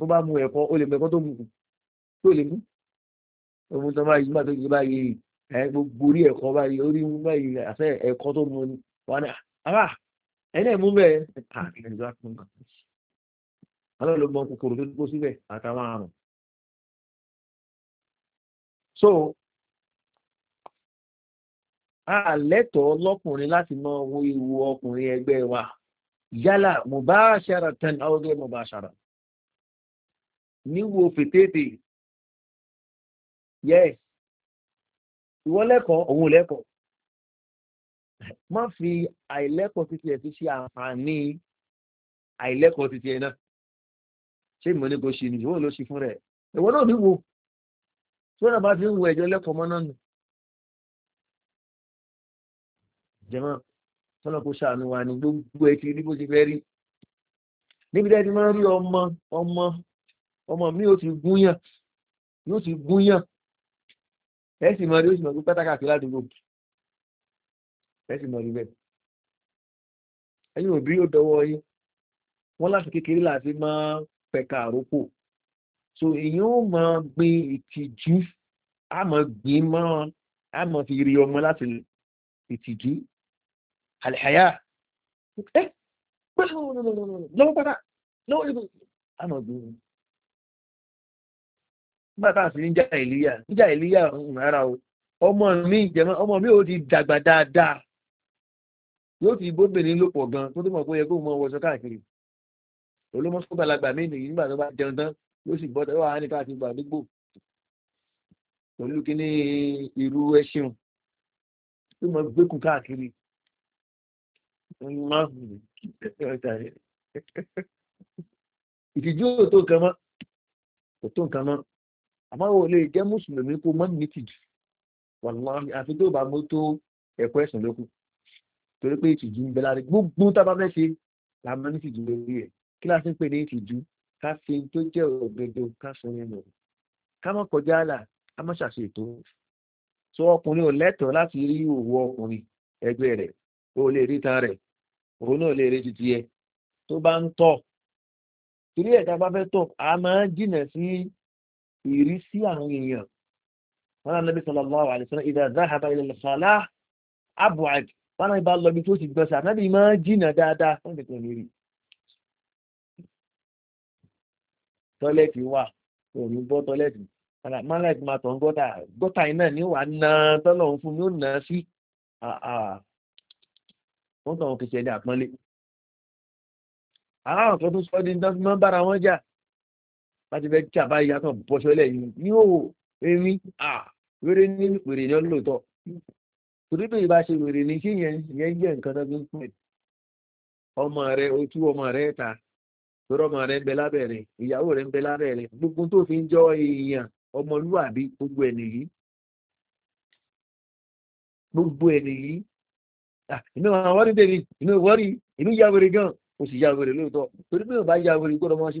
tó bá mú ẹ̀kọ́ ó lè mẹ́kọ́ tó mú kù tó lè mú ọmọ tó báyìí nígbà tó yẹ báyìí ẹ gbogbo orí ẹ̀kọ́ báyìí orí mú báyìí àfẹ́ ẹ̀kọ́ tó mú ni wà ní àbá ẹni ẹ̀ mú bẹ́ẹ̀ káàkiri ìjọba fún un alẹ́ ló mọ kòkòrò tó kó síbẹ̀ àtàwọn àrùn. so àlẹ́tọ̀ọ́ lọ́kùnrin láti mọ ohun yes ìwọ lẹ́kọ̀ọ́ òun lẹ́kọ̀ọ́ má fi àìlẹ́kọ̀ọ́ títí ẹ̀ fi ṣe àǹfààní àìlẹ́kọ̀ọ́ títí ẹ̀ náà ṣé ìmọ̀ ní kò ṣe ni ìwọ ló ṣe fún rẹ̀ ìwọ náà ní wo tí wọ́n náà bá fi ń wo ẹ̀jọ́ lẹ́kọ̀ọ́ mọ́ náà nù jẹ́mọ́ tọ́lọ́ kó ṣàánú wa ní gbogbo ẹ̀ ti rí bó ti fẹ́ rí níbi dẹ́ni máa ń rí ọmọ ọmọ ọmọ mi ò ti gúnyàn yóò ti gúnyàn ẹ sì mọ rí ó sì mọ pé pátákàkì ládùúgbò ẹ sì mọ rí bẹ́ẹ̀ ẹ̀yin òbí yóò dọwọ́ yín wọ́n láti kékeré láti máa pẹ̀ka àrókò so èyí ó mọ gbin ìtìjú a mọ gbin mọ a mọ fi rí ọmọ láti ìtìjú àlẹ́hàyà ẹ pẹ́ lọ́wọ́ pátá lọ́wọ́ ìbò a mọ gbin nígbà tá à sí níjà ìlíyà níjà ìlíyà rárá o ọmọ mi ìjẹmọ ọmọ mi ò ti dàgbà dáadáa yóò ti bóbìnrin ló pọ̀ gan tó tó mọ̀ pé yẹ kó mọ wọṣọ káàkiri olómọ́sọ́ gbalagbà mí nìyí nígbà tó bá jẹun tán ló sì bọ́ tẹ́wọ́ àárín káàkiri gbà dígbò pẹ̀lú kí ní irú ẹṣin tó mọ gbẹ́kùn káàkiri ìtìjú ò tó nǹkan mọ́ kò nǹkan mọ́ àmọ́ ò lè jẹ́ mùsùlùmí kó mọ́ nítìdì wàlúwàlú àfi tó bá mú tó ẹ̀kọ́ ẹ̀sìn lókù torí pé ìtìjú ń bẹ láti gbogbo tá a bá la mọ́ nítìjú lórí ẹ̀ kí láti ń pè ní ìtìjú ká fi tó jẹ́ òdodo ká sọ yẹn lọ ká mọ̀ kọjá àlà ká mọ̀ ṣàṣe ètò sọ ọkùnrin ò lẹ́tọ̀ọ́ láti rí òwò ọkùnrin ẹgbẹ́ rẹ̀ ó lè rí tan rẹ̀ òun náà lè rí titi ẹ tó bá ń tọ̀ torí ẹ̀ tá fẹ́ tọ̀ a máa jìnà sí ìrísí àwọn èèyàn wọn náà lẹ́bí sallallahu alaihi wasallam idha dhahaba ila al-salah ab'ad wọn náà ibà lọ́bí tó sì gbọ́sẹ̀ àtàbí máa jìnà dáadáa fún ìpínlẹ̀ lérí tọ́lẹ́tì wà òní bọ́ tọ́lẹ́tì mọ́lẹ́tì máa tọ̀ ń gọ́tà gọ́tà iná ní wà ná tọ́lọ̀ ń fún mi ó nà á sí wọ́n tọ̀ kìí ṣẹlẹ̀ àpọ́nlé àwọn kan tó sọ́ọ́ di dáńtí láti fẹ́ tí àbá ìyá kan bọ́ṣọ́ lẹ́yìn ní òwò èmi à wéré ní wèrè ní ọlọ́tọ̀ torí pé ìbá ṣe wèrè ní kí yẹn yẹn jẹ́ nǹkan tó fi ń pè ọmọ rẹ o tú ọmọ rẹ ta torí ọmọ rẹ ń bẹ lábẹ́rẹ́ ìyàwó rẹ ń bẹ lábẹ́rẹ́ gbogbo tó fi ń jọ èèyàn ọmọlúwàbí gbogbo ẹ̀ nìyí gbogbo ẹ̀ nìyí inú àwọn wọ́n rí débi inú wọ́n rí inú yàwèrè gan o sì yàwèrè lóòótọ́ torí pé ò bá yàwèrè gbọ́dọ̀ mọ́ ṣe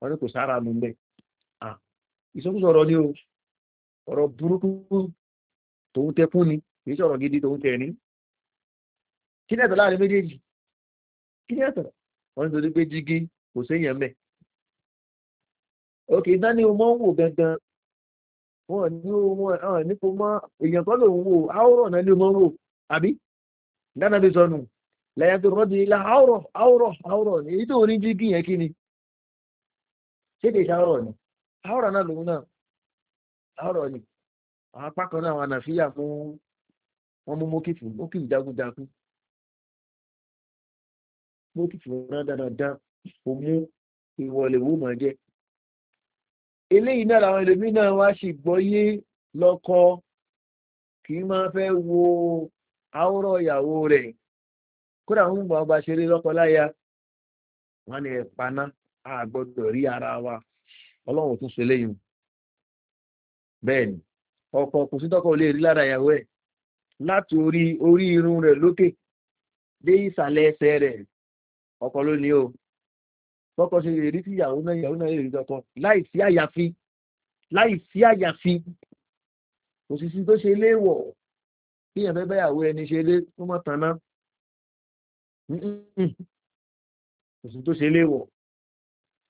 wọ́n ní kò sára nù mẹ́ ìsọkúsọ ọ̀rọ̀ ni o ọ̀rọ̀ burúkú tòun tẹ fún ni kìí sọ̀rọ̀ gidi tòun tẹ ní kí ní ẹ̀tọ̀ láàrin méjèèjì kí ní ẹ̀tọ̀ wọ́n ní torí pé jígí kò séèyàn mẹ́ òkè ìdání wọn ń wò gangan wọn ní wọn àwọn nípo mọ èèyàn kọ́ lòun wò áwòrán náà ní wọn wò àbí dáná bí sọnù lẹ́yìn tó rọ́ọ̀dì ilá áwòrán áwòrán áwòrán èyí tó ní jígí yẹn kí ni ṣé kìí ṣàárọ̀ ni àárọ̀ náà lòun náà àárọ̀ ni àwọn apá kan náà àwọn ànàfíà mú wọn mú mókìtì mókìtì jagunjagun mókìtì náà dáadáa kò mú ìwọ̀lẹ̀ wò máa jẹ́ eléyìí náà làwọn ẹlòmíín náà wá sì gbọ́yé lọ́kọ́ kì í máa fẹ́ wo àwòrán ìyàwó rẹ̀ kódà ń gbọ́n ọba ṣeré lọ́kọ láya wọn ni ẹ̀ paná a gbọ́dọ̀ rí ara wa ọlọ́run tún ṣe léyìn bẹ́ẹ̀ ni ọkọ̀ kò sí tọ́kọ̀ lè rí lára ìyàwó ẹ̀ láti orí orí irun rẹ̀ lókè dé ìsàlẹ̀ ẹsẹ̀ rẹ̀ ọkọ̀ ló o tọkọ ṣe lè rí sí ìyàwó náà ìyàwó náà lè rí tọkọ láì sí àyàfi láì sí àyàfi kò sì sí tó ṣe léèwọ̀ kí èèyàn fẹ́ bẹ́yàwó ẹni ṣe lé tó mọ̀ tán náà kò tó ṣe léèwọ̀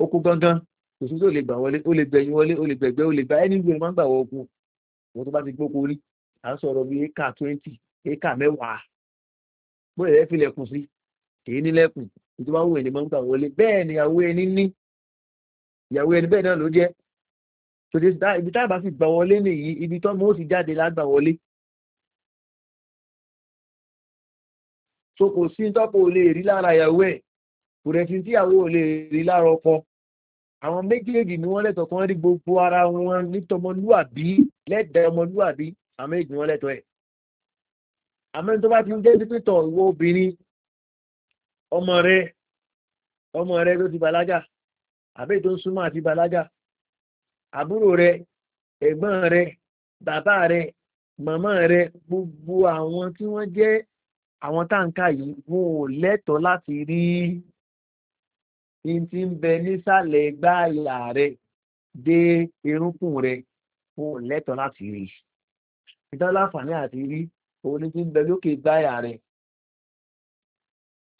ó kú gángan kò sí tó lè gbà wọlé ó lè gbẹ̀yìn wọlé ó lè gbẹ̀gbẹ́ ó lè gbà ẹni gbé máa ń gbà wọ okun wọn tó bá ti gbóko rí à ń sọ̀rọ̀ bí éka twenty éka mẹ́wàá bóyá ẹ fi lẹ̀kùn sí èyí ní lẹ́kùn ìjọba wù ẹni máa ń gbà wọlé bẹ́ẹ̀ ni ìyàwó ẹni ní ìyàwó ẹni bẹ́ẹ̀ náà ló jẹ́ tòdí ibi tá a bá fi gbà wọlé nìyí ibi tó mọ́ ó ti jáde lágbà wọlé so kò sí tọ́pọ̀ ò lè rí lára ìyàwó ẹ̀ kò rẹ̀ sí tíyàwó ò lè rí lára ọkọ̀ àwọn méjèèjì ni wọ́n lẹ́tọ̀ọ́ kan rí gbogbo ara wọn nítọmọlúàbí lẹ́dàá ọmọlúàbí àwọn méjì ni wọ́n lẹ́tọ̀ọ́ ẹ̀ àmọ́ tó bá ti ń jẹ́ sípìtọ̀ ìwọ obìnrin ọmọ rẹ ọmọ rẹ tó ti balájà àbẹ́ tó ń súnmọ́ àti balájà àbúrò rẹ ẹ̀gbọ́n rẹ bàbá rẹ màmá rẹ gbogbo àwọn tí wọ́n jẹ́ àwọn táǹkà yìí wọn ò lẹ́tọ̀ọ́ láti rí yìí ti ń bẹ nísàlẹ̀ gbáàyà rẹ dé irúnkùn rẹ o lẹ́tọ̀ọ́ láti rí ìtọ́jú láǹfààní àti rí òun ni ti ń bẹ lókè gbáàyà rẹ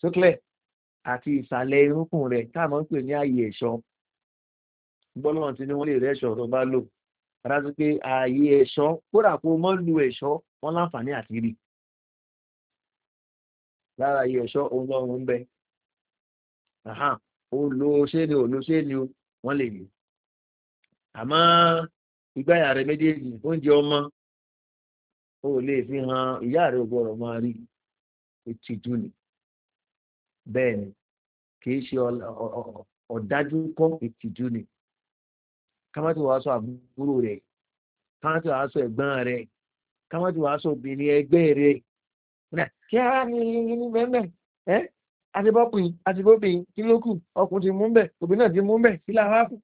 sókè àti ìsàlẹ̀ irúnkùn rẹ táwọn ń pè ní ààyè ẹ̀ṣọ́ gbọ́dọ̀ tí ni wọ́n lè rẹ́ṣọ̀ tó bá lò rántí pé ààyè ẹ̀ṣọ́ kódà kó mọ́ lu ẹ̀ṣọ́ wọ́n láǹfààní àti rí lára ààyè ẹ̀ṣọ́ òun lọ́rùn ń bẹ ó lo ṣé ni ò lo ṣé ni o wọ́n lè lò àmọ́ ìgbáyà rẹ méjèèjì oúnjẹ ọmọ o lè fi han ìyá rẹ ògbọ́rọ̀ máa rí ìtìjú ni bẹ́ẹ̀ ni kì í ṣe ọ̀dájú kọ́ ìtìjú kámátì àbúrò rẹ̀ kámátì ẹ̀gbọ́n rẹ̀ kámátì obìnrin àti bọ́kùnrin àti bóbìnrin kí ló kù ọkùnrin ti mú bẹ̀ òbí náà ti mú bẹ̀ kí láwá kù.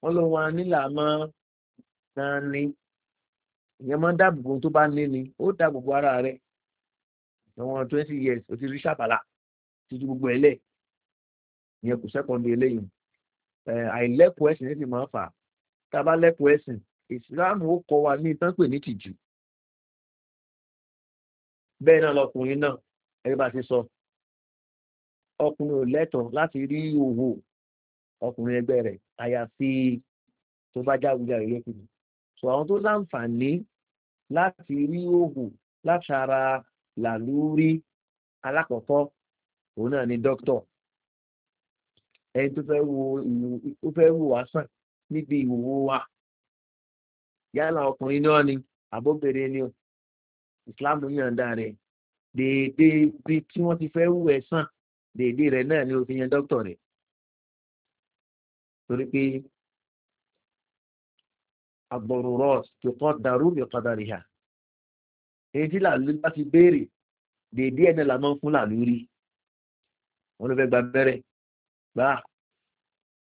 wọ́n lọ wọn nílà máa náà ní ìyẹn máa ń dáàbòbò tó bá ní ni ó dáàbòbò ara rẹ̀ àwọn twenty years ó ti rí ṣàbàlà ti ju gbogbo ẹlẹ́ ìyẹn kò sẹ́kọ̀ọ́ndì eléyìí àìlẹ́kọ̀ọ́ ẹ̀sìn ní ti máa fà tá a bá lẹ́kọ̀ọ́ ẹ̀sìn ìsìláàmù ó kọ wa ní ìtàn pè ní tìjú bẹ́ẹ̀ náà lọkùnrin náà ẹgbẹ́ bá ti sọ ọkùnrin ò lẹ́tọ̀ọ́ láti rí òwò ọkùnrin ẹgbẹ́ rẹ̀ àyàfi tó bá jáwéjáre lókùnrin so àwọn tó láǹfààní láti rí òwò látara làlúrí alákọ̀ọ́kọ́ òun náà ni dókítọ̀ ẹni tó fẹ́ wo ìwò tó fẹ́ níbi ìwòwò wa yálà ọkùnrin náà ni àbóbìnrin ni o islam yọ̀ǹda rẹ̀ dèédé bí tí wọ́n ti fẹ́ wù ẹ́ sàn dèédé rẹ̀ náà ni o fi yan dókítà rẹ̀ torí pé àgbọ̀rùrọ̀s tó kọ́ dàrú mi padà rìhà èyí tí làlú bá ti béèrè dèédé ẹ̀ náà la máa ń fún làlú rí wọn ló fẹ́ gba bẹ́rẹ̀ gbà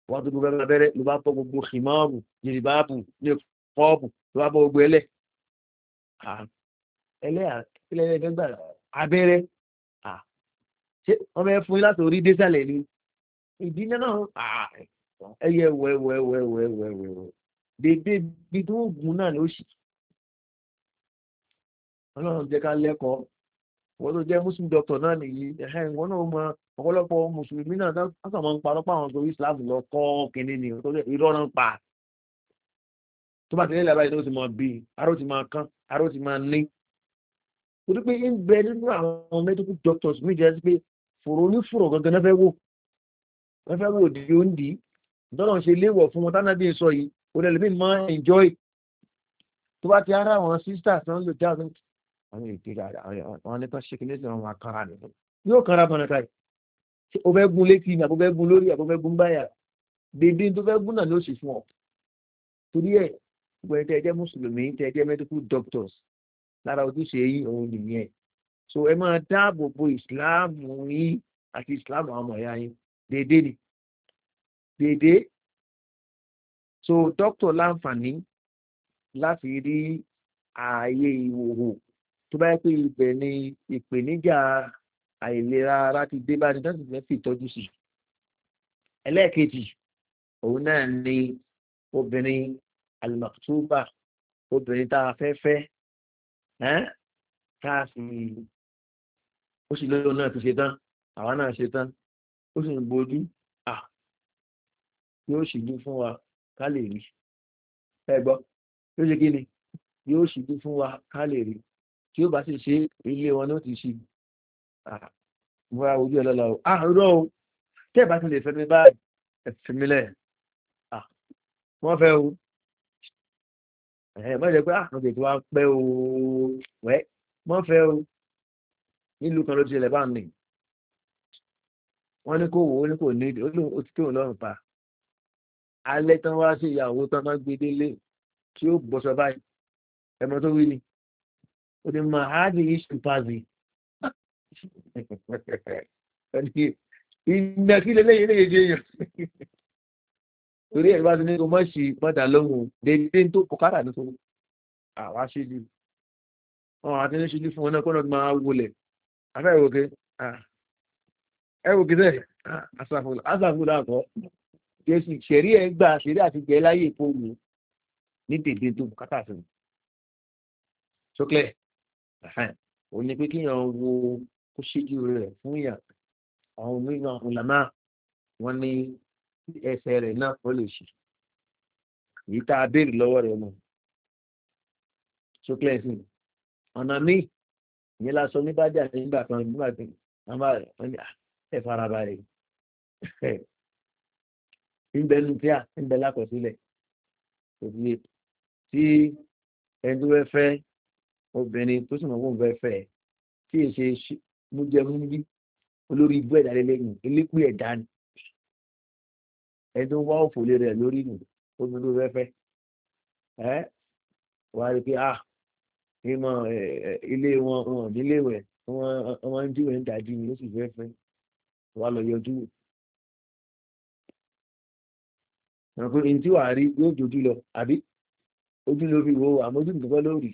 wọ́n tó gbogbo abẹ́rẹ́ ló bá bọ́ gbogbo ṣìmọ́ọ̀bù jìrìbáàbù ní kọ́ọ̀bù ló bá bọ́ gbogbo ẹlẹ́ ẹlẹ́yà kílẹ̀ ẹgbẹ́ gbà abẹ́rẹ́ ṣé ọmọ ẹ fún yín láti orí désàlẹ̀ ni ìdí náà ẹyẹ wẹ́wẹ́wẹ́wẹ́wẹ́wẹ́ dédé bí tó gùn náà ló ṣì ọlọ́run jẹ́ ká lẹ́kọ̀ọ́ wọ́n tó jẹ́ muslim doctor náà nìyí ẹ̀hẹ́ ìwọ́n náà mọ ọ̀pọ̀lọpọ̀ mùsùlùmí náà sábà máa ń parọ́ pa àwọn torí islam lọ kọ́ kínní ni ìrọ́nà pa tó bá ti lé làbáyé ló ti máa bí aró ti máa kán aró ti máa ní torí pé ń bẹ nínú àwọn medical doctors mi jẹ́ pé fòrò onífòrò gangan náà fẹ́ wò wọ́n fẹ́ wò di oúnjẹ ìtọ́nà ṣe léwọ̀ fún wọn tánà bí n sọ yìí olùdókòwò mi máa enjoy tó bá ti ara àwọn sisters náà lò jáde àwọn ìgbéga àwọn nípa ṣe kìíní sí àwọn akára nìkan yóò kára bọ̀nàkà yìí o fẹ́ gun létí ni àbúfẹ́ gun lórí àbúfẹ́ gun báyà dèdè tó fẹ́ gun náà ló sì fún ọ torí ẹ gbọ́dọ̀ tẹ́ ẹ jẹ́ mùsùlùmí tẹ́ ẹ jẹ́ medical doctors lára ojúṣe yìí òun nìyẹn so ẹ máa dáàbò bo ìsìláàmù yín àti ìsìláàmù àwọn ọmọ ìyá yín ni déédéé so dókítà láǹfààní láti rí ààyè ìwòwò tó bá yẹ pé ibẹ̀ ni ìpèníjà àìlera ara ti dé bá ní dókítà mẹ́fì tọ́jú sí ẹlẹ́ẹ̀kejì òun náà ni obìnrin alimaktuba obìnrin tá a fẹ́ fẹ́ káàsì ó sì lóun náà ti ṣe tán náà ṣe ó sì ń bojú à yóò ṣíjú fún wa ká lè rí ẹ gbọ́ yóò ṣe kí ni yóò ṣíjú fún wa ká lè rí tí ó bá sì ṣe ilé wọn náà ti ṣe wá ojú ẹ lọ́la o àárọ̀ ti lè fẹ́ mi báyìí ẹ mi lẹ̀ wọ́n fẹ́ o mọ́jẹ̀ pé àwọn ètò wa pẹ́ ooo wẹ́ mọ́ fẹ́ o nílùú kan ló ti ṣẹlẹ̀ bá mi wọ́n ní kò wò ó ní kò ní ó ti tóun lọ́rùn pa alẹ́ tán wá sí ìyàwó tán tán gbé délé tí ó bọ́sọ báyìí ẹ̀mọ́ tó wí ni ó ní máa há ní iṣu pazi ìnàkí lélẹ́yìn lè yé èèyàn <laughs> torí ẹ̀rọ bá ti ní kó mọ́ ṣe mọ́ta lóhùn dédé tó kọ́kárà ní fún àwa ṣe jù ọ̀hún àti ní ṣojú fún wọn náà kọ́nà tó máa wọlé afẹ́ ìwòkè ẹ̀wòkè bẹ́ẹ̀ asàfùlà àkọ́ jésù ṣẹ̀rí ẹ̀ ń gbà ṣẹ̀rí àti jẹ́ láyé èpo mi ní dédé tó kọ́kárà sí mi sókè ò ní pé kíyàn wo kó ṣíjú rẹ̀ fún ìyà àwọn mìíràn ọ̀làmá wọn ní ẹsẹ̀ rẹ̀ náà ó lè ṣe èyí tá a béèrè lọ́wọ́ rẹ̀ mọ̀ ṣókè ẹ̀sìn ọ̀nà míì ìyẹn la sọ nígbàdí àti nígbà kan nígbà tí wọ́n bá rẹ̀ wọ́n ní ah, ẹ̀ farabalẹ̀ ńbẹ nu tí a ńbẹ lákọsílẹ̀ kò sí tí ẹni tó fẹ́ fẹ́ obìnrin tó sì mọ̀ fún fẹ́ fẹ́ tí èsè mújẹ mújí olórí ibú ẹ̀dá lélẹ́yìn elékùn ẹ̀dá ni ẹni tó ń wá òfò lè rẹ̀ lórí nù omi ló fẹ́fẹ́ ẹ́ wàá rí pé à ah, ìmọ̀ ilé wọn wọn níléèwẹ̀ wọn ń jíwèé ń dájú ni ó sì fẹ́fẹ́ wàá lọ yọjú wò. ẹ̀kọ́ ní tí wàá rí yóò dojú lọ àbí ojú ló fi wo àmójú nǹkan lórí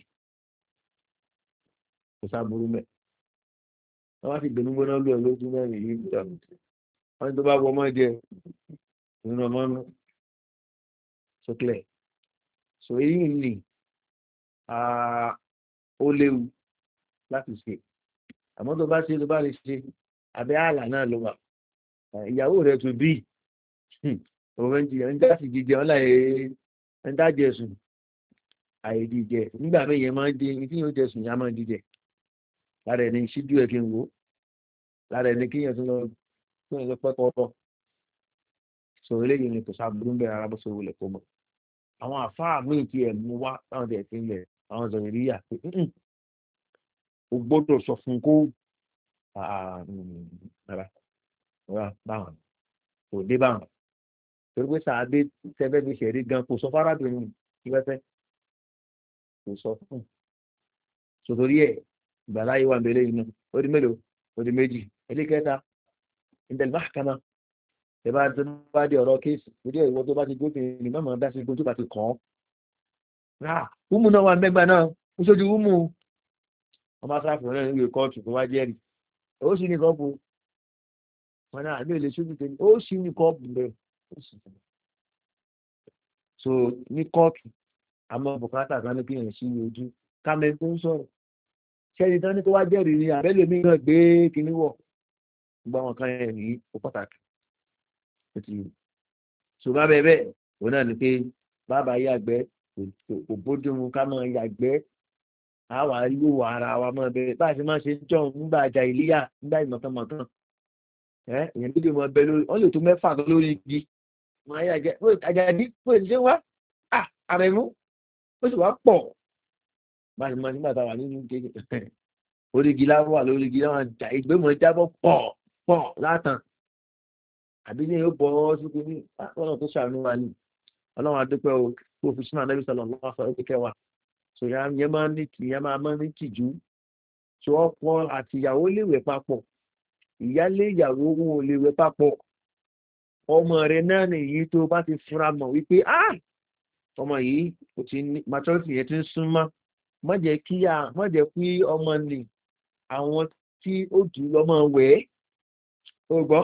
kò sáàbùrú mẹ́ wọ́n wá sì gbẹ̀mí gbóná lóòótọ́ mẹ́rin yìí wọ́n tó bá wọ ọmọ jẹ nínú ọmọ nù sókèlè so èyí ni ó léwu láti ṣe àmọ́ tó bá ṣe tó bá lè ṣe abẹ́ ààlà náà ló wà ìyàwó rẹ̀ tó bí òun hmm. ń jìyà ń dá sì jíjẹ ọ́n láyé ń dá jẹ̀sùn àìdíjẹ nígbà mí yẹn máa ń dín ní tí yóò jẹ̀sùn yá máa ń díjẹ lára ẹni ṣíjú ẹ kí n wò lára ẹni kí yẹn tún lọ tún sọ eléyìí ni kò sábúrú ń bẹ̀rẹ̀ arábọ́sọ wulẹ̀ kó mọ̀ àwọn àfáà míì tí ẹ̀ mú wá táwọn tẹ̀ sí ilẹ̀ àwọn zọ̀rọ̀ rí yà pé o gbọ́dọ̀ sọ fún kó rárá rárá báwọn kò dé báwọn torí pé sàábé tẹ́fẹ́ fi ṣẹ̀rí gan kò sọ fárábìnrin kí wẹ́fẹ́ kò sọ fún sotori ẹ̀ ìgbàláyé wà ń bẹ̀rẹ̀ yìí náà ó di mélòó ó di méjì ẹlẹ́kẹta ìdẹ̀lbáàkámá ẹ bá tó bá dé ọ̀rọ̀ kéèsì torí ẹ̀ ìwọ tó bá ti gbóbi ní mọ̀mọ́ dá sí gbó tó bá ti kàn án. wúmu náà wà mẹ́gbà náà ó sójú wúmu wọ́n bá sáfù náà nílùú kóòtù tó wá jẹ́rìí ó sì ní kọ́ọ̀pù wọn náà àbí èlé sójú tèmi ó sì ní kọ́ọ̀pù rẹ̀ ó sì tẹ̀lé. so ní kóòtù àmọ́ bùkátà kan ní kí èèyàn sí ojú kámẹ́ tó ń sọ̀rọ̀ sẹ́ni tán ní ni àbẹ́lẹ̀ mi náà gbé kinní wọ̀ gbogbo àwọn kan ó ti yù ṣùgbọ́n bẹ́ẹ̀ bẹ́ẹ̀ òun náà ni pé bàbá yàgbẹ́ kò bójúmu ká máa yàgbẹ́ àwa yóò wà ara wa máa bẹ̀rẹ̀ bá a ṣe máa ṣe jọ nígbà àjà ìlíyà nígbà ìmọ̀tánmọ̀tán ẹ èyàn méjì mọ̀ bẹ lórí wọ́n lè tó mẹ́fà lórí igi mọ̀ ayé àjẹ́ àjàdí pé ṣé wá àrẹ mú ó sì wá pọ̀ bá a ṣe máa nígbà tá a wà nínú kékeré <laughs> orí igi láwà lórí igi láwọn ìgbé mọ̀ jábọ̀ pọ̀ pọ̀ látàn àbí ní yóò bọ́ síbi ní ah, ọlọ́run tó ṣàánú wa ni ọlọ́run adúpẹ́ o kó o fi sínú ànábì sọ̀rọ̀ lọ́wọ́ sọ pé kẹwàá so ya yẹn máa ní kì yẹn máa máa ní tìjú so ọkọ àti ìyàwó lè wẹ̀ papọ̀ ìyálé ìyàwó wọn ò lè wẹ̀ papọ̀ ọmọ rẹ náà nìyí tó bá ti fura mọ̀ wípé ah ọmọ yìí kò ti ní maturity yẹn ti ń súnmọ́ má jẹ́ kí má jẹ́ kí ọmọ nì àwọn tí ó jù lọ́mọ wẹ̀ ó gbọ́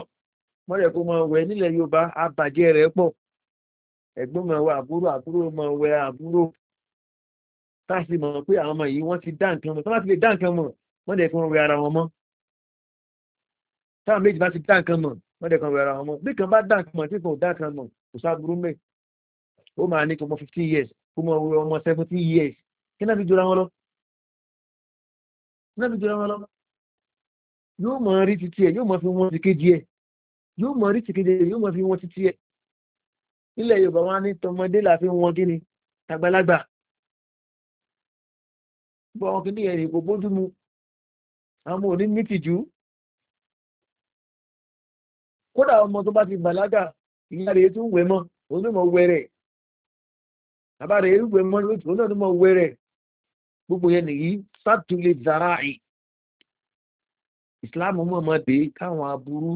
mọ́rẹ̀ kó máa wẹ̀ nílẹ̀ yorùbá abàjẹ́ rẹ̀ pọ̀ ẹ̀gbọ́n máa wẹ àbúrò àbúrò máa wẹ àbúrò tá mọ̀ pé àwọn ọmọ yìí wọ́n ti dá nǹkan mọ̀ tó bá ti lè dá nǹkan mọ̀ mọ́rẹ̀ kó wẹ ara wọn mọ́ táwọn méjì bá ti dá nǹkan mọ̀ mọ́rẹ̀ kó wẹ ara wọn mọ́ bí kan bá dá nǹkan mọ̀ tí kò dá nǹkan mọ̀ kò sábúrú mẹ́ ó máa ní ọmọ fifteen years yóò mọ rí titi ẹ yóò mọ fi wọn ti kéjì ẹ yóò mọ rí tìkéde yóò mọ fi wọn títí ẹ nílẹ̀ yorùbá wọn ní tọmọdé làfi wọn kí ni tàgbàlagbà bọ àwọn kìíní yẹn èkó bójú mu àwọn òní ní tìjú kódà ọmọ tó bá ti bàlágà ìyá rèé tún wẹ̀ mọ́ onímọ̀ wẹ̀rẹ̀ bàbá rèé wẹ̀ mọ́ lójú onímọ̀ wẹ̀rẹ̀ gbogbo yẹn nìyí sátúlẹ̀ zaraì ìsìláàmù mọ̀ mọ́ dé káwọn aburú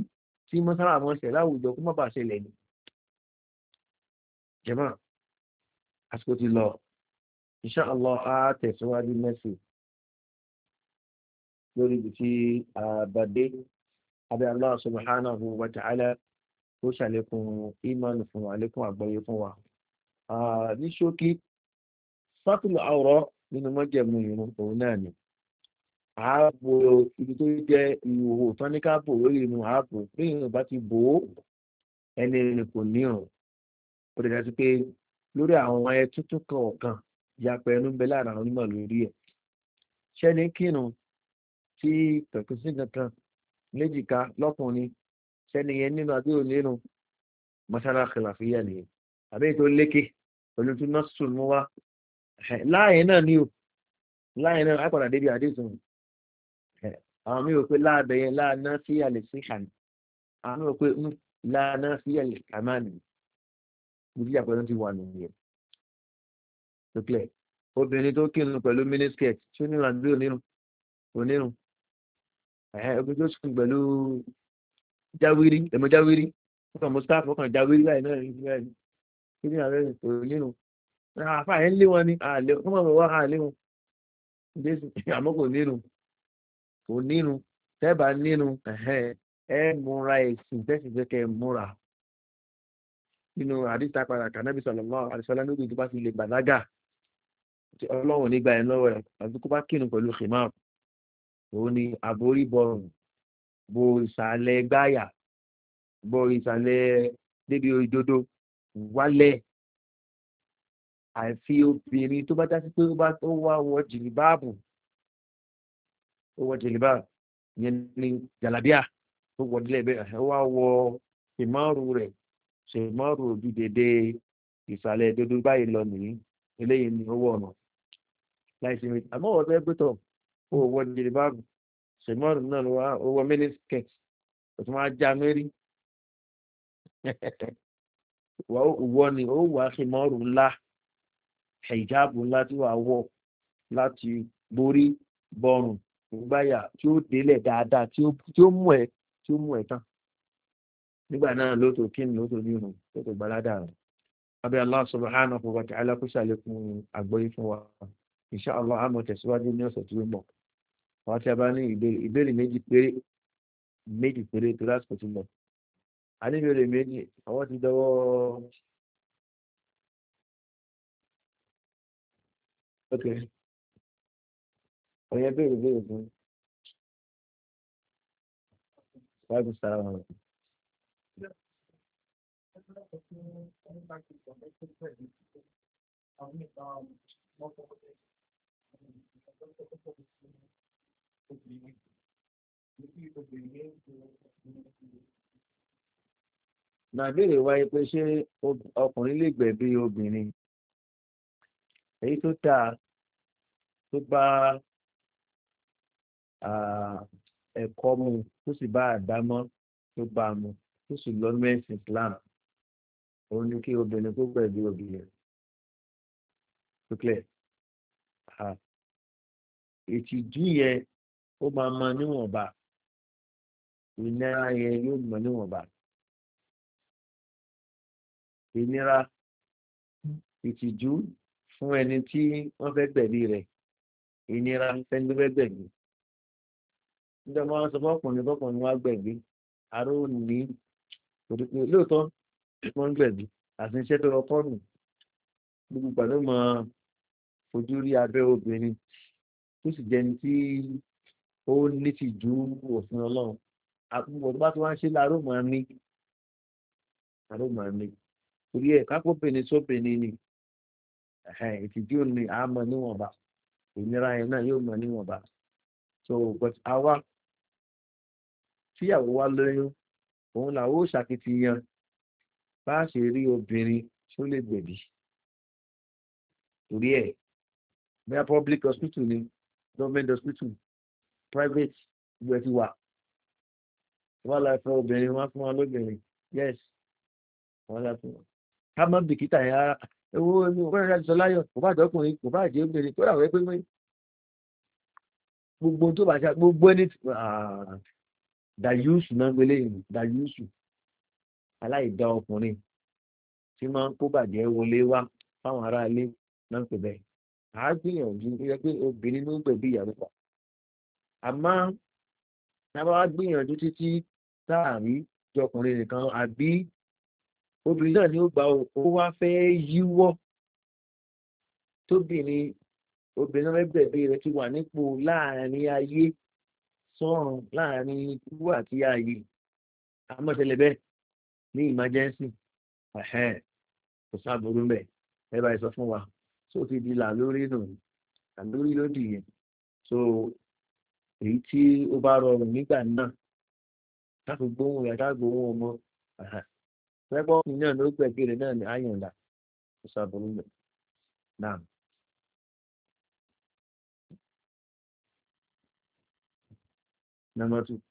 tí mọ́sára mọ́ ṣẹ̀ láwùjọ kó má bàa ṣẹlẹ̀ ni. jẹ́mọ́ àsìkò ti lọ insha Allah á tẹ̀síwájú mẹ́sì lórí ibi tí àbàdé abẹ́ Allah subhanahu wa ta'ala ó ṣàlékún ìmánu fún wa àlékún àgbọ́yé fún wa. ní ṣókí sátìlù àwòrán nínú mọ́jẹ̀mú ìrún òun náà ni àápò ibi tó jẹ́ ìhòòhò tán ní káàpò lórí inú àápò bí èèyàn bá ti bò ó ẹni ẹni kò ní ọ̀rọ̀ ó dẹ̀ dájú pé lórí àwọn ẹ tuntun kan ọ̀kan ìyapẹ̀ ẹnu ń bẹ láàrin àwọn onímọ̀ lórí ẹ̀ ṣẹ́ni kírun tí pẹ̀kú sí kankan léjìká lọ́kùnrin ṣẹ́ni yẹn nínú àbí onínú mọ́ṣálá kìláfíyà nìyẹn àbí ètò lékè pẹ̀lú tí mú wá láàyè náà ni ò láàyè náà á padà àdéhùn àwọn mi rò pé láàbẹ̀ yẹn láàná sí àlèsí àná àwọn mi rò pé hmm, láàná sí àlèsí àmánì mo fi àpẹẹrẹ ti wà nìyẹn tó clear obìnrin tó kírun pẹ̀lú miniskirt ṣé nínú àdúgbò onírun onírun obìnrin tó sùn pẹ̀lú jáwérí ẹ̀mọ jáwérí ọkàn mo staff ọkàn jáwérí láì náà nígbà yìí kí ni ààrẹ onírun àfa ẹ̀ ń lé wọn ni àlẹ́ wọn mọ̀ wá àlẹ́ wọn jésù àmọ́ kò nírun kò nínu tẹ́bà nínu ẹ múra ẹ̀sìn tẹ́sì fẹ́ kẹ́ múra nínú àdìsá padà kànábì sọlọ́mọ́ àdìsọ́lá lórí ìdúbà ti lè gbàdágà ọlọ́run nígbà ẹ̀ lọ́wọ́ rẹ̀ àti kó bá kírun pẹ̀lú khimar òun ni àborí bọrùn bo ìsàlẹ̀ gbáyà bo ìsàlẹ̀ débi òdodo wálẹ̀ àfi obìnrin tó bá dá sí pé ó wá wọ jìnnì báàbù ó wọ jìlìbá yẹn ní jàlábíà ó wọ dílé bẹ́ẹ̀ ó wá wọ ìmọ̀rù rẹ̀ ṣe ìmọ̀rù òbí dédé ìsàlẹ̀ dodo báyìí lọ nìyí eléyìí ni ó wọ ọ̀nà láìsí mi àmọ́ wọ́n fẹ́ gbé tọ̀ ó wọ jìlìbá náà ló wá ó wọ mínísíkẹ̀t ó tún wá já <laughs> ni ó wà ṣe mọ́rù ńlá hijabu ńlá tí wà wọ́ láti borí bọ́rùn gbáyà tí ó délẹ̀ dáadáa tí ó mú ẹ tí ó mú ẹ tán nígbà náà ló kí ni ló tó ní ìrùn tó tó gbaládà rẹ̀ abẹ́ allah subhanahu wa ta'ala kó ṣàlékún àgbọ́yé fún wa insha allah àmọ́ tẹ̀síwájú ní ọ̀sẹ̀ tí ó mọ̀ wọ́n ti bá ní ìbéèrè méjì péré méjì péré tó lásìkò tó lọ a ní ìbéèrè méjì àwọn ti dọwọ́ okay ọ̀yẹ́ béèrè béèrè fún mi. wáyé kò sára wọn. Nàbílì wáyé pé ṣé ọkùnrin lè gbẹ̀bí obìnrin? Èyí tó dáa tó bá ẹ̀kọ́ mu tó sì bá àdámọ́ tó bá mu tó sì lọ mẹ́sìn Islam òun ni kí obìnrin kó pẹ̀lú obìnrin tó clear ìtìjú yẹn ó máa mọ níwọ̀nba ìnira yẹn yóò mọ níwọ̀nba ìnira ìtìjú fún ẹni tí wọ́n fẹ́ gbẹ̀bí rẹ̀ ìnira fẹ́ni tó fẹ́ gbẹ̀bí nígbà máa sọ fọ́kùnrin fọ́kùnrin wá gbẹ̀gbẹ́ aró ní torí pé lóòótọ́ wọ́n ń gbẹ̀gbẹ́ àti iṣẹ́ tó rọpọ́ nù gbogbo ìgbà ló mọ fojú rí abẹ́ obìnrin tó sì jẹni tí ó ní ti ju òfin ọlọ́run àpòpọ̀ tó bá ti wá ń ṣe láró máa ní láró máa ní torí ẹ̀ kápóbìnrin sóbìnrin ni ìtìjú ni àmọ́ níwọ̀nba ìnira yẹn náà yóò mọ níwọ̀nba so but àwa tíyàwó wá lóyún òun làwọn ó ṣàkitiyan bá ṣe rí obìnrin tó lè gbẹ̀bí torí ẹ̀ bóyá public hospital ni government hospital private gbogbo ẹ ti wà wọ́n la fẹ́ obìnrin wọ́n fún wọn lóbìnrin yes wọ́n la fún wọn ká mọ́ bìkítà yẹn o ewu ni òbá ìrìn àjọsọ láyọ̀ òbá àjọkùnrin òbá àjẹ obìnrin kó dà wẹ́ pé mọ́ gbogbo tó bá ṣe gbogbo ẹni ah, dayusu náà gbélé ìlú dayusu aláìdá ọkùnrin tí máa ń kó bàjẹ́ wọlé wá fáwọn aráalé náà ń pè bẹ́ẹ̀ àá gbìyànjú ó yẹ pé obìnrin ló ń gbẹ̀bí ìyàwó pa àmọ́ tábà wá gbìyànjú títí táàrí jọkùnrin nìkan àbí obìnrin náà ni ó gba ó wá fẹ́ yíwọ́ tóbìnrin obìnrin náà fẹ́ gbẹ̀bí ti wà nípò láàrin ayé sọ́run láàrin ikú àti ààyè amọ́sẹ̀lẹ̀ bẹ́ẹ̀ ní emergency kò sáàbùrú mbẹ̀ ẹ bá sọ fún wa tó ti di là lórí nù là lórí lódì so èyí tí ó bá rọrùn nígbà náà láti gbóhùn rẹ̀ láti gbóhùn ọmọ pẹ́pọ́ ọkùnrin náà ló gbẹ̀gbẹ̀ rẹ̀ náà ní àyànlá kò sáàbùrú mbẹ̀ náà. Number two.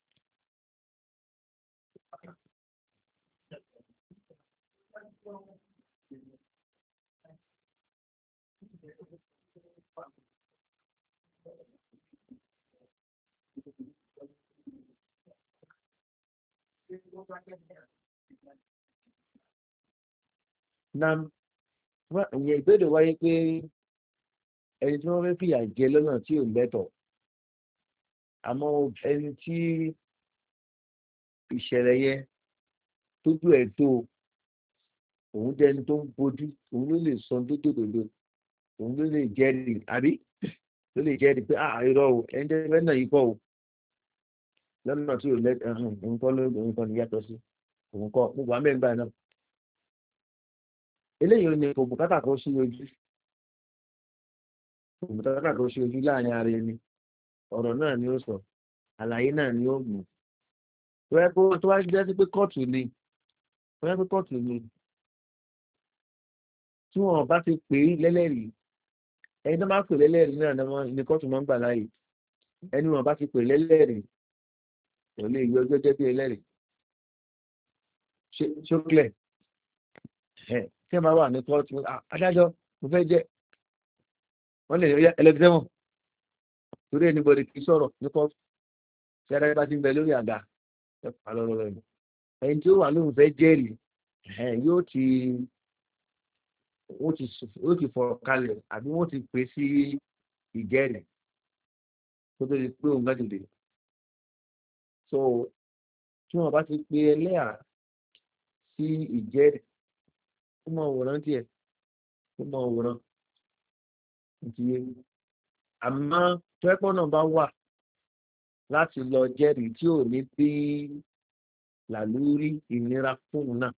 nam wa ye be do wa ye pe e jo be fi a je lona ti àmọ́ ẹni tí ìṣẹ̀lẹ̀ yẹn tójú ẹ̀ tó òun jẹ́ ẹni tó ń bojú òun ló lè sọ tó dòdòdò òun ló lè jẹ́rìí àbí ló lè jẹ́rìí pé àà irọ́ o ẹni tẹ́ fẹ́ náà yìí kọ́ o lọ́nà tí ò lẹ́ òun kọ́ ló òun kọ́ ni yàtọ̀ sí òun kọ́ mo wà náà eléyìí ò ní kò bùkátà kan sí ojú kò bùkátà kan sí ojú láàrin ara ẹni ọ̀rọ̀ náà ni ó sọ àlàyé náà ni ó mú wẹ́ẹ́ kó tó wá jẹ́ sí pé kóòtù ni wẹ́ẹ́ pé kóòtù ni tí wọ́n bá ti pè é lẹ́lẹ́rìí ẹni tó máa pè lẹ́lẹ́rìí náà ni kóòtù máa ń gbà láàyè ẹni wọ́n bá ti pè lẹ́lẹ́rìí kò lè yọ ọjọ́ jẹ́ bí ẹlẹ́rìí ṣókìlẹ̀ tí wọ́n bá wà ní kóòtù ah, adájọ́ mo fẹ́ jẹ́ wọ́n lè yọ ẹlẹ́gbẹ̀rún torí anybody kì í sọ̀rọ̀ nípa tí adájọ́ bá ti ń bẹ lórí àga ẹ pa lọ́rọ́ rẹ̀ ẹni tí ó wà lóhùn fẹ́ jẹ́rìí yóò ti ó ti fọ̀rọ̀ kalẹ̀ àbí wọ́n ti pè sí ìjẹ́rìí tó tó di pé òun gbàdùn dè so tí wọ́n bá ti pe ẹlẹ́à sí ìjẹ́rìí ó mọ òwòrán tiẹ̀ ó mọ òwòrán ti àmọ́ tẹ́pọ̀ náà bá wà láti lọ jẹ́rìí tí ò ní bí làlúrí ìnira fún un náà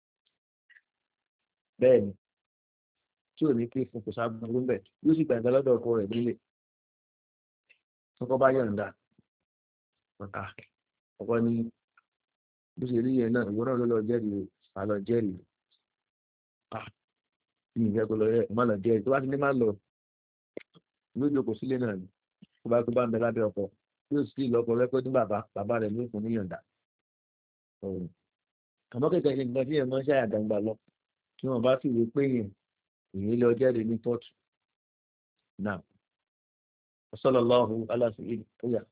bẹ́ẹ̀ ni tí ò ní pé fún kò sábúrú ń bẹ̀ yóò sì gbàgbé lọ́dọ̀ ọkọ rẹ̀ nílé tọkọ bá yọ̀ǹda ọkọ ni bó ṣe rí yẹn náà ìwọ náà ló lọ jẹ́rìí àlọ́ jẹ́rìí ní ìfẹ́ kó lọ rẹ̀ má lọ jẹ́rìí tó bá ti ní má lọ lójú kò sílé náà ni. kó bá kó bá ń bẹ lábẹ́ ọkọ̀ tí ó sì lọ́kọ rẹ́pẹ́ ní bàbá bàbá rẹ̀ ní òkun níyànda àmọ́ kẹ̀kẹ́ ṣe nǹkan tí lọ tí wọ́n bá sì wé pé yẹn èyí lọ jáde ní pọ́ọ̀tù náà ọ̀sọ́lọ́lọ́hùn aláṣẹ́yìn ya.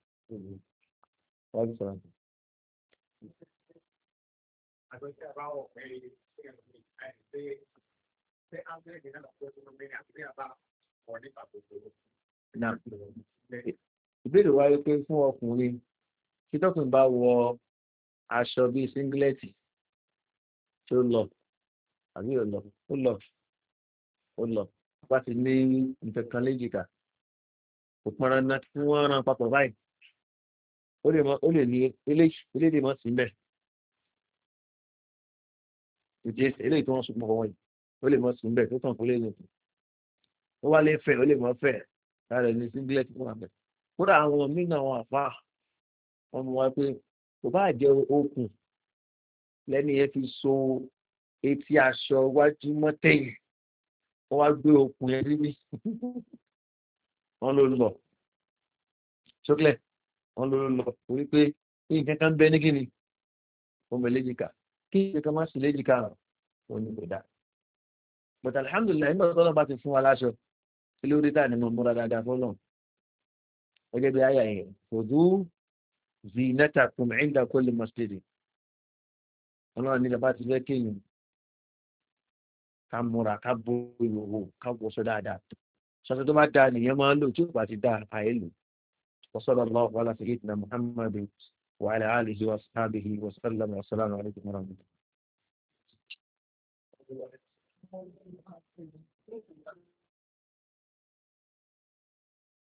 ìbéèrè wa wípé fún ọkùnrin tí tọkùnrin bá wọ aṣọ bíi síngílẹ̀tì tí ó lọ àbí ò lọ ó lọ ó lọ bá ti ní nǹkan kan léjìká kò pọnra náà tí wọ́n ran papọ̀ báyìí ó lè ní eléyìí mọ́ sí mbẹ́ ìdí eléyìí tí wọ́n sọ pọ̀ wọ́n yìí ó lè mọ́ sí mbẹ́ tó tàn kó lè nìkan ó wá lè fẹ́ ó lè mọ́ fẹ́ lára ẹni singlet wà bẹ̀. kódà àwọn mínà àwọn àfa wọn mú wa pé kò bá jẹ okùn lẹ́ni yẹn fi so etí aṣọ wájú mọ́tẹ́yìn wọ́n wá gbé okùn yẹn níbí wọ́n ló lọ ṣókẹ́lẹ̀ wọ́n ló lọ orí pé kí nǹkan kan bẹ́ ní kíni ọmọ eléjìká kí nǹkan má sí eléjìká rẹ̀ òun kò dáa but alhamdulilayi nígbà tó lọ́ba ti fún wa láṣọ kí ló dé tà ní mo múra dáadáa fọlọ́n gẹ́gẹ́ bí àyà yẹn kòdú zinata kum inda kulli masjid ọlọ́run ní ìjọba ti fẹ́ kéèyàn ká múra ká bó ìhòhò ká wọṣọ dáadáa ṣọṣọ tó bá dáa nìyẹn máa ń lò tí ó bá ti dáa àìlò وصلى الله على سيدنا محمد وعلى آله وأصحابه وسلم والسلام عليكم ورحمة الله